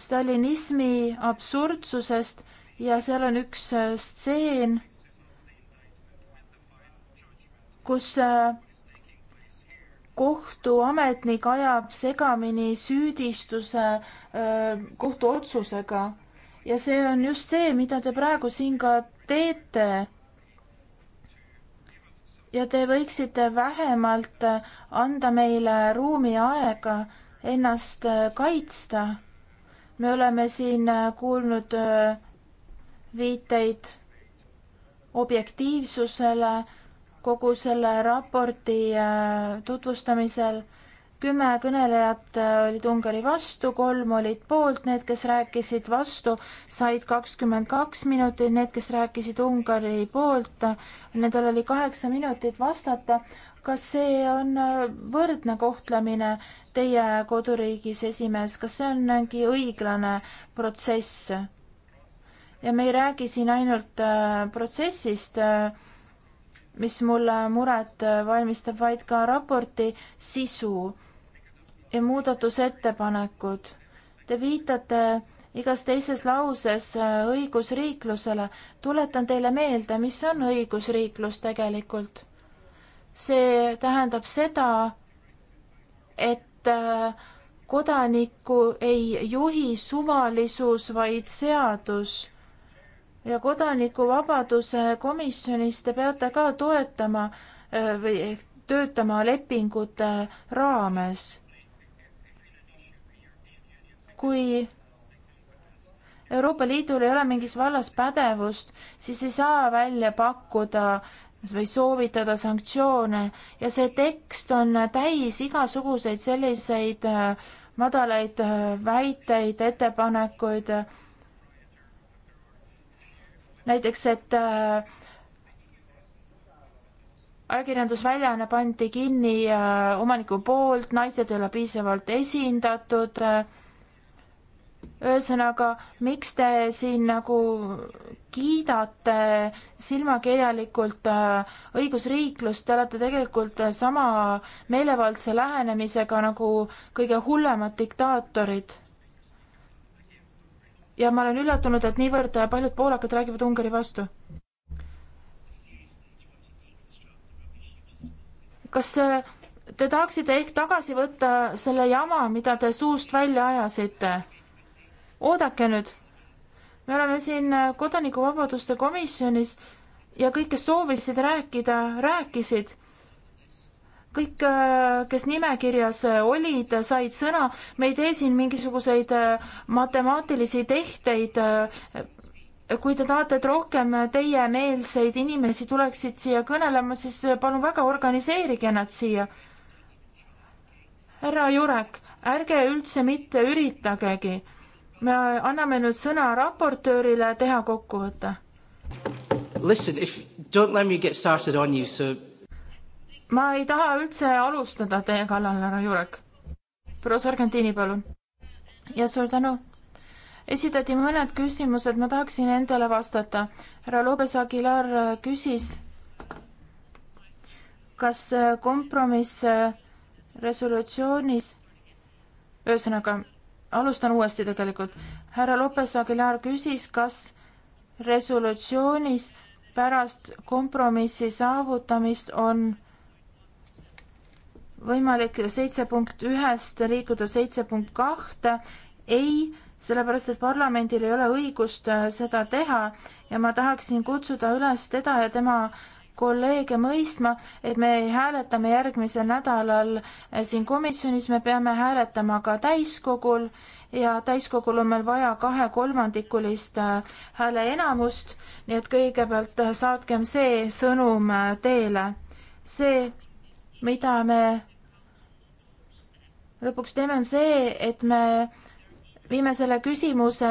stalinismi absurdsusest ja seal on üks äh, stseen, kus äh, kohtuametnik ajab segamini süüdistuse äh, kohtuotsusega ja see on just see, mida te praegu siin ka teete. ja te võiksite vähemalt anda meile ruumi ja aega ennast kaitsta. me oleme siin kuulnud äh, viiteid objektiivsusele kogu selle raporti äh, tutvustamisel. kümme kõnelejat äh, olid Ungari vastu, kolm olid poolt, need, kes rääkisid vastu, said kakskümmend kaks minutit, need, kes rääkisid Ungari poolt, nendel oli kaheksa minutit vastata. kas see on äh, võrdne kohtlemine teie koduriigis, esimees, kas see ongi õiglane protsess? ja me ei räägi siin ainult äh, protsessist äh,, mis mulle muret äh, valmistab, vaid ka raporti sisu ja muudatusettepanekud. Te viitate igas teises lauses äh, õigusriiklusele. tuletan teile meelde, mis on õigusriiklus tegelikult. see tähendab seda, et äh, kodanikku ei juhi suvalisus, vaid seadus ja kodanikuvabaduse komisjonis te peate ka toetama äh, või ehk töötama lepingute raames. kui Euroopa Liidul ei ole mingis vallas pädevust, siis ei saa välja pakkuda või soovitada sanktsioone ja see tekst on täis igasuguseid selliseid äh, madalaid äh, väiteid, ettepanekuid näiteks, et äh, ajakirjandusväljaanne pandi kinni äh, omaniku poolt, naised ei ole piisavalt esindatud. Äh, ühesõnaga, miks te siin nagu kiidate silmakirjalikult õigusriiklust, te olete tegelikult sama meelevaldse lähenemisega nagu kõige hullemad diktaatorid ja ma olen üllatunud, et niivõrd paljud poolakad räägivad Ungari vastu. kas äh, te tahaksite ehk tagasi võtta selle jama, mida te suust välja ajasite? oodake nüüd, me oleme siin äh, kodanikuvabaduste komisjonis ja kõik, kes soovisid rääkida, rääkisid kõik, äh, kes nimekirjas äh, olid, äh, said sõna, me ei tee siin mingisuguseid matemaatilisi tehteid. kui te tahate, et rohkem teiemeelseid inimesi tuleksid siia kõnelema, siis palun väga, organiseerige nad siia. härra Jurek, ärge üldse mitte üritagegi. me anname nüüd sõna raportöörile teha kokkuvõte. Listen, if, don't let me get started on you, so ma ei taha üldse alustada teie kallal, härra Jurek. proua Sargentini, palun. ja suur tänu. esitati mõned küsimused, ma tahaksin endale vastata. härra Lobes Aguilar küsis, kas kompromiss äh, resolutsioonis, ühesõnaga, alustan uuesti tegelikult. härra Lopes Aguilar küsis, kas resolutsioonis pärast kompromissi saavutamist on võimalik seitse punkt ühest liikuda seitse punkt kahte, ei, sellepärast et parlamendil ei ole õigust äh, seda teha ja ma tahaksin kutsuda üles teda ja tema kolleege mõistma, et me hääletame järgmisel nädalal äh, siin komisjonis, me peame hääletama ka täiskogul ja täiskogul on meil vaja kahekolmandikulist äh, hääle enamust, nii et kõigepealt saatkem see sõnum teele. see, mida me lõpuks teeme, on see, et me viime selle küsimuse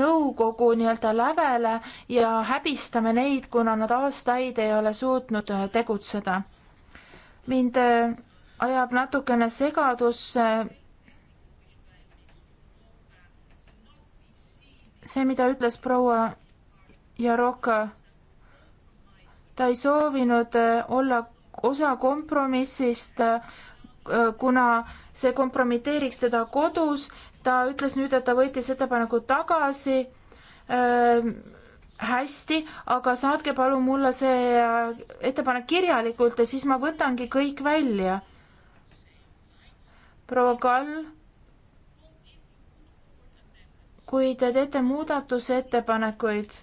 nõukogu nii-öelda lävele ja häbistame neid, kuna nad aastaid ei ole suutnud tegutseda. mind äh, ajab natukene segadusse see, mida ütles proua Jaroka. ta ei soovinud äh, olla osa kompromissist Äh, kuna see kompromiteeriks teda kodus. ta ütles nüüd, et ta võttis ettepaneku tagasi äh,. hästi, aga saatke palun mulle see äh, ettepanek kirjalikult ja siis ma võtangi kõik välja. proua Kall, kui te teete muudatusettepanekuid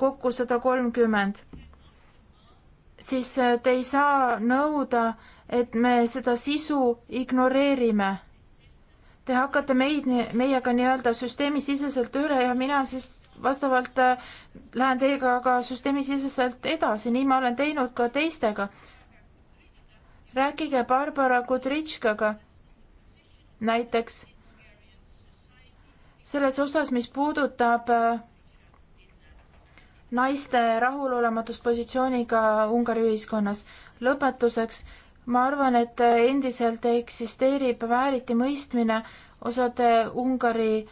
kokku sada kolmkümmend, siis äh, te ei saa nõuda äh, et me seda sisu ignoreerime. Te hakkate meid, meiega nii-öelda süsteemisiseselt üle ja mina siis vastavalt äh, lähen teiega ka süsteemisiseselt edasi, nii ma olen teinud ka teistega. rääkige Barbara Kudritškaga näiteks selles osas, mis puudutab äh, naiste rahulolematust positsiooniga Ungari ühiskonnas. lõpetuseks ma arvan, et endiselt eksisteerib vääritimõistmine osade Ungari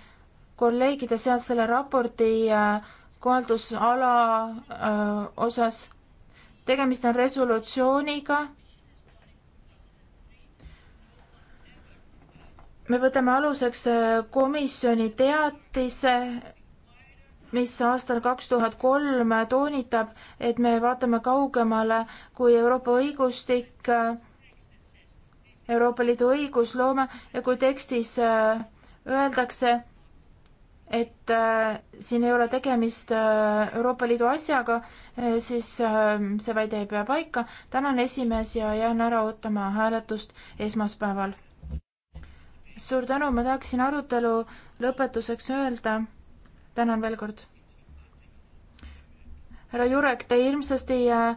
kolleegide seas selle raporti äh, kohaldusala äh, osas. tegemist on resolutsiooniga. me võtame aluseks äh, komisjoni teatise mis aastal kaks tuhat kolm toonitab, et me vaatame kaugemale kui Euroopa õigustik, Euroopa Liidu õigusloome ja kui tekstis äh, öeldakse, et äh, siin ei ole tegemist äh, Euroopa Liidu asjaga, siis see väide ei pea paika. tänan, esimees, ja jään ära ootama hääletust esmaspäeval. suur tänu, ma tahaksin arutelu lõpetuseks öelda tänan veel kord. härra Jurek, te hirmsasti äh,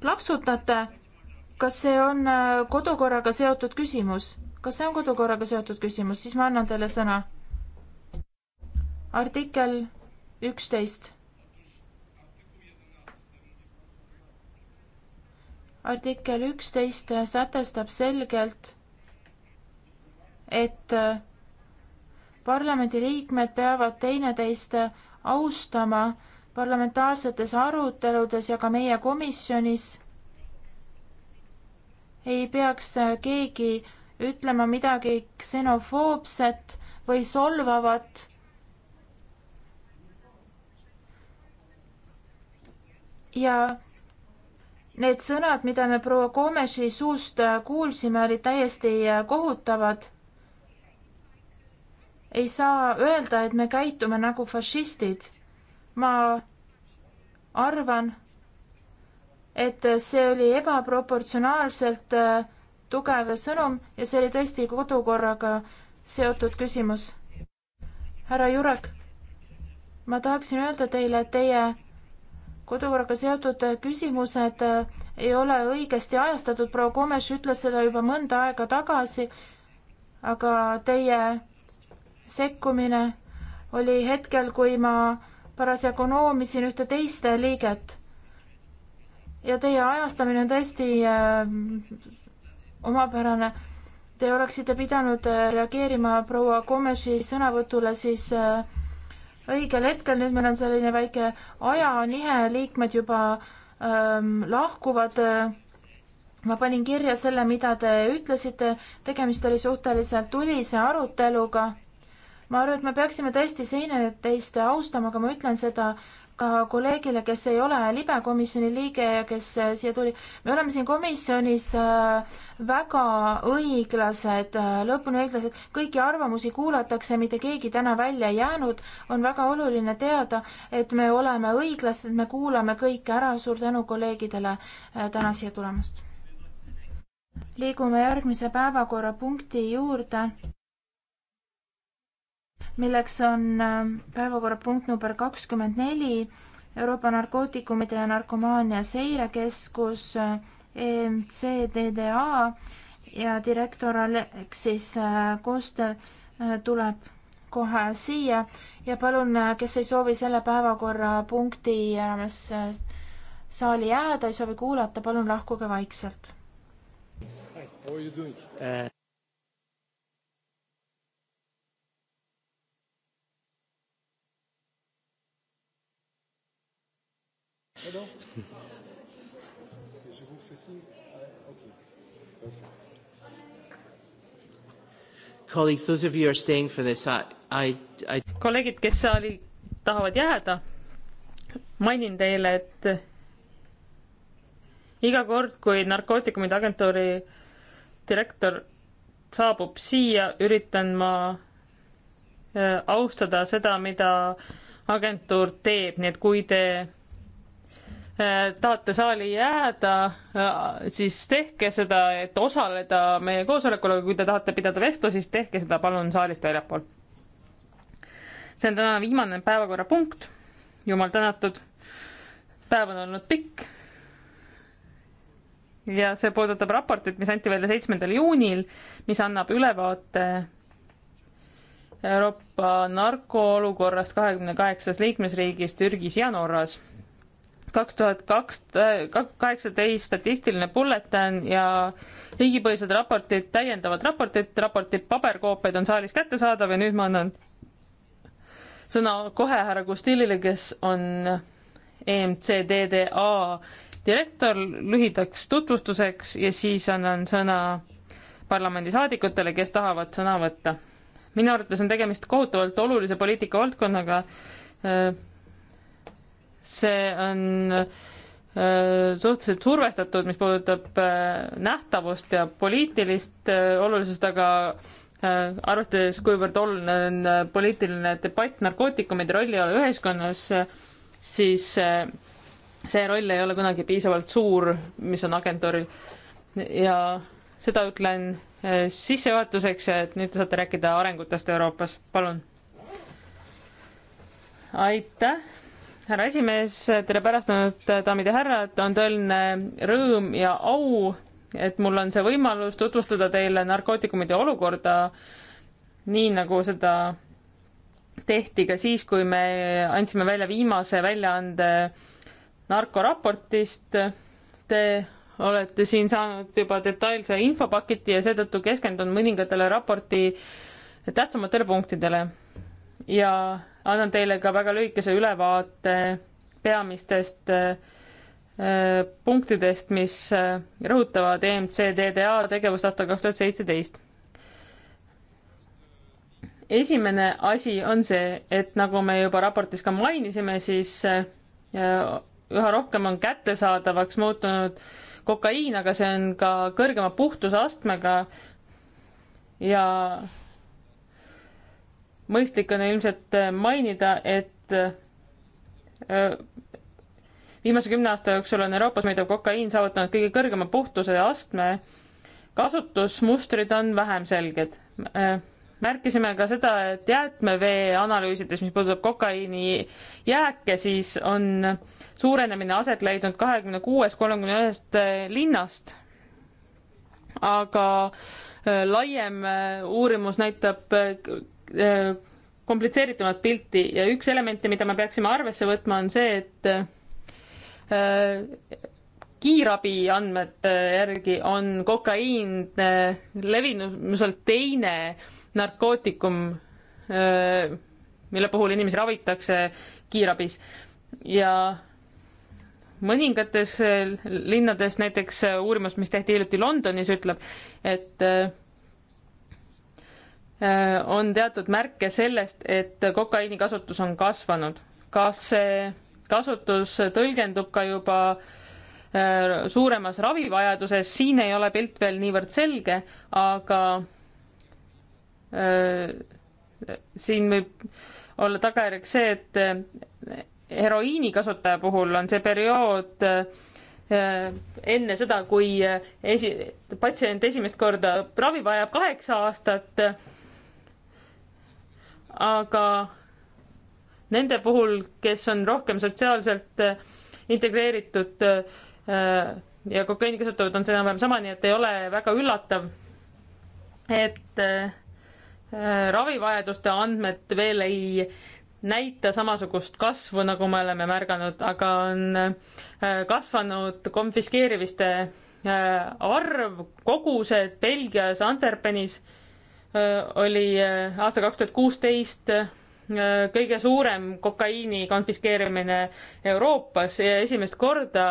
plaksutate. kas see on äh, kodukorraga seotud küsimus? kas see on kodukorraga seotud küsimus, siis ma annan teile sõna. artikkel üksteist. artikkel üksteist äh, sätestab selgelt, et parlamendiliikmed peavad teineteist austama parlamentaarsetes aruteludes ja ka meie komisjonis ei peaks keegi ütlema midagi ksenofoobset või solvavat. ja need sõnad, mida me proua Komeši suust kuulsime, olid täiesti kohutavad ei saa öelda, et me käitume nagu fašistid. ma arvan, et see oli ebaproportsionaalselt äh, tugev sõnum ja see oli tõesti kodukorraga seotud küsimus. härra Jurek, ma tahaksin öelda teile, et teie kodukorraga seotud küsimused äh, ei ole õigesti ajastatud, proua Komes ütles seda juba mõnda aega tagasi, aga teie sekkumine oli hetkel, kui ma parasjagu noomisin ühte teist liiget. ja teie ajastamine on tõesti äh, omapärane. Te oleksite pidanud äh, reageerima proua Komeši sõnavõtule siis äh, õigel hetkel, nüüd meil on selline väike ajanihe, liikmed juba ähm, lahkuvad äh, ma panin kirja selle, mida te ütlesite, tegemist oli suhteliselt tulise aruteluga ma arvan, et me peaksime tõesti seineteist austama, aga ma ütlen seda ka kolleegile, kes ei ole libekomisjoni liige ja kes äh, siia tuli. me oleme siin komisjonis äh, väga õiglased, äh, lõpuni õiglased, kõiki arvamusi kuulatakse, mitte keegi täna välja ei jäänud. on väga oluline teada, et me oleme õiglased, me kuulame kõike ära. suur tänu kolleegidele täna siia tulemast. liigume järgmise päevakorrapunkti juurde milleks on ähm, päevakorrapunkt number kakskümmend neli, Euroopa narkootikumide ja narkomaania seirekeskus äh, EMCDDA ja direktor Aleksis äh, Koostöö äh, tuleb kohe siia ja palun, kes ei soovi selle päevakorrapunkti raames saali jääda, ei soovi kuulata, palun lahkuge vaikselt. Et donc, je vous fais signe. Ah, ok. Perfect. Colleagues, those of you who are staying for this, I, I, I... kolleegid, kes saali tahavad jääda, mainin teile, et iga kord, kui narkootikumide agentuuri direktor saabub siia, üritan ma äh, austada seda, mida agentuur teeb, nii et kui te tahate saali jääda, äh, siis tehke seda, et osaleda meie koosolekul, aga kui te tahate pidada vestlusi, siis tehke seda palun saalist väljapool. see on tänane viimane päevakorrapunkt, jumal tänatud. päev on olnud pikk. ja see puudutab raportit, mis anti välja seitsmendal juunil, mis annab ülevaate Euroopa narkoolukorrast kahekümne kaheksas liikmesriigis Türgis ja Norras kaks tuhat kaks, äh, kaheksateist statistiline bulletin ja riigipõhised raportid, täiendavad raportid, raporti paberkoopiaid on saalis kättesaadav ja nüüd ma annan sõna kohe härra Gustilile, kes on EMCDDA direktor lühidaks tutvustuseks ja siis annan sõna parlamendisaadikutele, kes tahavad sõna võtta. minu arvates on tegemist kohutavalt olulise poliitikavaldkonnaga äh, see on äh, suhteliselt survestatud, mis puudutab äh, nähtavust ja poliitilist äh, olulisust, aga arvestades, kuivõrd oluline on poliitiline debatt narkootikumide rolli ühiskonnas, siis see roll ei ole kunagi piisavalt suur, mis on agentuuril. ja seda ütlen sissejuhatuseks ja et nüüd te saate rääkida arengutest Euroopas, palun. aitäh härra esimees, tere pärastlõunat, daamid ja härrad, on tõeline rõõm ja au, et mul on see võimalus tutvustada teile narkootikumide olukorda, nii nagu seda tehti ka siis, kui me andsime välja viimase väljaande narkoraportist. Te olete siin saanud juba detailse infopaketi ja seetõttu keskendun mõningatele raporti tähtsamatele punktidele. ja annan teile ka väga lühikese ülevaate peamistest äh, punktidest, mis äh, rõhutavad EMCDDA tegevust aastal kaks tuhat seitseteist. esimene asi on see, et nagu me juba raportis ka mainisime, siis äh, üha rohkem on kättesaadavaks muutunud kokaiin, aga see on ka kõrgema puhtusastmega ja mõistlik on ilmselt äh, mainida, et äh, viimase kümne aasta jooksul on Euroopas müüdav kokaiin saavutanud kõige kõrgema puhtuse astme. kasutusmustrid on vähem selged. Äh, märkisime ka seda, et jäätmevee analüüsides, mis puudutab kokaiini jääke, siis on suurenemine aset leidnud kahekümne kuues, kolmekümne ühest linnast. aga laiem uurimus näitab Äh, komplitseeritumat pilti ja üks elemente, mida me peaksime arvesse võtma, on see, et äh, kiirabi andmete järgi on kokaiin äh, levinuselt teine narkootikum äh,, mille puhul inimesi ravitakse kiirabis ja mõningates äh, linnades, näiteks äh, uurimus, mis tehti hiljuti Londonis, ütleb, et äh, Äh, on teatud märke sellest, et kokaiini kasutus on kasvanud. kas see kasutus tõlgendub ka juba äh, suuremas ravivajaduses, siin ei ole pilt veel niivõrd selge, aga äh, siin võib olla tagajärjeks see, et heroiini kasutaja puhul on see periood enne seda, kui esi-, patsient esimest korda ravi vajab kaheksa aastat aga nende puhul, kes on rohkem sotsiaalselt äh, integreeritud äh, ja kokaiini kasutavad, on see enam-vähem sama, nii et ei ole väga üllatav, et äh, ravivajaduste andmed veel ei näita samasugust kasvu, nagu me oleme märganud, aga on kasvanud konfiskeerimiste arv, kogused Belgias, Antwerpenis Äh, oli äh, aasta kaks tuhat kuusteist äh, kõige suurem kokaiini konfiskeerimine Euroopas ja esimest korda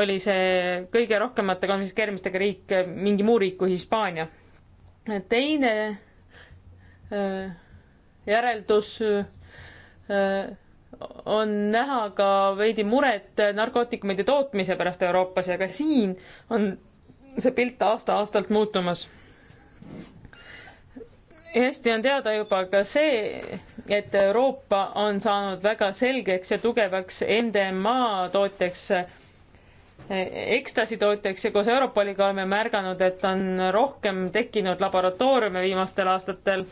oli see kõige rohkemate konfiskeerimistega riik mingi muu riik kui Hispaania. teine järeldus on näha ka veidi muret narkootikumide tootmise pärast Euroopas ja ka siin on see pilt aasta-aastalt muutumas hästi on teada juba ka see, et Euroopa on saanud väga selgeks ja tugevaks MDMA tootjaks, ekstasi tootjaks ja koos Europoliga oleme märganud, et on rohkem tekkinud laboratooriume viimastel aastatel,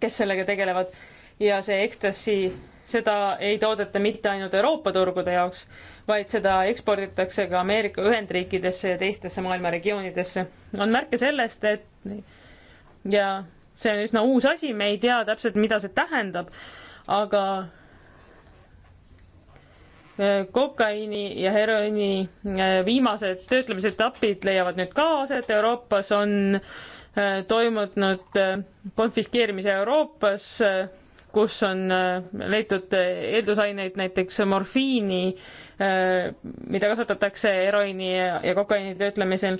kes sellega tegelevad ja see ekstasi, seda ei toodeta mitte ainult Euroopa turgude jaoks, vaid seda eksporditakse ka Ameerika Ühendriikidesse ja teistesse maailma regioonidesse. on märke sellest, et ja see on üsna uus asi, me ei tea täpselt, mida see tähendab, aga äh, kokaiini ja heroiini äh, viimased töötlemisetapid leiavad nüüd ka aset Euroopas, on äh, toimunud konfiskeerimise Euroopas, kus on leitud eeldusaineid, näiteks morfiini, mida kasutatakse heroiini ja kokaiini töötlemisel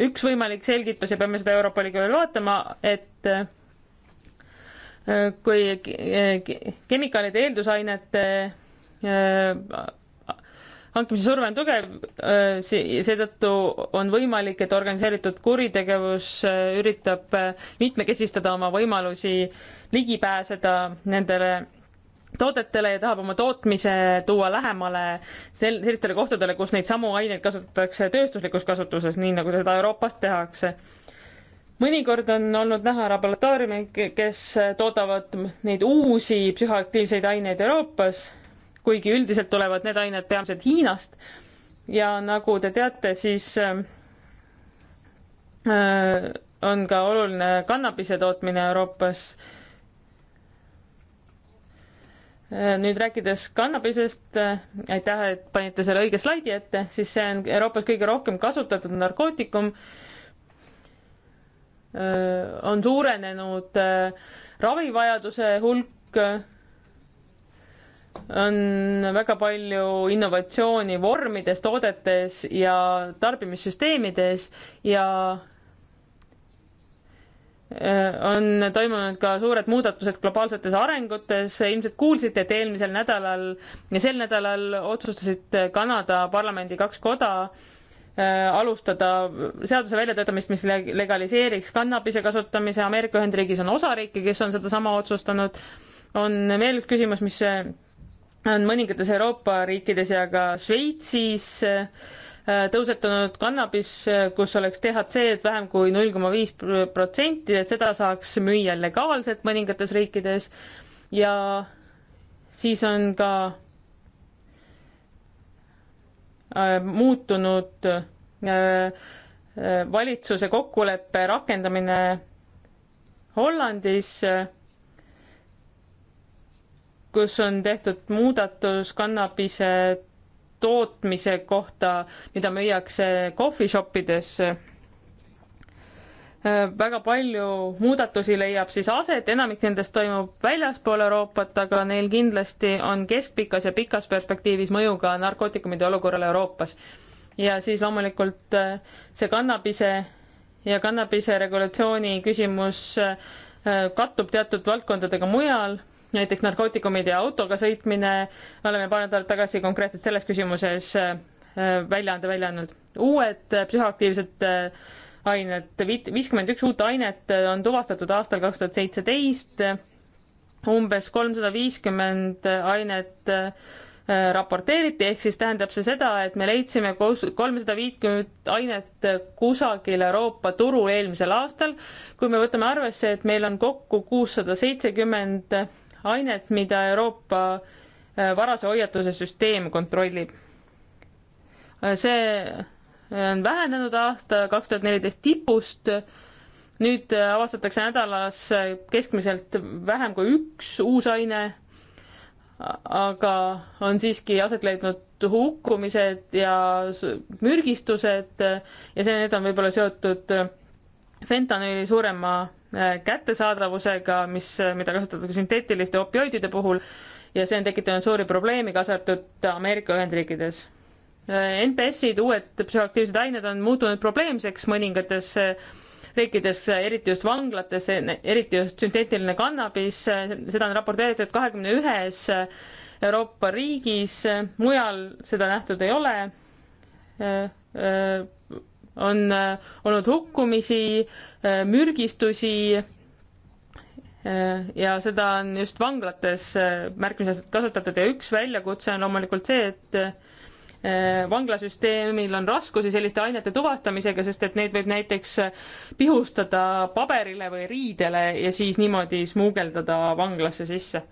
üks võimalik selgitus ja peame seda Euroopa Liidu veel vaatama, et äh, kui kemikaalide eeldusainete äh, hankimise surve on tugev, äh, seetõttu on võimalik, et organiseeritud kuritegevus üritab mitmekesistada oma võimalusi ligi pääseda nendele toodetele ja tahab oma tootmise tuua lähemale sel-, sellistele kohtadele, kus neid samu aineid kasutatakse tööstuslikus kasutuses, nii nagu seda Euroopas tehakse. mõnikord on olnud näha laboratooriume, kes toodavad neid uusi psühhoaktiivseid aineid Euroopas, kuigi üldiselt tulevad need ained peamiselt Hiinast ja nagu te teate, siis äh, on ka oluline kannabise tootmine Euroopas äh, Äh, nüüd rääkides kannabisest, äh, aitäh, et panite selle õige slaidi ette, siis see on Euroopas kõige rohkem kasutatud narkootikum. Äh, on suurenenud ravivajaduse hulk. on väga palju innovatsiooni vormides, toodetes ja tarbimissüsteemides ja Äh, on toimunud ka suured muudatused globaalsetes arengutes, ilmselt kuulsite, et eelmisel nädalal ja sel nädalal otsustasid Kanada parlamendi kaks koda äh, alustada seaduse väljatöötamist, mis legaliseeriks kannabise kasutamise, Ameerika Ühendriigis on osariike, kes on sedasama otsustanud, on veel üks küsimus, mis äh, on mõningates Euroopa riikides ja ka Šveitsis tõusetunud kannabis, kus oleks DHC-d vähem kui null koma viis protsenti, et seda saaks müüa legaalselt mõningates riikides ja siis on ka äh, muutunud äh, valitsuse kokkuleppe rakendamine Hollandis, kus on tehtud muudatus kannabise tootmise kohta, mida müüakse kohvishoppides. väga palju muudatusi leiab siis aset, enamik nendest toimub väljaspool Euroopat, aga neil kindlasti on keskpikas ja pikas perspektiivis mõju ka narkootikumide olukorrale Euroopas. ja siis loomulikult äh, see kannabise ja kannabise regulatsiooni küsimus äh, kattub teatud valdkondadega mujal näiteks narkootikumid ja autoga sõitmine, me oleme paar nädalat tagasi konkreetselt selles küsimuses äh, väljaande välja andnud. uued äh, psühhoaktiivsed äh, ained, viiskümmend üks uut ainet on tuvastatud aastal kaks tuhat seitseteist, umbes kolmsada viiskümmend ainet raporteeriti, ehk siis tähendab see seda, et me leidsime kolmsada viitkümmet ainet kusagil Euroopa turul eelmisel aastal. kui me võtame arvesse, et meil on kokku kuussada seitsekümmend ainet, mida Euroopa äh, varase hoiatuse süsteem kontrollib. Äh, see äh, on vähenenud aasta kaks tuhat neliteist tipust. nüüd avastatakse nädalas keskmiselt vähem kui üks uus aine. aga on siiski aset leidnud hukkumised ja mürgistused ja see, need on võib-olla seotud fentanüüli suurema Äh, kättesaadavusega, mis, äh, mida kasutatakse sünteetiliste opioidide puhul ja see on tekitanud suuri probleeme, kaasa arvatud Ameerika Ühendriikides. Äh, NPS-id, uued psühhoaktiivsed ained on muutunud probleemseks mõningates riikides, eriti just vanglates, eriti just sünteetiline kannabis, seda on raporteeritud kahekümne ühes Euroopa riigis, mujal seda nähtud ei ole on äh, olnud hukkumisi, äh, mürgistusi äh, ja seda on just vanglates märkimisväärselt kasutatud ja üks väljakutse on loomulikult see, et vanglasüsteemil on raskusi selliste ainete tuvastamisega, sest et neid võib näiteks pihustada paberile või riidele ja siis niimoodi smuugeldada vanglasse sisse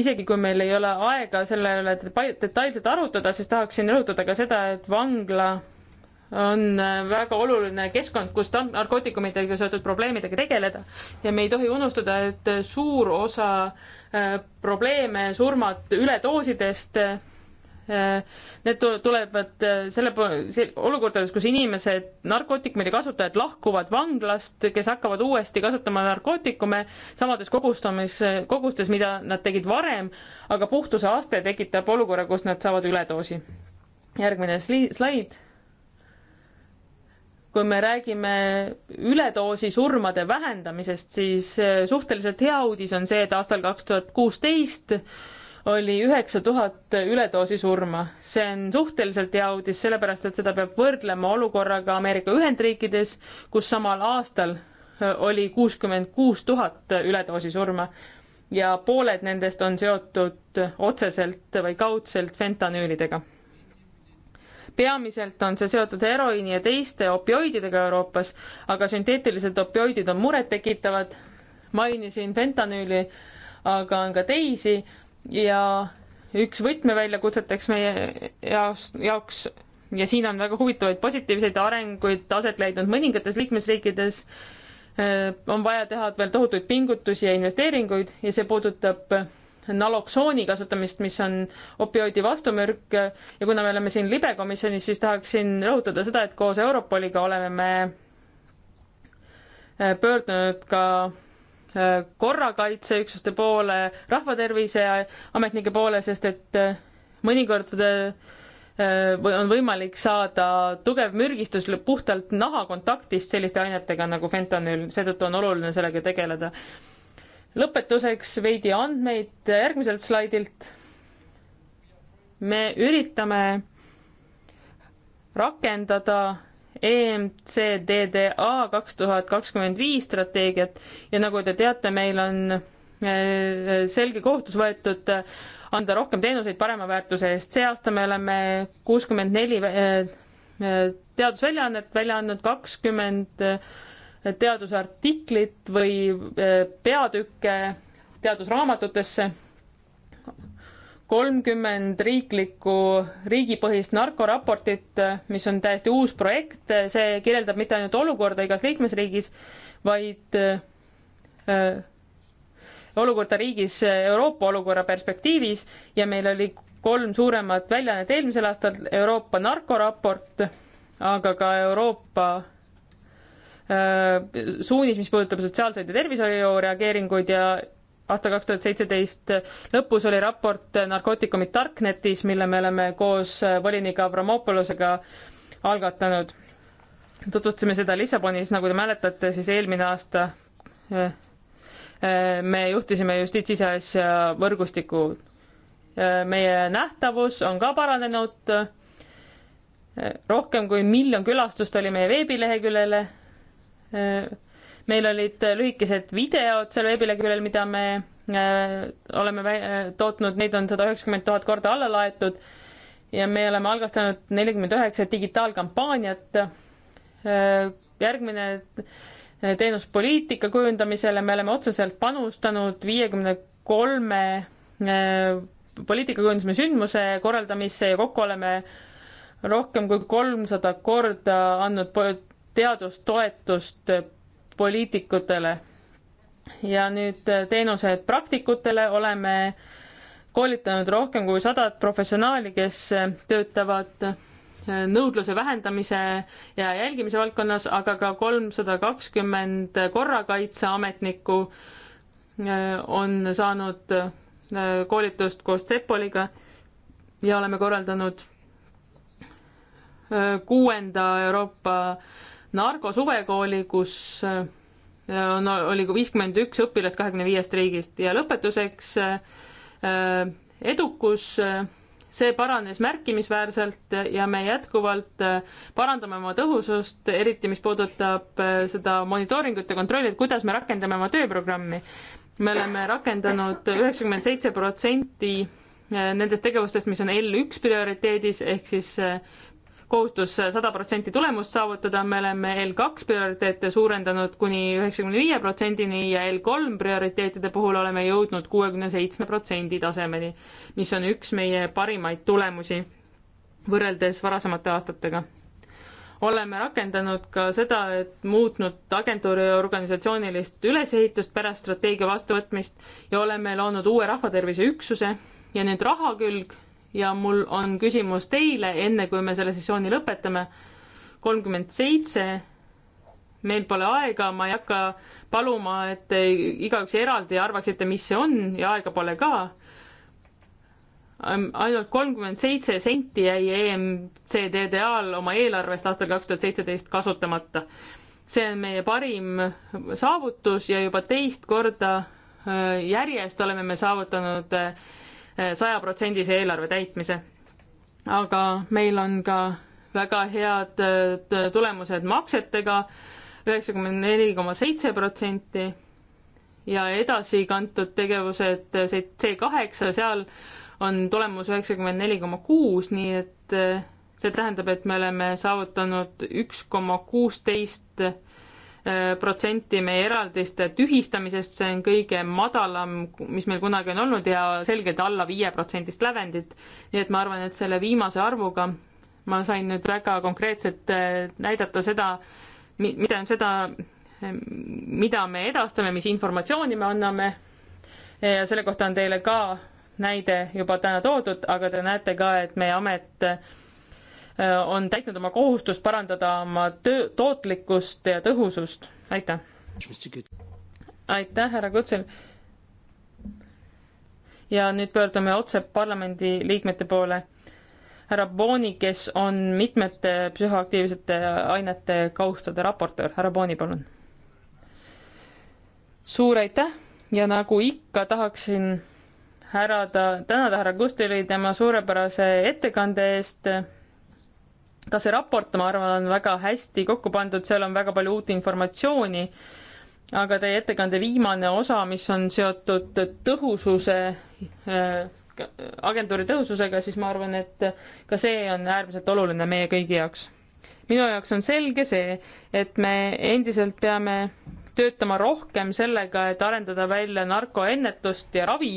isegi kui meil ei ole aega selle üle detailselt arutada, siis tahaksin rõhutada ka seda, et vangla on äh, väga oluline keskkond, kus narkootikumidega seotud probleemidega tegeleda ja me ei tohi unustada, et suur osa äh, probleeme, surmad üledoosidest äh, Äh, need tulevad äh, selle, olukordades, kus inimesed, narkootikumide kasutajad lahkuvad vanglast, kes hakkavad uuesti kasutama narkootikume samades kogustamis, kogustes, mida nad tegid varem, aga puhtuse aste tekitab olukorra, kus nad saavad üledoosi. järgmine slaid kui me räägime üledoosi surmade vähendamisest, siis äh, suhteliselt hea uudis on see, et aastal kaks tuhat kuusteist oli üheksa tuhat üledoosi surma. see on suhteliselt hea uudis, sellepärast et seda peab võrdlema olukorraga Ameerika Ühendriikides, kus samal aastal oli kuuskümmend kuus tuhat üledoosi surma ja pooled nendest on seotud otseselt või kaudselt fentanüülidega. peamiselt on see seotud heroiini ja teiste opioididega Euroopas, aga sünteetilised opioidid on murettekitavad. mainisin fentanüüli, aga on ka teisi ja üks võtmeväljakutseteks meie jaos, jaoks ja siin on väga huvitavaid positiivseid arenguid aset leidnud mõningates liikmesriikides, äh, on vaja teha veel tohutuid pingutusi ja investeeringuid ja see puudutab naloksooni kasutamist, mis on opioidi vastumürk ja kuna me oleme siin libekomisjonis, siis tahaksin rõhutada seda, et koos Europoliga oleme me äh, pöördunud ka korrakaitseüksuste poole, rahvatervise ametnike poole, sest et äh, mõnikord äh, on võimalik saada tugev mürgistus puhtalt nahakontaktist selliste ainetega nagu fentanüül, seetõttu on oluline sellega tegeleda. lõpetuseks veidi andmeid järgmiselt slaidilt. me üritame rakendada EMCDDA kaks tuhat kakskümmend viis strateegiat ja nagu te teate, meil on äh, selge kohtus võetud äh, anda rohkem teenuseid parema väärtuse eest. see aasta me oleme kuuskümmend neli äh, teadusväljaannet välja andnud, kakskümmend teadusartiklit või peatükke teadusraamatutesse kolmkümmend riiklikku, riigipõhist narkoraportit, mis on täiesti uus projekt, see kirjeldab mitte ainult olukorda igas liikmesriigis, vaid äh, olukorda riigis Euroopa olukorra perspektiivis ja meil oli kolm suuremat väljaannet eelmisel aastal, Euroopa narkoraport, aga ka Euroopa äh, suunis, mis puudutab sotsiaalseid ja tervishoiu reageeringuid ja aasta kaks tuhat seitseteist lõpus oli raport narkootikumid Darknetis, mille me oleme koos volinik Avramopolosega algatanud. tutvustasime seda Lissabonis, nagu te mäletate, siis eelmine aasta eh, eh, me juhtisime justiitsiseasja võrgustiku. Eh, meie nähtavus on ka paranenud. rohkem kui miljon külastust oli meie veebileheküljele meil olid äh, lühikesed videod seal veebileheküljel, mida me äh, oleme äh, tootnud, neid on sada üheksakümmend tuhat korda alla laetud ja me oleme algastanud nelikümmend üheksa digitaalkampaaniat äh,. järgmine äh, teenus poliitika kujundamisele, me oleme otseselt panustanud viiekümne kolme poliitika kujundamise sündmuse korraldamisse ja kokku oleme rohkem kui kolmsada korda andnud teadustoetust poliitikutele. ja nüüd äh, teenused praktikutele oleme koolitanud rohkem kui sadat professionaali, kes äh, töötavad äh, nõudluse vähendamise ja jälgimise valdkonnas, aga ka kolmsada kakskümmend korrakaitseametnikku on saanud koolitust koos Cepoliga ja oleme korraldanud kuuenda Euroopa narkosuvekooli, kus äh, no, oli viiskümmend üks õpilast kahekümne viiest riigist ja lõpetuseks äh, edukus, äh, see paranes märkimisväärselt ja me jätkuvalt parandame oma tõhusust, eriti mis puudutab seda monitooringut ja kontrolli, et kuidas me rakendame oma tööprogrammi. me oleme rakendanud üheksakümmend seitse protsenti nendest tegevustest, mis on L1 prioriteedis ehk siis kohustus sada protsenti tulemust saavutada, me oleme L2 prioriteete suurendanud kuni üheksakümne viie protsendini ja L3 prioriteetide puhul oleme jõudnud kuuekümne seitsme protsendi tasemeni, mis on üks meie parimaid tulemusi võrreldes varasemate aastatega. oleme rakendanud ka seda, et muutnud agentuuri organisatsioonilist ülesehitust pärast strateegia vastuvõtmist ja oleme loonud uue rahvatervise üksuse ja nüüd raha külg ja mul on küsimus teile, enne kui me selle sessiooni lõpetame. kolmkümmend seitse, meil pole aega, ma ei hakka paluma, et te igaüks eraldi arvaksite, mis see on ja aega pole ka. ainult kolmkümmend seitse senti jäi EMCDDA-l oma eelarvest aastal kaks tuhat seitseteist kasutamata. see on meie parim saavutus ja juba teist korda äh, järjest oleme me saavutanud äh, sajaprotsendise eelarve täitmise. aga meil on ka väga head äh, tulemused maksetega, üheksakümmend neli koma seitse protsenti ja edasikantud tegevused, äh, see C kaheksa, seal on tulemus üheksakümmend neli koma kuus, nii et äh, see tähendab, et me oleme saavutanud üks koma kuusteist protsenti meie eraldiste tühistamisest, see on kõige madalam, mis meil kunagi on olnud ja selgelt alla viie protsendist lävendit. nii et ma arvan, et selle viimase arvuga ma sain nüüd väga konkreetselt äh, näidata seda, mida on seda, äh, mida me edastame, mis informatsiooni me anname. ja selle kohta on teile ka näide juba täna toodud, aga te näete ka, et meie amet Äh, on täitnud oma kohustust parandada oma töö tootlikkust ja tõhusust. aitäh. aitäh, härra Kutsel. ja nüüd pöördume otse parlamendi liikmete poole. härra Booni, kes on mitmete psühhoaktiivsete ainete kaustade raportöör. härra Booni, palun. suur aitäh ja nagu ikka, tahaksin härada, tänada härra Kustelit tema suurepärase ettekande eest ka see raport, ma arvan, on väga hästi kokku pandud, seal on väga palju uut informatsiooni, aga teie ettekande viimane osa, mis on seotud tõhususe äh, agentuuri tõhususega, siis ma arvan, et ka see on äärmiselt oluline meie kõigi jaoks. minu jaoks on selge see, et me endiselt peame töötama rohkem sellega, et arendada välja narkoennetust ja ravi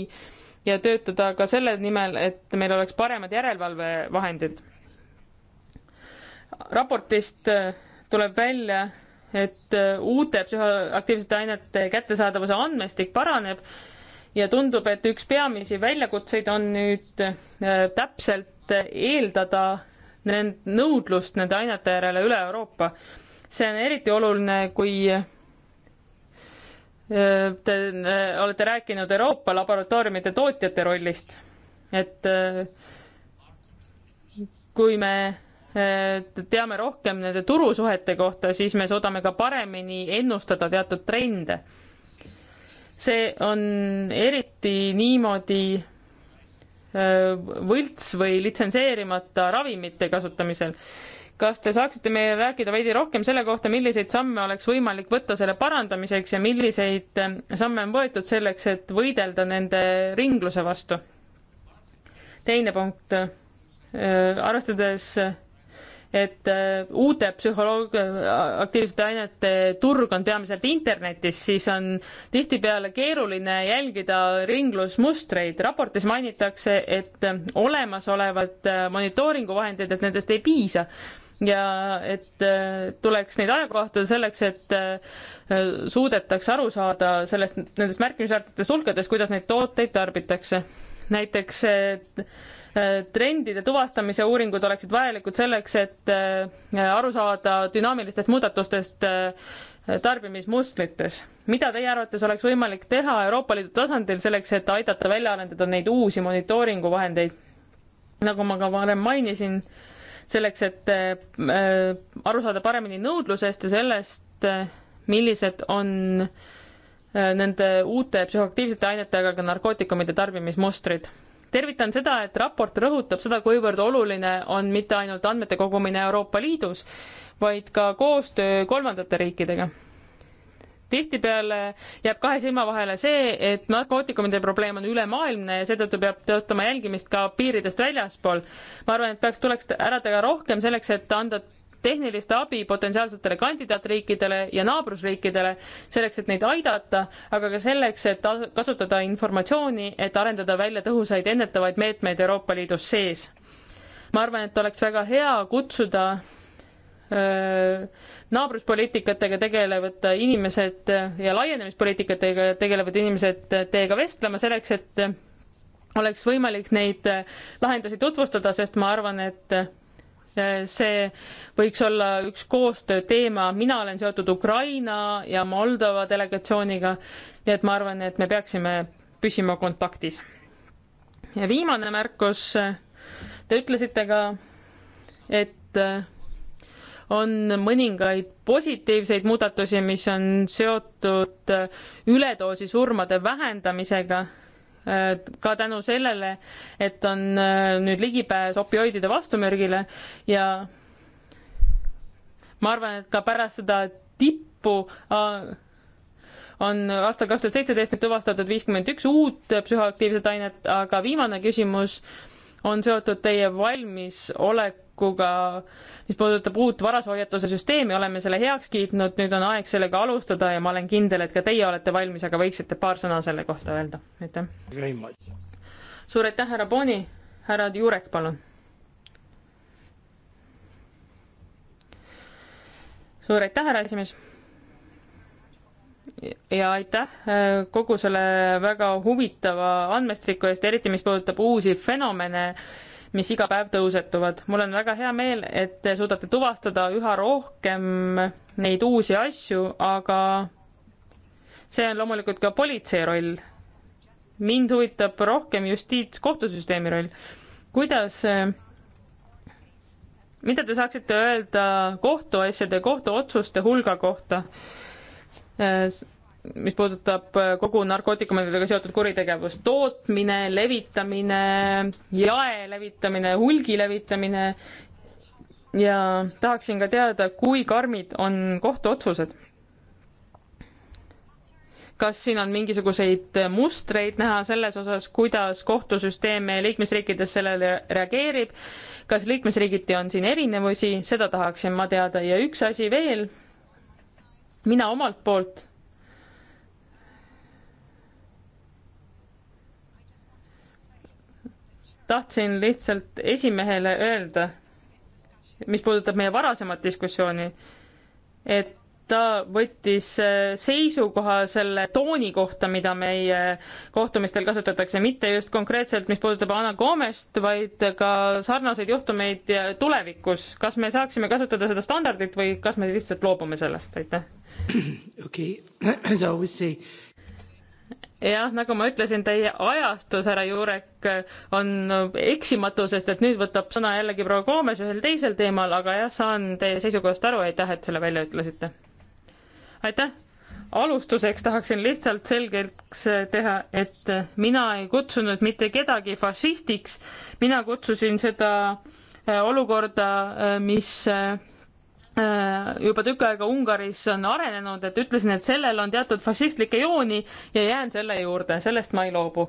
ja töötada ka selle nimel, et meil oleks paremad järelevalvevahendid raportist äh, tuleb välja, et äh, uute psühhoaktiivsete ainete kättesaadavuse andmestik paraneb ja tundub, et üks peamisi väljakutseid on nüüd äh, täpselt eeldada nend-, nõudlust nende ainete järele üle Euroopa. see on eriti oluline, kui te olete rääkinud Euroopa laboratooriumide tootjate rollist, et kui me teame rohkem nende turusuhete kohta, siis me suudame ka paremini ennustada teatud trende. see on eriti niimoodi äh, võlts või litsenseerimata ravimite kasutamisel. kas te saaksite meile rääkida veidi rohkem selle kohta, milliseid samme oleks võimalik võtta selle parandamiseks ja milliseid äh, samme on võetud selleks, et võidelda nende ringluse vastu? teine punkt, äh, arvestades et äh, uute psühholoogiaaktiivsete ainete turg on peamiselt internetis, siis on tihtipeale keeruline jälgida ringlusmustreid. raportis mainitakse, et äh, olemasolevad äh, monitooringuvahendid, et nendest ei piisa ja et tuleks neid ajakohtada selleks, et suudetakse aru saada sellest, nendest märkimisväärtetest hulkadest, kuidas neid tooteid tarbitakse. näiteks trendide tuvastamise uuringud oleksid vajalikud selleks, et äh, aru saada dünaamilistest muudatustest äh, tarbimismustrites. mida teie arvates oleks võimalik teha Euroopa Liidu tasandil selleks, et aidata välja arendada neid uusi monitooringuvahendeid? nagu ma ka varem mainisin, selleks, et äh, aru saada paremini nõudlusest ja sellest, millised on nende uute psühhoaktiivsete ainetega ka narkootikumide tarbimismustrid tervitan seda, et raport rõhutab seda, kuivõrd oluline on mitte ainult andmete kogumine Euroopa Liidus, vaid ka koostöö kolmandate riikidega. tihtipeale jääb kahe silma vahele see, et narkootikumide probleem on ülemaailmne ja seetõttu peab teostama jälgimist ka piiridest väljaspool. ma arvan, et peaks, tuleks ära teha rohkem selleks, et anda tehnilist abi potentsiaalsetele kandidaatriikidele ja naabrusriikidele, selleks et neid aidata, aga ka selleks, et kasutada informatsiooni, et arendada välja tõhusaid ennetavaid meetmeid Euroopa Liidus sees. ma arvan, et oleks väga hea kutsuda öö, naabruspoliitikatega tegelevad inimesed ja laienemispoliitikatega tegelevad inimesed teiega vestlema selleks, et oleks võimalik neid lahendusi tutvustada, sest ma arvan, et see võiks olla üks koostööteema, mina olen seotud Ukraina ja Moldova delegatsiooniga, nii et ma arvan, et me peaksime püsima kontaktis. ja viimane märkus, te ütlesite ka, et on mõningaid positiivseid muudatusi, mis on seotud üledoosi surmade vähendamisega Äh, ka tänu sellele, et on äh, nüüd ligipääs opioidide vastumürgile ja ma arvan, et ka pärast seda tippu äh, on aastal kaks tuhat seitseteist nüüd tuvastatud viiskümmend üks uut psühhoaktiivset ainet, aga viimane küsimus on seotud teie valmisolekuga ettepanekuga, mis puudutab uut varashoiatuse süsteemi, oleme selle heaks kiitnud, nüüd on aeg sellega alustada ja ma olen kindel, et ka teie olete valmis, aga võiksite paar sõna selle kohta öelda, aitäh. suur aitäh, härra Boni, härra Jurek, palun. suur aitäh, härra esimees ja aitäh äh, kogu selle väga huvitava andmestiku eest, eriti mis puudutab uusi fenomene mis iga päev tõusetuvad. mul on väga hea meel, et te suudate tuvastada üha rohkem neid uusi asju, aga see on loomulikult ka politsei roll. mind huvitab rohkem justiitskohtusüsteemi roll. kuidas, mida te saaksite öelda kohtuasjade, kohtuotsuste hulga kohta? mis puudutab äh, kogu narkootikumidega seotud kuritegevust, tootmine, levitamine, jae levitamine, hulgi levitamine ja tahaksin ka teada, kui karmid on kohtuotsused. kas siin on mingisuguseid mustreid näha selles osas, kuidas kohtusüsteem liikmesriikides sellele reageerib, kas liikmesriigiti on siin erinevusi, seda tahaksin ma teada ja üks asi veel, mina omalt poolt tahtsin lihtsalt esimehele öelda, mis puudutab meie varasemat diskussiooni, et ta võttis äh, seisukoha selle tooni kohta, mida meie kohtumistel kasutatakse, mitte just konkreetselt, mis puudutab Anna Gomest, vaid ka sarnaseid juhtumeid tulevikus. kas me saaksime kasutada seda standardit või kas me lihtsalt loobume sellest, aitäh? okei, as I always say jah, nagu ma ütlesin, teie ajastus, härra Jurek, on eksimatu, sest et nüüd võtab sõna jällegi proua Koomes ühel teisel teemal, aga jah, saan teie seisukohast aru, aitäh, et selle välja ütlesite. aitäh! alustuseks tahaksin lihtsalt selgeks teha, et mina ei kutsunud mitte kedagi fašistiks, mina kutsusin seda olukorda, mis Äh, juba tükk aega Ungaris on arenenud, et ütlesin, et sellel on teatud fašistlikke jooni ja jään selle juurde, sellest ma ei loobu.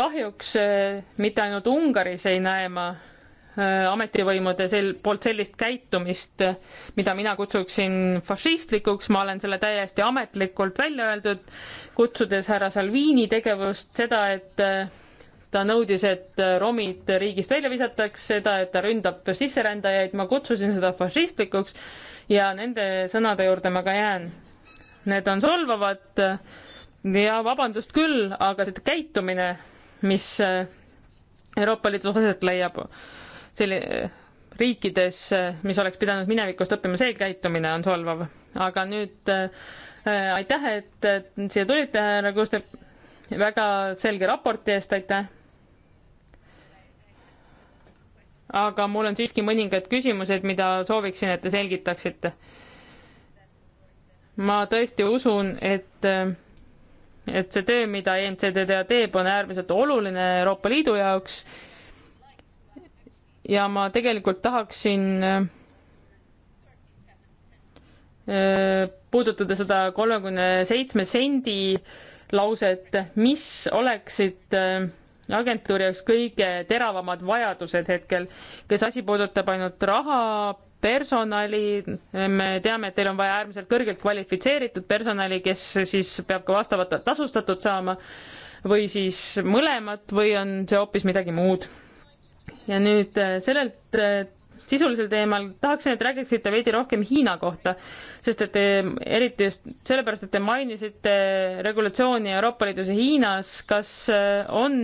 kahjuks äh, mitte ainult Ungaris ei näe ma äh, ametivõimude sel-, poolt sellist käitumist, mida mina kutsuksin fašistlikuks, ma olen selle täiesti ametlikult välja öeldud, kutsudes härra Salvini tegevust seda, et ta nõudis, et romid riigist välja visataks, seda, et ta ründab sisserändajaid, ma kutsusin seda fašistlikuks ja nende sõnade juurde ma ka jään. Need on solvavad ja vabandust küll, aga see käitumine, mis Euroopa Liidus aset leiab, selline riikides, mis oleks pidanud minevikust õppima, see käitumine on solvav. aga nüüd äh, aitäh, et siia tulite, härra Kuusepp, väga selge raporti eest, aitäh aga mul on siiski mõningad küsimused, mida sooviksin, et te selgitaksite. ma tõesti usun, et, et see töö, mida ENCDDA teeb, on äärmiselt oluline Euroopa Liidu jaoks. ja ma tegelikult tahaksin äh, puudutada seda kolmekümne seitsme sendi lauset, mis oleksid äh, agentuuri jaoks kõige teravamad vajadused hetkel, kes asi puudutab ainult raha, personali, me teame, et teil on vaja äärmiselt kõrgelt kvalifitseeritud personali, kes siis peab ka vastavalt tasustatud saama või siis mõlemat või on see hoopis midagi muud. ja nüüd eh, sellelt eh, sisulisel teemal, tahaksin, et räägiksite veidi rohkem Hiina kohta, sest et te, eriti just sellepärast, et te mainisite regulatsiooni Euroopa Liidus ja Hiinas, kas äh, on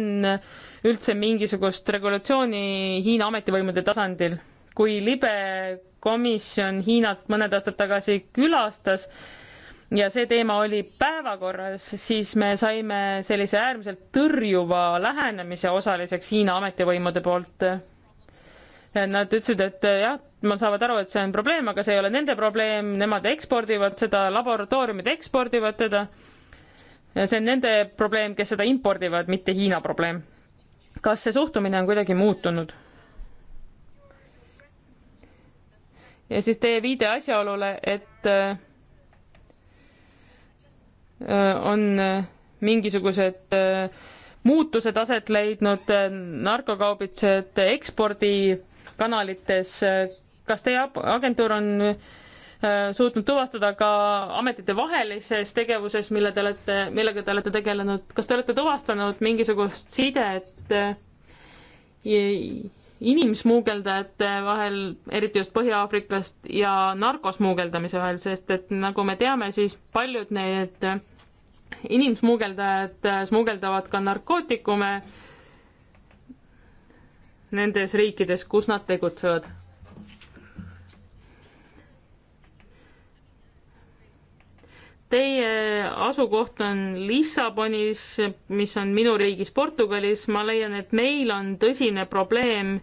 üldse mingisugust regulatsiooni Hiina ametivõimude tasandil? kui libe komisjon Hiinat mõned aastad tagasi külastas, ja see teema oli päevakorras, siis me saime sellise äärmiselt tõrjuva lähenemise osaliseks Hiina ametivõimude poolt Nad ütlesid, et eh, jah, ma saavad aru, et see on probleem, aga see ei ole nende probleem, nemad ekspordivad seda, laboratooriumid ekspordivad teda. see on nende probleem, kes seda impordivad, mitte Hiina probleem. kas see suhtumine on kuidagi muutunud? ja siis teie viide asjaolule, et eh, on eh, mingisugused muutused aset leidnud narkokaubitsejate ekspordi kanalites. kas teie agentuur on äh, suutnud tuvastada ka ametitevahelises tegevuses, mille te olete, millega te olete tegelenud, kas te olete tuvastanud mingisugust sidet äh, inimsmuugeldajate vahel, eriti just Põhja-Aafrikast ja narkosmuugeldamise vahel, sest et nagu me teame, siis paljud need äh, inimsmuugeldajad smuugeldavad ka narkootikume äh, nendes riikides, kus nad tegutsevad. Teie asukoht on Lissabonis, mis on minu riigis Portugalis, ma leian, et meil on tõsine probleem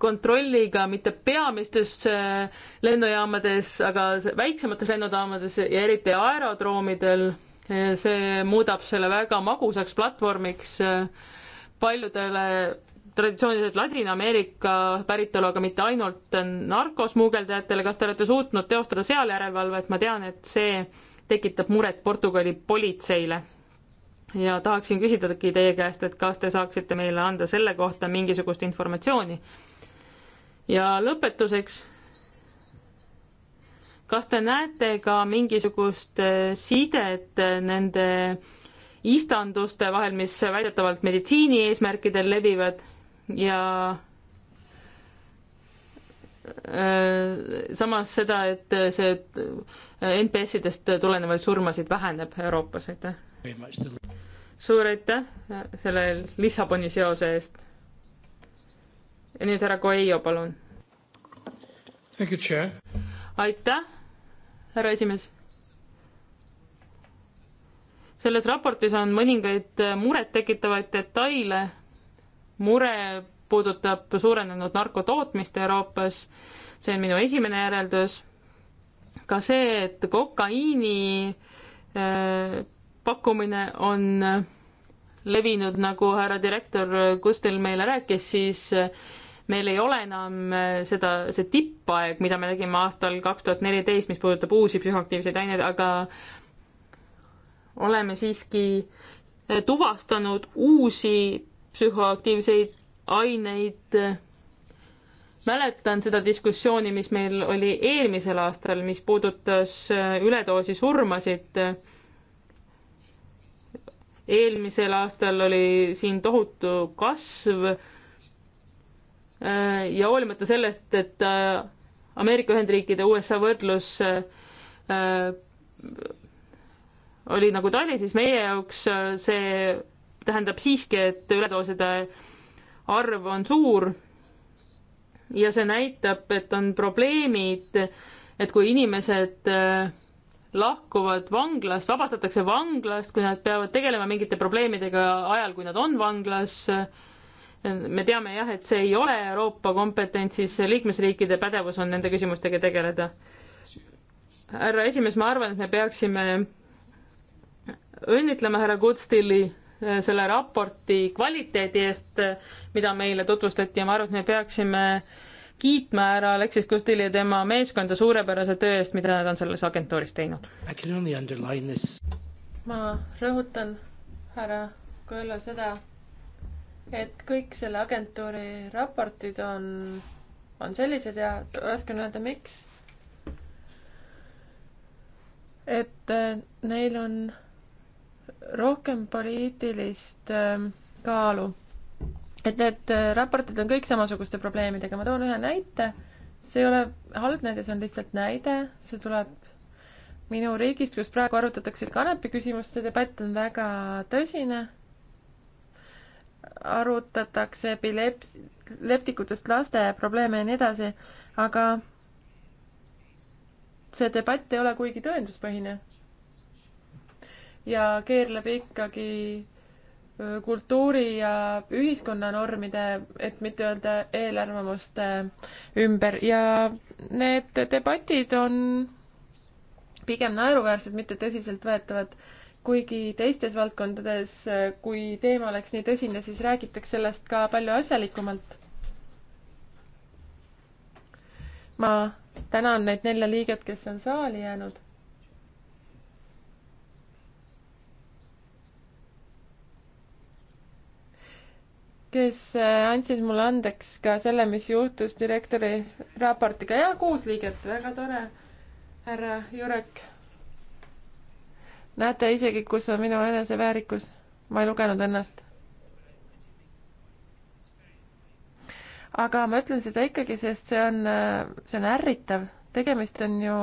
kontrolliga mitte peamistes äh, lennujaamades, aga väiksemates lennujaamades ja eriti aerodroomidel. see muudab selle väga magusaks platvormiks äh, paljudele traditsiooniliselt Ladina-Ameerika päritolu, aga mitte ainult narkosmuugeldajatele, kas te olete suutnud teostada seal järelevalvet, ma tean, et see tekitab muret Portugali politseile. ja tahaksin küsidagi teie käest, et kas te saaksite meile anda selle kohta mingisugust informatsiooni. ja lõpetuseks, kas te näete ka mingisugust sidet nende istanduste vahel, mis väidetavalt meditsiini eesmärkidel levivad ja äh, samas seda, et see äh, NPS-idest tulenevaid surmasid väheneb Euroopas, aitäh. suur aitäh äh, selle Lissaboni seose eest. ja nüüd härra Coelho, palun. aitäh, härra esimees. selles raportis on mõningaid murettekitavaid detaile mure puudutab suurenenud narkotootmist Euroopas, see on minu esimene järeldus. ka see, et kokaiini äh, pakkumine on levinud, nagu härra direktor Kustel meile rääkis, siis äh, meil ei ole enam äh, seda, see tippaeg, mida me nägime aastal kaks tuhat neliteist, mis puudutab uusi psühhoaktiivseid aineid, aga oleme siiski tuvastanud uusi psühhoaktiivseid aineid. mäletan seda diskussiooni, mis meil oli eelmisel aastal, mis puudutas äh, üledoosi surmasid. eelmisel aastal oli siin tohutu kasv. Äh, ja hoolimata sellest, et äh, Ameerika Ühendriikide USA võrdlus oli nagu tali, siis meie jaoks see tähendab siiski, et üledooside arv on suur. ja see näitab, et on probleemid, et kui inimesed äh, lahkuvad vanglast, vabastatakse vanglast, kui nad peavad tegelema mingite probleemidega ajal, kui nad on vanglas. Äh, me teame jah, et see ei ole Euroopa kompetentsis, liikmesriikide pädevus on nende küsimustega tegeleda. härra esimees, ma arvan, et me peaksime õnnitlema härra Goodstili Äh, selle raporti kvaliteedi eest, äh, mida meile tutvustati ja ma arvan, et me peaksime kiitma ära Alexis Kustili ja tema meeskonda suurepärase töö eest, mida nad on selles agentuuris teinud. ma rõhutan, härra Kõllo, seda, et kõik selle agentuuri raportid on, on sellised ja raske on öelda, miks. et äh, neil on rohkem poliitilist ähm, kaalu. et need äh, raportid on kõik samasuguste probleemidega, ma toon ühe näite, see ei ole halb näide, see on lihtsalt näide, see tuleb minu riigist, kus praegu arutatakse kanepi küsimust, see debatt on väga tõsine arutatakse epileps-, leptikutest laste probleeme ja nii edasi, aga see debatt ei ole kuigi tõenduspõhine ja keerleb ikkagi kultuuri ja ühiskonnanormide, et mitte öelda eelarvamuste ümber ja need debatid on pigem naeruväärsed, mitte tõsiseltvõetavad. kuigi teistes valdkondades, kui teema oleks nii tõsine, siis räägitakse sellest ka palju asjalikumalt. ma tänan neid nelja liiget, kes on saali jäänud kes äh, andsid mulle andeks ka selle, mis juhtus direktori raportiga ja kuus liiget, väga tore, härra Jurek. näete isegi, kus on minu eneseväärikus, ma ei lugenud ennast. aga ma ütlen seda ikkagi, sest see on, äh, see on ärritav, tegemist on ju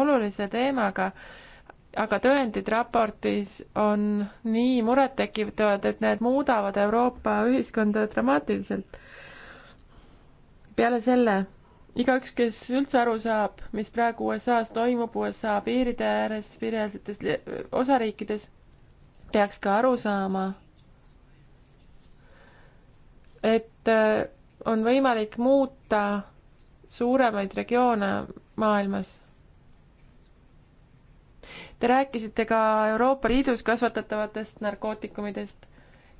olulise teemaga aga tõendid raportis on nii murettekitavad, et need muudavad Euroopa ühiskonda dramaatiliselt. peale selle, igaüks, kes üldse aru saab, mis praegu USA-s toimub, USA piiride ääres, piiriäärsetes osariikides, peaks ka aru saama, et äh, on võimalik muuta suuremaid regioone maailmas Te rääkisite ka Euroopa Liidus kasvatatavatest narkootikumidest.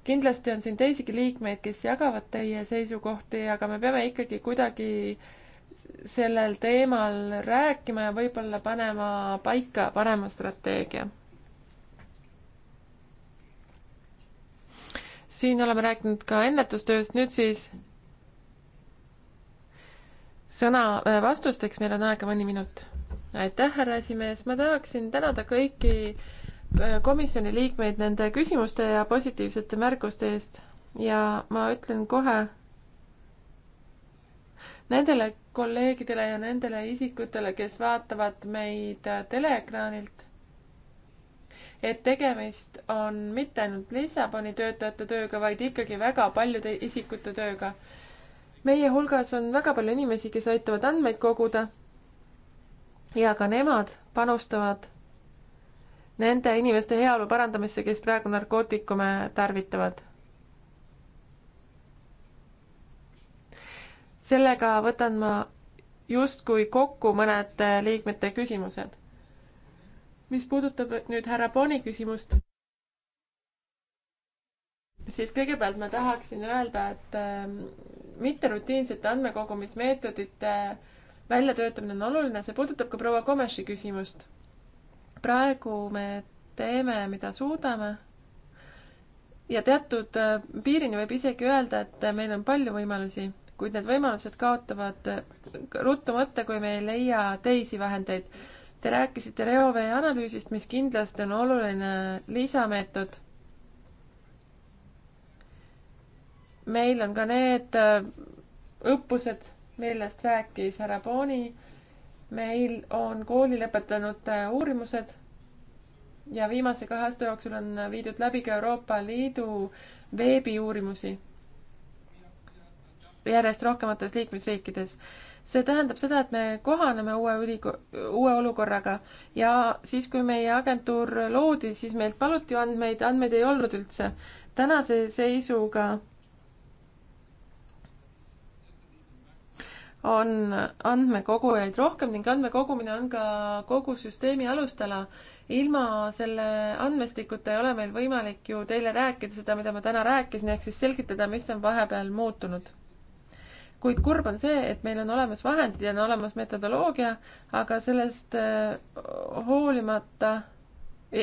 kindlasti on siin teisigi liikmeid, kes jagavad teie seisukohti, aga me peame ikkagi kuidagi sellel teemal rääkima ja võib-olla panema paika parema strateegia. siin oleme rääkinud ka ennetustööst, nüüd siis sõna äh, vastusteks, meil on aega mõni minut aitäh, härra esimees, ma tahaksin tänada kõiki äh, komisjoni liikmeid nende küsimuste ja positiivsete märkuste eest ja ma ütlen kohe nendele kolleegidele ja nendele isikutele, kes vaatavad meid äh, teleekraanilt, et tegemist on mitte ainult Lissaboni töötajate tööga, vaid ikkagi väga paljude isikute tööga. meie hulgas on väga palju inimesi, kes aitavad andmeid koguda ja ka nemad panustavad nende inimeste heaolu parandamisse, kes praegu narkootikume tarvitavad. sellega võtan ma justkui kokku mõned liikmete küsimused. mis puudutab nüüd härra Boni küsimust, siis kõigepealt ma tahaksin öelda, et ähm, mitterutiinsete andmekogumismeetodite äh, väljatöötamine on oluline, see puudutab ka proua Komeši küsimust. praegu me teeme, mida suudame. ja teatud äh, piirini võib isegi öelda, et äh, meil on palju võimalusi, kuid need võimalused kaotavad äh, ruttu mõtte, kui me ei leia teisi vahendeid. Te rääkisite reovee analüüsist, mis kindlasti on oluline lisameetod meil on ka need õppused, millest rääkis härra Booni. meil on kooli lõpetanute äh, uurimused ja viimase kahe aasta jooksul on viidud läbi ka Euroopa Liidu veebiuurimusi järjest rohkemates liikmesriikides. see tähendab seda, et me kohaneme uue üliko-, uue olukorraga ja siis, kui meie agentuur loodi, siis meilt paluti andmeid, andmeid ei olnud üldse. tänase seisuga on andmekogujaid rohkem ning andmekogumine on ka kogu süsteemi alustala. ilma selle andmestikuta ei ole meil võimalik ju teile rääkida seda, mida ma täna rääkisin, ehk siis selgitada, mis on vahepeal muutunud. kuid kurb on see, et meil on olemas vahendid ja on olemas metodoloogia, aga sellest äh, hoolimata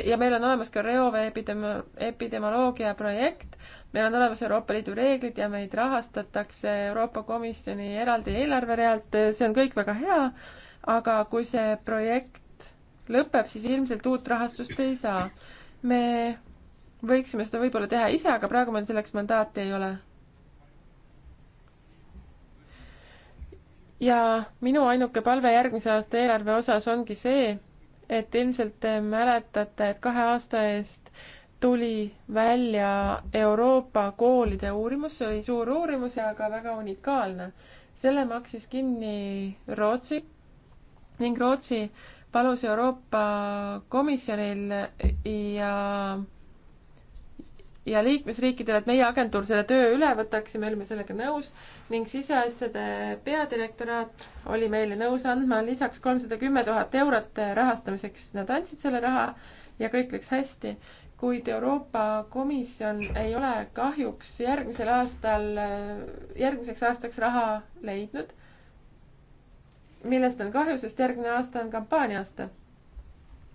ja meil on olemas ka reovee epidemi-, epidemioloogia projekt, meil on olemas Euroopa Liidu reeglid ja meid rahastatakse Euroopa Komisjoni eraldi eelarverealt, see on kõik väga hea, aga kui see projekt lõpeb, siis ilmselt uut rahastust ei saa. me võiksime seda võib-olla teha ise, aga praegu meil selleks mandaati ei ole. ja minu ainuke palve järgmise aasta eelarve osas ongi see, et ilmselt mäletate, et kahe aasta eest äh, tuli välja Euroopa koolide uurimus, see oli suur uurimus ja ka väga unikaalne. selle maksis kinni Rootsi ning Rootsi palus Euroopa Komisjonil ja ja liikmesriikidele, et meie agentuur selle töö üle võtaks ja me olime sellega nõus ning siseasjade peadirektoraat oli meile nõus andma lisaks kolmsada kümme tuhat eurot rahastamiseks. Nad andsid selle raha ja kõik läks hästi kuid Euroopa Komisjon ei ole kahjuks järgmisel aastal, järgmiseks aastaks raha leidnud, millest on kahju, sest järgmine aasta on kampaania-aasta.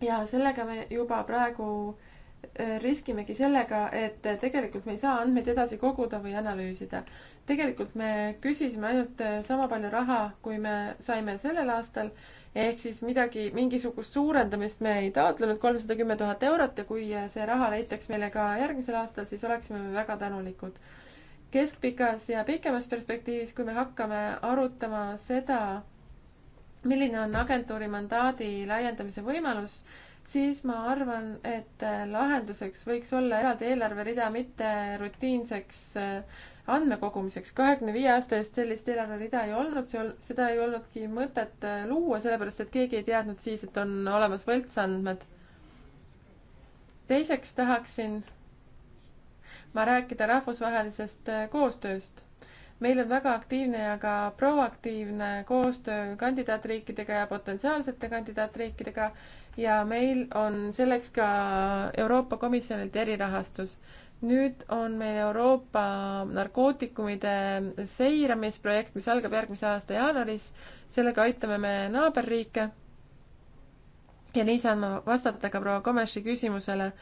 ja sellega me juba praegu äh, riskimegi sellega, et tegelikult me ei saa andmeid edasi koguda või analüüsida. tegelikult me küsisime ainult äh, sama palju raha, kui me saime sellel aastal ehk siis midagi, mingisugust suurendamist me ei taotlenud, kolmsada kümme tuhat eurot ja kui see raha leitaks meile ka järgmisel aastal, siis oleksime me väga tänulikud. keskpikas ja pikemas perspektiivis, kui me hakkame arutama seda, milline on agentuuri mandaadi laiendamise võimalus, siis ma arvan, et lahenduseks võiks olla eraldi eelarverida mitte rutiinseks äh, andmekogumiseks. kahekümne viie aasta eest sellist eelarverida ei olnud, see ol-, seda ei olnudki mõtet äh, luua, sellepärast et keegi ei teadnud siis, et on olemas võltsandmed. teiseks tahaksin ma rääkida rahvusvahelisest äh, koostööst. meil on väga aktiivne ja ka proaktiivne koostöö kandidaatriikidega ja potentsiaalsete kandidaatriikidega ja meil on selleks ka Euroopa Komisjonilt erirahastus nüüd on meil Euroopa narkootikumide seiramisprojekt, mis algab järgmise aasta jaanuaris. sellega aitame me naaberriike. ja nii saan ma vastata ka proua Komeši küsimusele.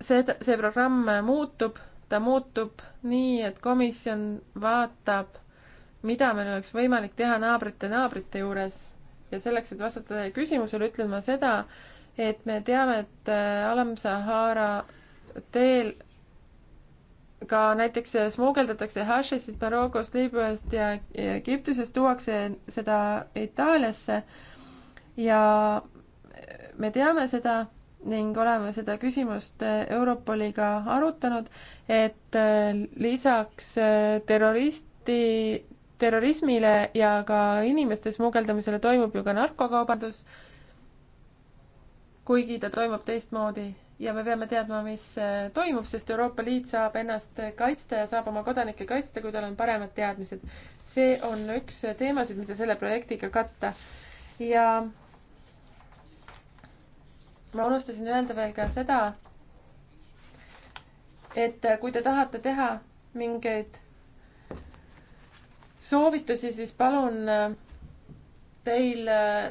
see, see programm muutub, ta muutub nii, et komisjon vaatab, mida meil oleks võimalik teha naabrite naabrite juures. ja selleks, et vastata teie küsimusele, ütlen ma seda, et me teame, et äh, Alam-Sahara teel ka näiteks smuugeldatakse hašisid Marokost, Liibüast ja Egiptusest, tuuakse seda Itaaliasse ja me teame seda ning oleme seda küsimust Europoliga arutanud, et lisaks terroristi, terrorismile ja ka inimeste smugeldamisele toimub ju ka narkokaubandus, kuigi ta toimub teistmoodi ja me peame teadma, mis äh, toimub, sest Euroopa Liit saab ennast kaitsta ja saab oma kodanikke kaitsta, kui tal on paremad teadmised. see on üks teemasid, mida selle projektiga katta. ja ma unustasin öelda veel ka seda, et äh, kui te tahate teha mingeid soovitusi, siis palun äh, teil,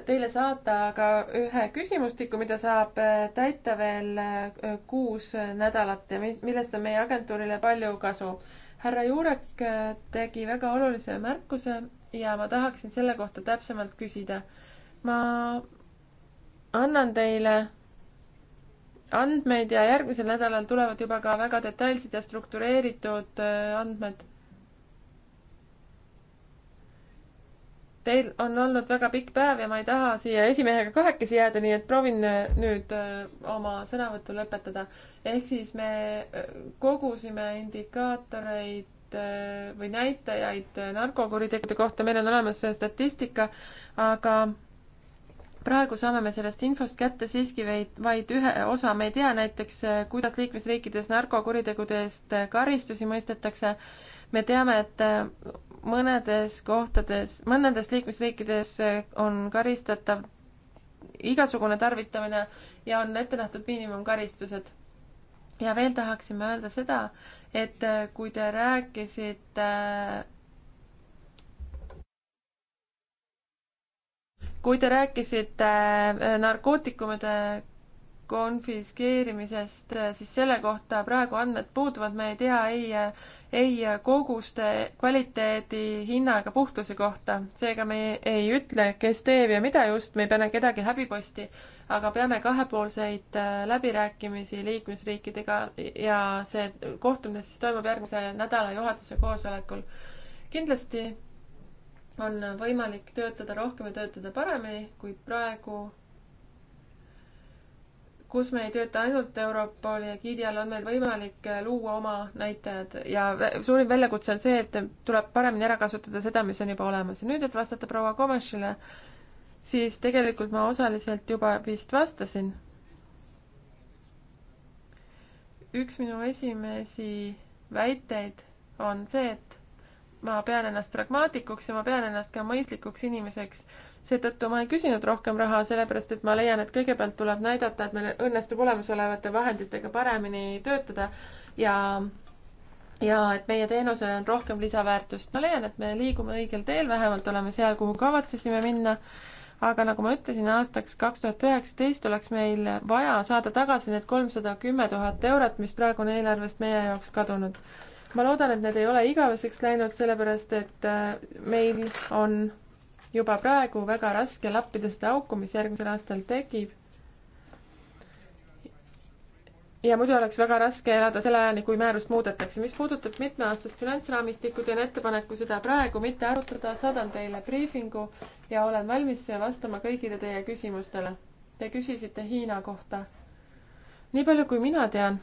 teile saata ka ühe küsimustiku, mida saab täita veel äh, kuus nädalat ja millest on meie agentuurile palju kasu. härra Juurek äh, tegi väga olulise märkuse ja ma tahaksin selle kohta täpsemalt küsida. ma annan teile andmeid ja järgmisel nädalal tulevad juba ka väga detailsed ja struktureeritud äh, andmed Teil on olnud väga pikk päev ja ma ei taha siia esimehega kahekesi jääda, nii et proovin äh, nüüd äh, oma sõnavõttu lõpetada. ehk siis me äh, kogusime indikaatoreid või näitajaid narkokuritegude kohta, meil on olemas statistika, aga praegu saame me sellest infost kätte siiski vaid, vaid ühe osa, me ei tea näiteks, kuidas liikmesriikides narkokuritegude eest karistusi mõistetakse. me teame, et mõnedes kohtades, mõnedes liikmesriikides eh, on karistatav igasugune tarvitamine ja on ette nähtud miinimumkaristused. ja veel tahaksime öelda seda, et eh, kui te rääkisite kui te rääkisite eh, narkootikumide konfiskeerimisest, äh, siis selle kohta praegu andmed puuduvad, me ei tea ei, äh, ei äh, koguste kvaliteedi, hinna ega puhtuse kohta. seega me ei, ei ütle, kes teeb ja mida just, me ei pane kedagi häbiposti, aga peame kahepoolseid läbirääkimisi liikmesriikidega ja see kohtumine siis toimub järgmise nädala juhatuse koosolekul. kindlasti on võimalik töötada rohkem ja töötada paremini, kuid praegu kus me ei tööta ainult Europoli ja Gidi all, on meil võimalik luua oma näitajad ja suurim väljakutse on see, et tuleb paremini ära kasutada seda, mis on juba olemas. ja nüüd, et vastata proua Komašile, siis tegelikult ma osaliselt juba vist vastasin. üks minu esimesi väiteid on see, et ma pean ennast pragmaatikuks ja ma pean ennast ka mõistlikuks inimeseks. seetõttu ma ei küsinud rohkem raha, sellepärast et ma leian, et kõigepealt tuleb näidata, et meil õnnestub olemasolevate vahenditega paremini töötada ja ja et meie teenusel on rohkem lisaväärtust. ma leian, et me liigume õigel teel, vähemalt oleme seal, kuhu kavatsesime minna aga nagu ma ütlesin, aastaks kaks tuhat üheksateist oleks meil vaja saada tagasi need kolmsada kümme tuhat eurot, mis praegu on eelarvest meie jaoks kadunud ma loodan, et need ei ole igaveseks läinud, sellepärast et äh, meil on juba praegu väga raske lappida seda auku, mis järgmisel aastal tekib ja muidu oleks väga raske elada selle ajani, kui määrust muudetakse. mis puudutab mitmeaastast finantsraamistikku, teen ettepaneku seda praegu mitte arutada, saadan teile briifingu ja olen valmis vastama kõigile teie küsimustele. Te küsisite Hiina kohta. nii palju, kui mina tean,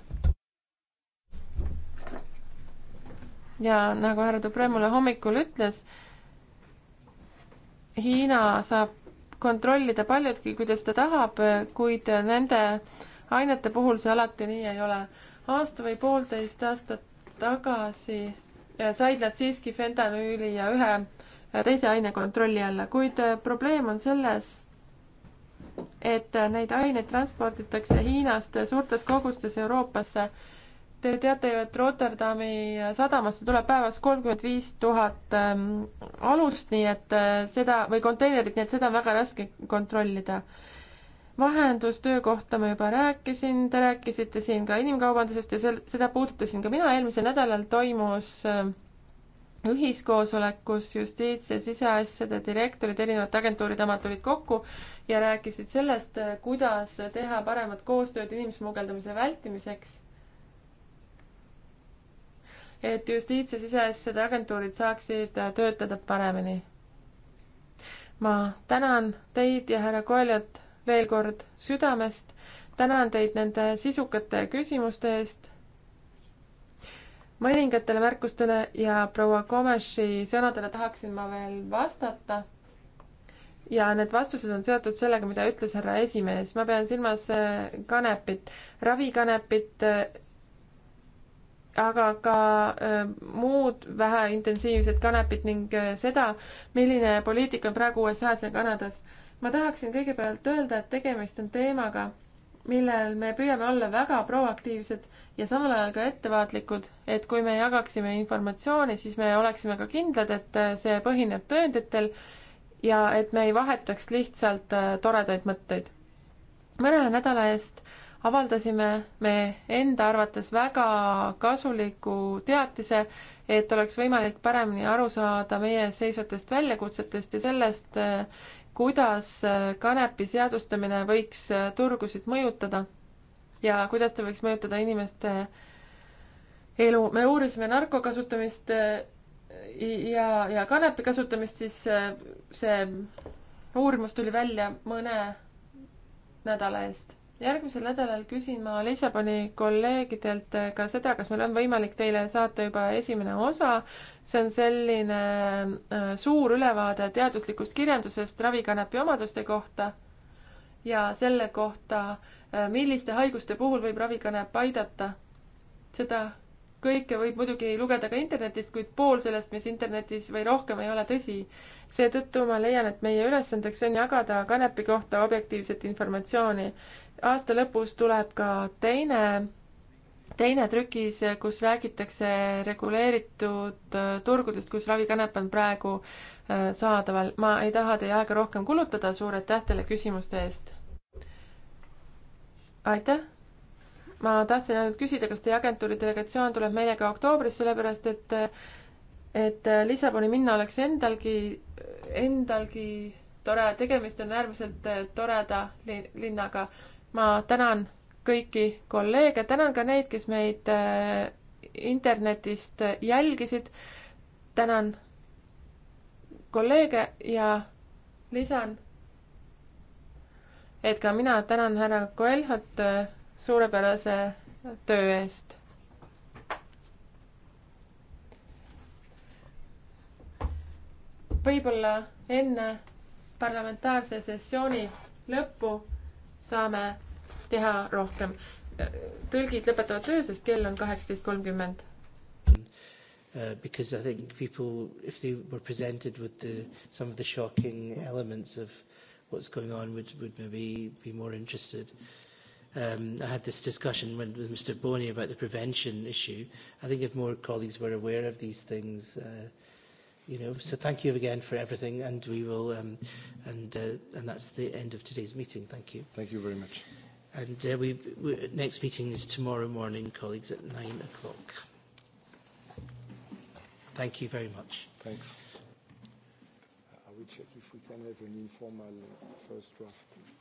ja nagu härra Dubre mulle hommikul ütles, Hiina saab kontrollida paljutki, kuidas ta tahab, kuid nende ainete puhul see alati nii ei ole. aasta või poolteist aastat tagasi said nad siiski fentanüüli ja ühe teise aine kontrolli alla, kuid probleem on selles, et neid aineid transporditakse Hiinast suurtes kogustes Euroopasse Te teate ju, et Rotterdami sadamasse tuleb päevas kolmkümmend viis tuhat ähm, alust, nii et äh, seda või konteinerit, nii et seda on väga raske kontrollida. vahendustöökohta ma juba rääkisin, te rääkisite siin ka inimkaubandusest ja sel-, seda puudutasin ka mina, eelmisel nädalal toimus äh, ühiskoosolek, kus justiits- ja siseasjade direktorid, erinevad agentuurid, omad tulid kokku ja rääkisid sellest, äh, kuidas teha paremat koostööd inimsmugeldamise vältimiseks et justiits- ja siseasjade agentuurid saaksid äh, töötada paremini. ma tänan teid ja härra Koljat veel kord südamest, tänan teid nende sisukate küsimuste eest, mõningatele märkustele ja proua Komeši sõnadele tahaksin ma veel vastata ja need vastused on seotud sellega, mida ütles härra esimees, ma pean silmas äh, kanepit, ravikanepit äh, aga ka äh, muud väheintensiivset kanepit ning äh, seda, milline poliitika on praegu USA-s ja Kanadas. ma tahaksin kõigepealt öelda, et tegemist on teemaga, millel me püüame olla väga proaktiivsed ja samal ajal ka ettevaatlikud, et kui me jagaksime informatsiooni, siis me oleksime ka kindlad, et äh, see põhineb tõenditel ja et me ei vahetaks lihtsalt toredaid mõtteid. mõne nädala eest äh, avaldasime me enda arvates väga kasuliku teatise, et oleks võimalik paremini aru saada meie seisvatest väljakutsetest ja sellest, kuidas kanepi seadustamine võiks turgusid mõjutada ja kuidas ta võiks mõjutada inimeste elu. me uurisime narko kasutamist e, ja, ja kanepi kasutamist, siis e, see uurimus tuli välja mõne nädala eest järgmisel nädalal küsin ma Lissaboni kolleegidelt eh, ka seda, kas meil on võimalik teile saata juba esimene osa. see on selline eh, suur ülevaade teaduslikust kirjandusest ravikanapi omaduste kohta ja selle kohta, eh, milliste haiguste puhul võib ravikanep aidata. seda kõike võib muidugi lugeda ka internetist, kuid pool sellest, mis internetis või rohkem ei ole tõsi. seetõttu ma leian, et meie ülesandeks on jagada kanepi kohta objektiivset informatsiooni aasta lõpus tuleb ka teine, teine trükis, kus räägitakse reguleeritud äh, turgudest, kus ravikanep on praegu äh, saadaval. ma ei taha teie aega rohkem kulutada, suur aitäh teile küsimuste eest! aitäh! ma tahtsin ainult küsida, kas teie agentuuri delegatsioon tuleb meiega oktoobris, sellepärast et, et Lissaboni minna oleks endalgi, endalgi tore, tegemist on äärmiselt äh, toreda linnaga ma tänan kõiki kolleege, tänan ka neid, kes meid äh, internetist äh, jälgisid. tänan kolleege ja lisan, et ka mina tänan härra Koelhot äh, suurepärase töö eest. võib-olla enne parlamentaarse sessiooni lõppu saame teha rohkem. tõlgid lõpetavad töö, sest kell on kaheksateist kolmkümmend. Uh, because I think people, if they were presented with the, some of the shocking elements of what's going on, would, would maybe be more interested. Um, I had this discussion when, with Mr. Boney about the prevention issue. I think if more colleagues were aware of these things, uh, you know, so thank you again for everything, and we will, um, and uh, and that's the end of today's meeting. Thank you. Thank you very much. And uh, we, we next meeting is tomorrow morning, colleagues, at nine o'clock. Thank you very much. Thanks. Uh, I will check if we can have an informal first draft.